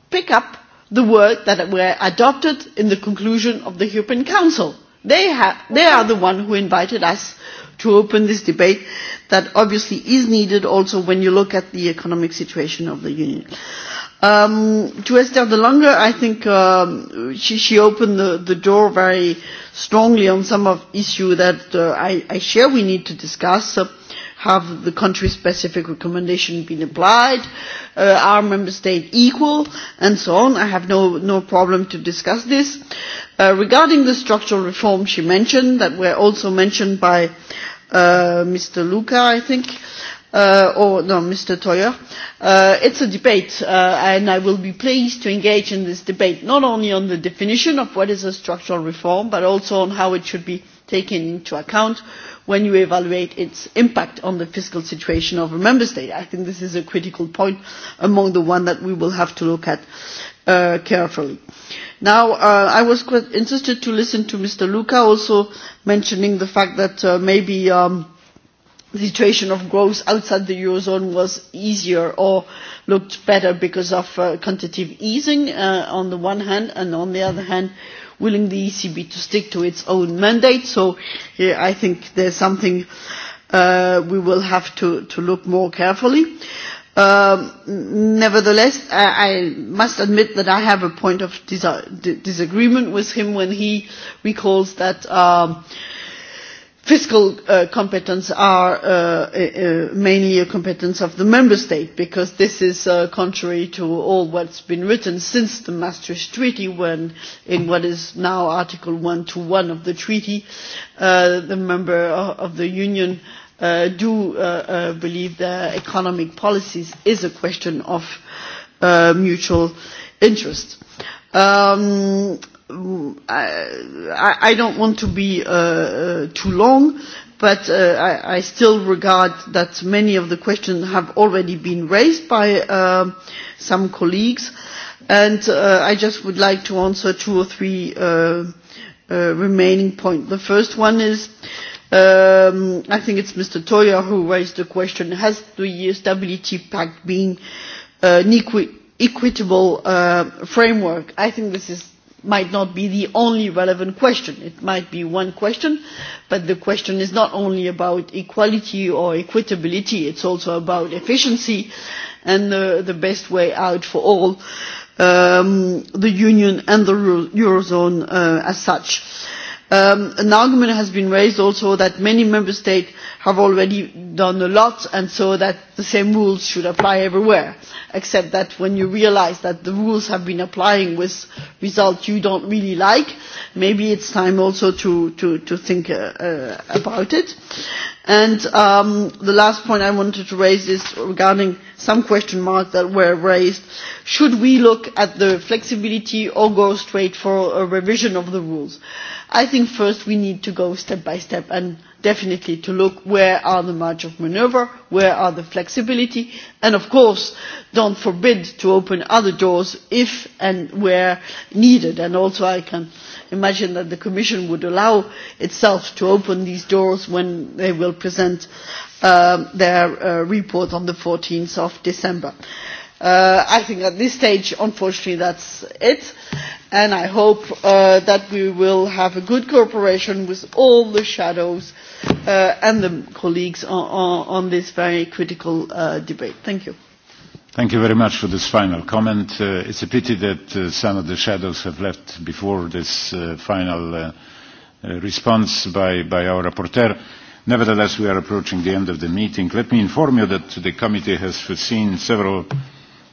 picked up the words that were adopted in the conclusion of the European Council. They, have, they are the ones who invited us to open this debate that obviously is needed also when you look at the economic situation of the Union. Um, to Esther de Lange, I think um, she, she opened the, the door very strongly on some of issue that uh, I, I share we need to discuss. Uh, so, have the country specific recommendation been applied uh, are member states equal and so on i have no, no problem to discuss this uh, regarding the structural reforms she mentioned that were also mentioned by uh, mr luca i think uh, or no, Mr. Toyer. Uh, it's a debate, uh, and I will be pleased to engage in this debate, not only on the definition of what is a structural reform, but also on how it should be uh, taken into account when you evaluate its impact on the fiscal situation of a member state. i think this is a critical point among the ones that we will have to look at uh, carefully. Now, uh, I was quite interested to listen to Mr. Luca also mentioning the fact that uh, maybe um, the situation of growth outside the eurozone was easier or looked better because of uh, quantitative easing uh, on the one hand and on the other hand willing the ECB to stick to its own mandate. So yeah, I think there's something uh, we will have to, to look more carefully. Um, nevertheless, I, I must admit that I have a point of dis- disagreement with him when he recalls that um, uh, fiscal uh, competence are uh, uh, uh, mainly a competence of the member state because this is uh, contrary to all what's been written since the Maastricht Treaty when in what is now Article 121 of the treaty uh, the member of, of the Union uh, do uh, uh, believe that economic policies is a question of uh, mutual interest. Um, I, I don't want to be uh, uh, too long, but uh, I, I still regard that many of the questions have already been raised by uh, some colleagues, and uh, I just would like to answer two or three uh, uh, remaining points. The first one is, um, I think it's Mr. Toya who raised the question, has the e Stability Pact been an uh, equi equitable uh, framework? I think this is might not be the only relevant question. It might be one question, but the question is not only about equality or equitability, it's also about efficiency and uh, the best way out for all um, the Union and the Eurozone uh, as such. Uh, Um, an argument has been raised also that many member states have already done a lot and so that the same rules should apply everywhere except that when you realise that the rules have been applying with results you do not really like maybe it is time also to, to, to think uh, uh, about it. And um, the last point I wanted to raise is regarding some question marks that were raised. Should we look at the flexibility or go straight for a revision of the rules? Uh, I think first we need to go step by step and definitely to look where are the margin of manoeuvre, where are the flexibility, and of course don't forbid to open other doors if and where needed. And also I can imagine that the Commission would allow itself to open these doors when they will present uh, their uh, report on the 14th of December. Uh, uh, I think at this stage, unfortunately, that's it. And I hope uh, that we will have a good cooperation with all the shadows uh, and the colleagues on, on, on this very critical uh, debate. Thank you. Thank you very much for this final comment. Uh, it's a pity that uh, some of the shadows have left before this uh, final uh, uh, response by, by our rapporteur. Nevertheless, we are approaching the end of the meeting. Let me inform you that the committee has foreseen several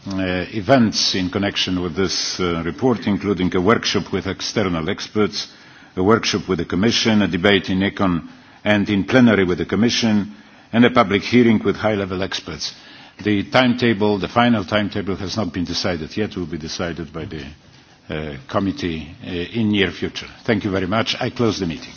uh, events in connection with this uh, report, including a workshop with external experts, a workshop with the Commission, a debate in ECON and in plenary with the Commission, and a public hearing with high-level experts. The timetable, the final timetable, has not been decided yet. It will be decided by the uh, committee uh, in near future. Thank you very much. I close the meeting.